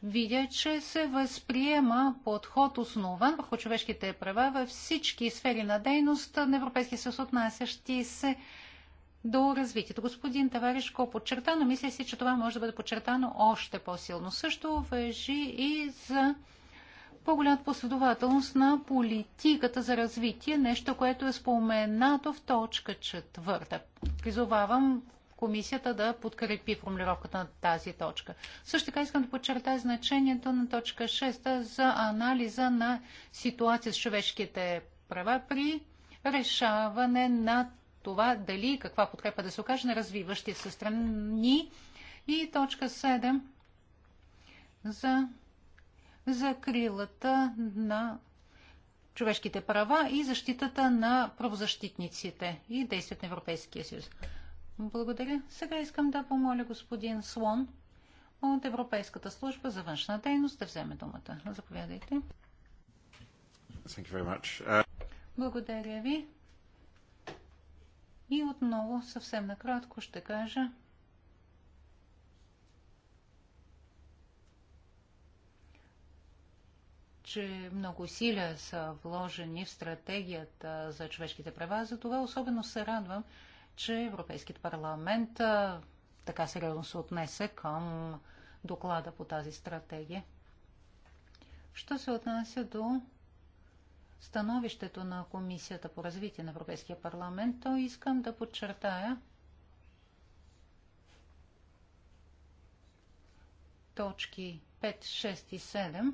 видя, че се възприема подход основан върху човешките права във всички сфери на дейност на Европейския съюз, отнасящи се до развитието. Господин Таваришко подчерта, но мисля си, че това може да бъде подчертано още по-силно. Също въжи и за по-голяма последователност на политиката за развитие, нещо, което е споменато в точка четвърта. Призовавам комисията да подкрепи формулировката на тази точка. Също така искам да подчертая значението на точка 6 за анализа на ситуация с човешките права при решаване на това дали и каква подкрепа да се окаже на развиващи се страни. И точка 7 за закрилата на човешките права и защитата на правозащитниците и действият на Европейския съюз. Благодаря. Сега искам да помоля господин Слон от Европейската служба за външна дейност да вземе думата. Заповядайте. Благодаря ви. И отново съвсем накратко ще кажа, че много усилия са вложени в стратегията за човешките права. Затова особено се радвам, че Европейският парламент така сериозно се отнесе към доклада по тази стратегия. Що се отнася до становището на Комисията по развитие на Европейския парламент, то искам да подчертая точки 5, 6 и 7,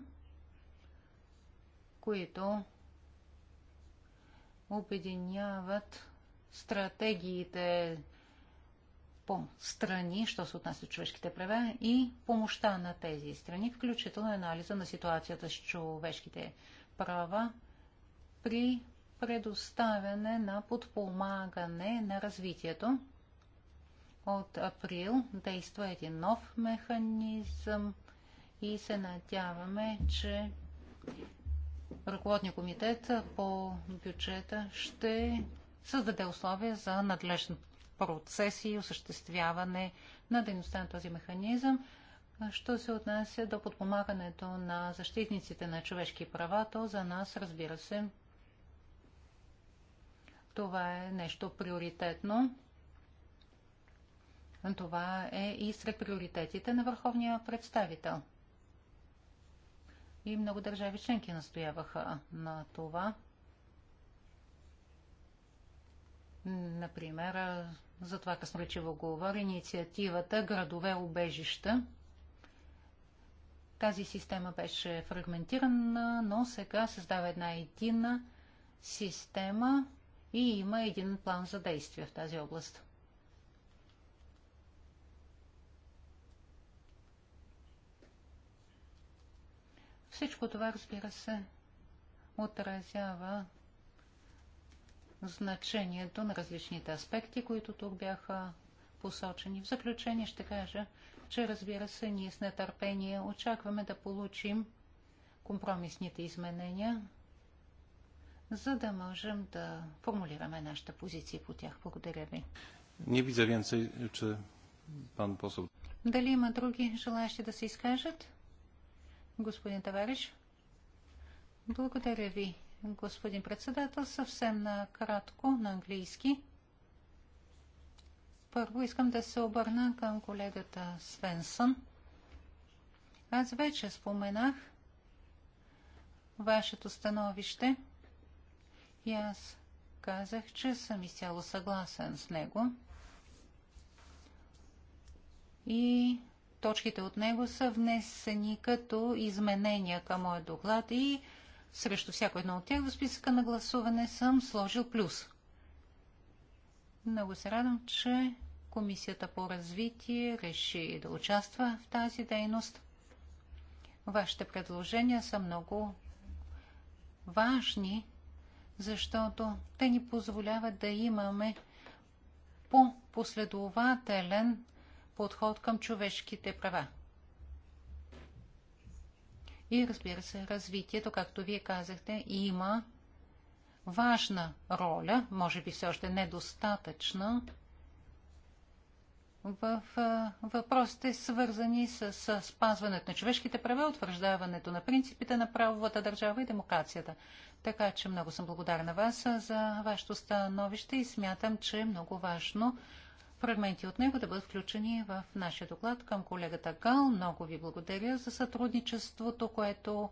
които обединяват стратегиите по страни, що се отнася до човешките права и помощта на тези страни, включително анализа на ситуацията с човешките права при предоставяне на подпомагане на развитието. От април действа един нов механизъм и се надяваме, че ръководния комитет по бюджета ще създаде условия за надлежен процес и осъществяване на дейността на този механизъм. Що се отнася до подпомагането на защитниците на човешки права, то за нас, разбира се, това е нещо приоритетно. Това е и сред приоритетите на върховния представител. И много държави членки настояваха на това. Например, за това късноречиво говор, инициативата Градове обежища. Тази система беше фрагментирана, но сега създава една единна система, и има един план за действие в тази област. Всичко това, разбира се, отразява значението на различните аспекти, които тук бяха посочени. В заключение ще кажа, че разбира се, ние с нетърпение очакваме да получим компромисните изменения за да можем да формулираме нашата позиция по тях. Благодаря ви. Не więcej, че пан посол. Дали има други желаящи да се изкажат? Господин товариш. Благодаря ви, господин председател. Съвсем накратко на английски. Първо искам да се обърна към колегата Свенсън. Аз вече споменах вашето становище – и аз казах, че съм изцяло съгласен с него. И точките от него са внесени като изменения към моят доклад и срещу всяко едно от тях в списъка на гласуване съм сложил плюс. Много се радвам, че Комисията по развитие реши да участва в тази дейност. Вашите предложения са много важни защото те ни позволяват да имаме по-последователен подход към човешките права. И разбира се, развитието, както вие казахте, има важна роля, може би все още недостатъчна, в въпросите, свързани с спазването на човешките права, утвърждаването на принципите на правовата държава и демокрацията. Така че много съм благодарна вас за вашето становище и смятам, че е много важно фрагменти от него да бъдат включени в нашия доклад към колегата Гал. Много ви благодаря за сътрудничеството, което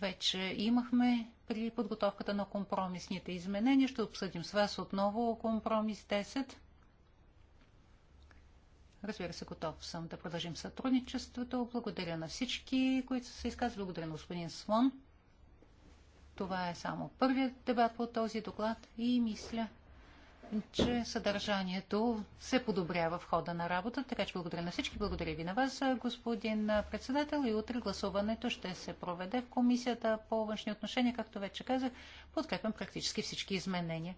вече имахме при подготовката на компромисните изменения. Ще обсъдим с вас отново компромис 10 Разбира се, готов съм да продължим сътрудничеството. Благодаря на всички, които са се изказали. Благодаря на господин Слон. Това е само първият дебат по този доклад и мисля, че съдържанието се подобрява в хода на работа. Така че благодаря на всички. Благодаря ви на вас, господин председател. И утре гласуването ще се проведе в Комисията по външни отношения. Както вече казах, подкрепям практически всички изменения.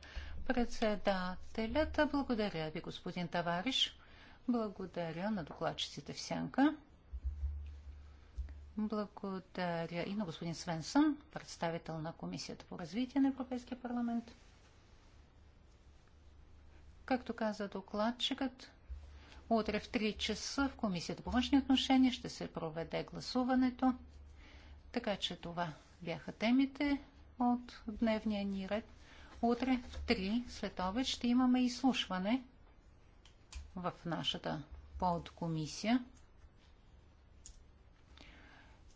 Председателят, благодаря ви, господин Тавариш. Благодаря на докладчиците в сянка. Благодаря и на господин Свенсън, представител на Комисията по развитие на Европейския парламент. Както каза докладчикът, утре в 3 часа в Комисията по външни отношения ще се проведе гласуването. Така че това бяха темите от дневния ни ред. Утре в 3 след обед ще имаме изслушване – в нашата подкомисия.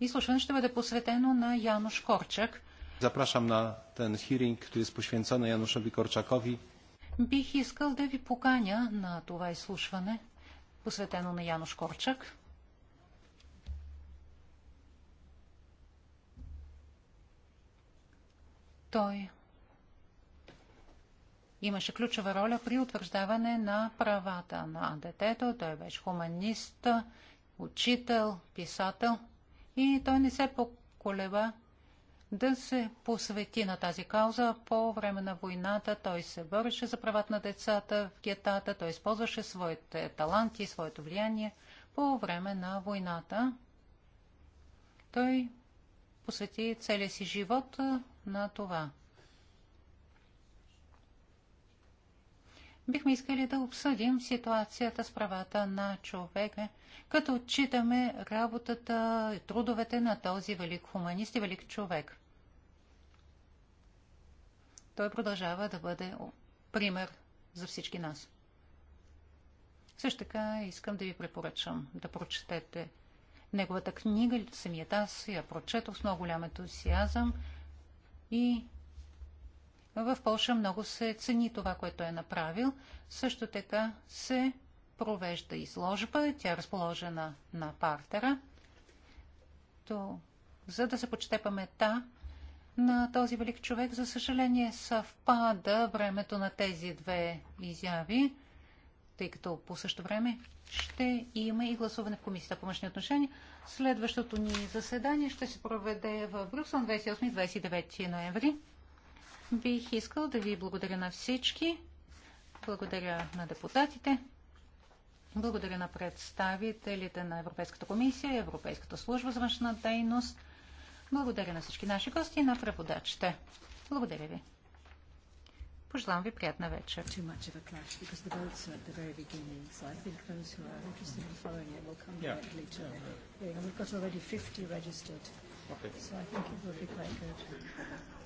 Изслушване ще бъде посветено на Януш Корчак. Запрашам на хиринг, hearing, е jest на Januszowi Korczakowi. Бих искал да ви поканя на това изслушване, посветено на Януш Корчак. Той имаше ключова роля при утвърждаване на правата на детето. Той беше хуманист, учител, писател и той не се поколева да се посвети на тази кауза. По време на войната той се бореше за правата на децата в гетата, той използваше своите таланти своето влияние. По време на войната той посвети целия си живот на това. бихме искали да обсъдим ситуацията с правата на човека, като отчитаме работата и трудовете на този велик хуманист и велик човек. Той продължава да бъде пример за всички нас. Също така искам да ви препоръчам да прочетете неговата книга, самият аз я прочетох с много голям ентусиазъм и в Польша много се цени това, което е направил. Също така се провежда изложба. Тя е разположена на партера. То, за да се почете паметта на този велик човек, за съжаление, съвпада времето на тези две изяви, тъй като по същото време ще има и гласуване в Комисията по мъжни отношения. Следващото ни заседание ще се проведе в Брюксел на 28-29 ноември. Бих искал да ви благодаря на всички. Благодаря на депутатите. Благодаря на представителите на Европейската комисия, Европейската служба за външна дейност. Благодаря на всички наши гости и на преводачите. Благодаря ви. Пожелавам ви приятна вечер. okay. so I think it will be quite good.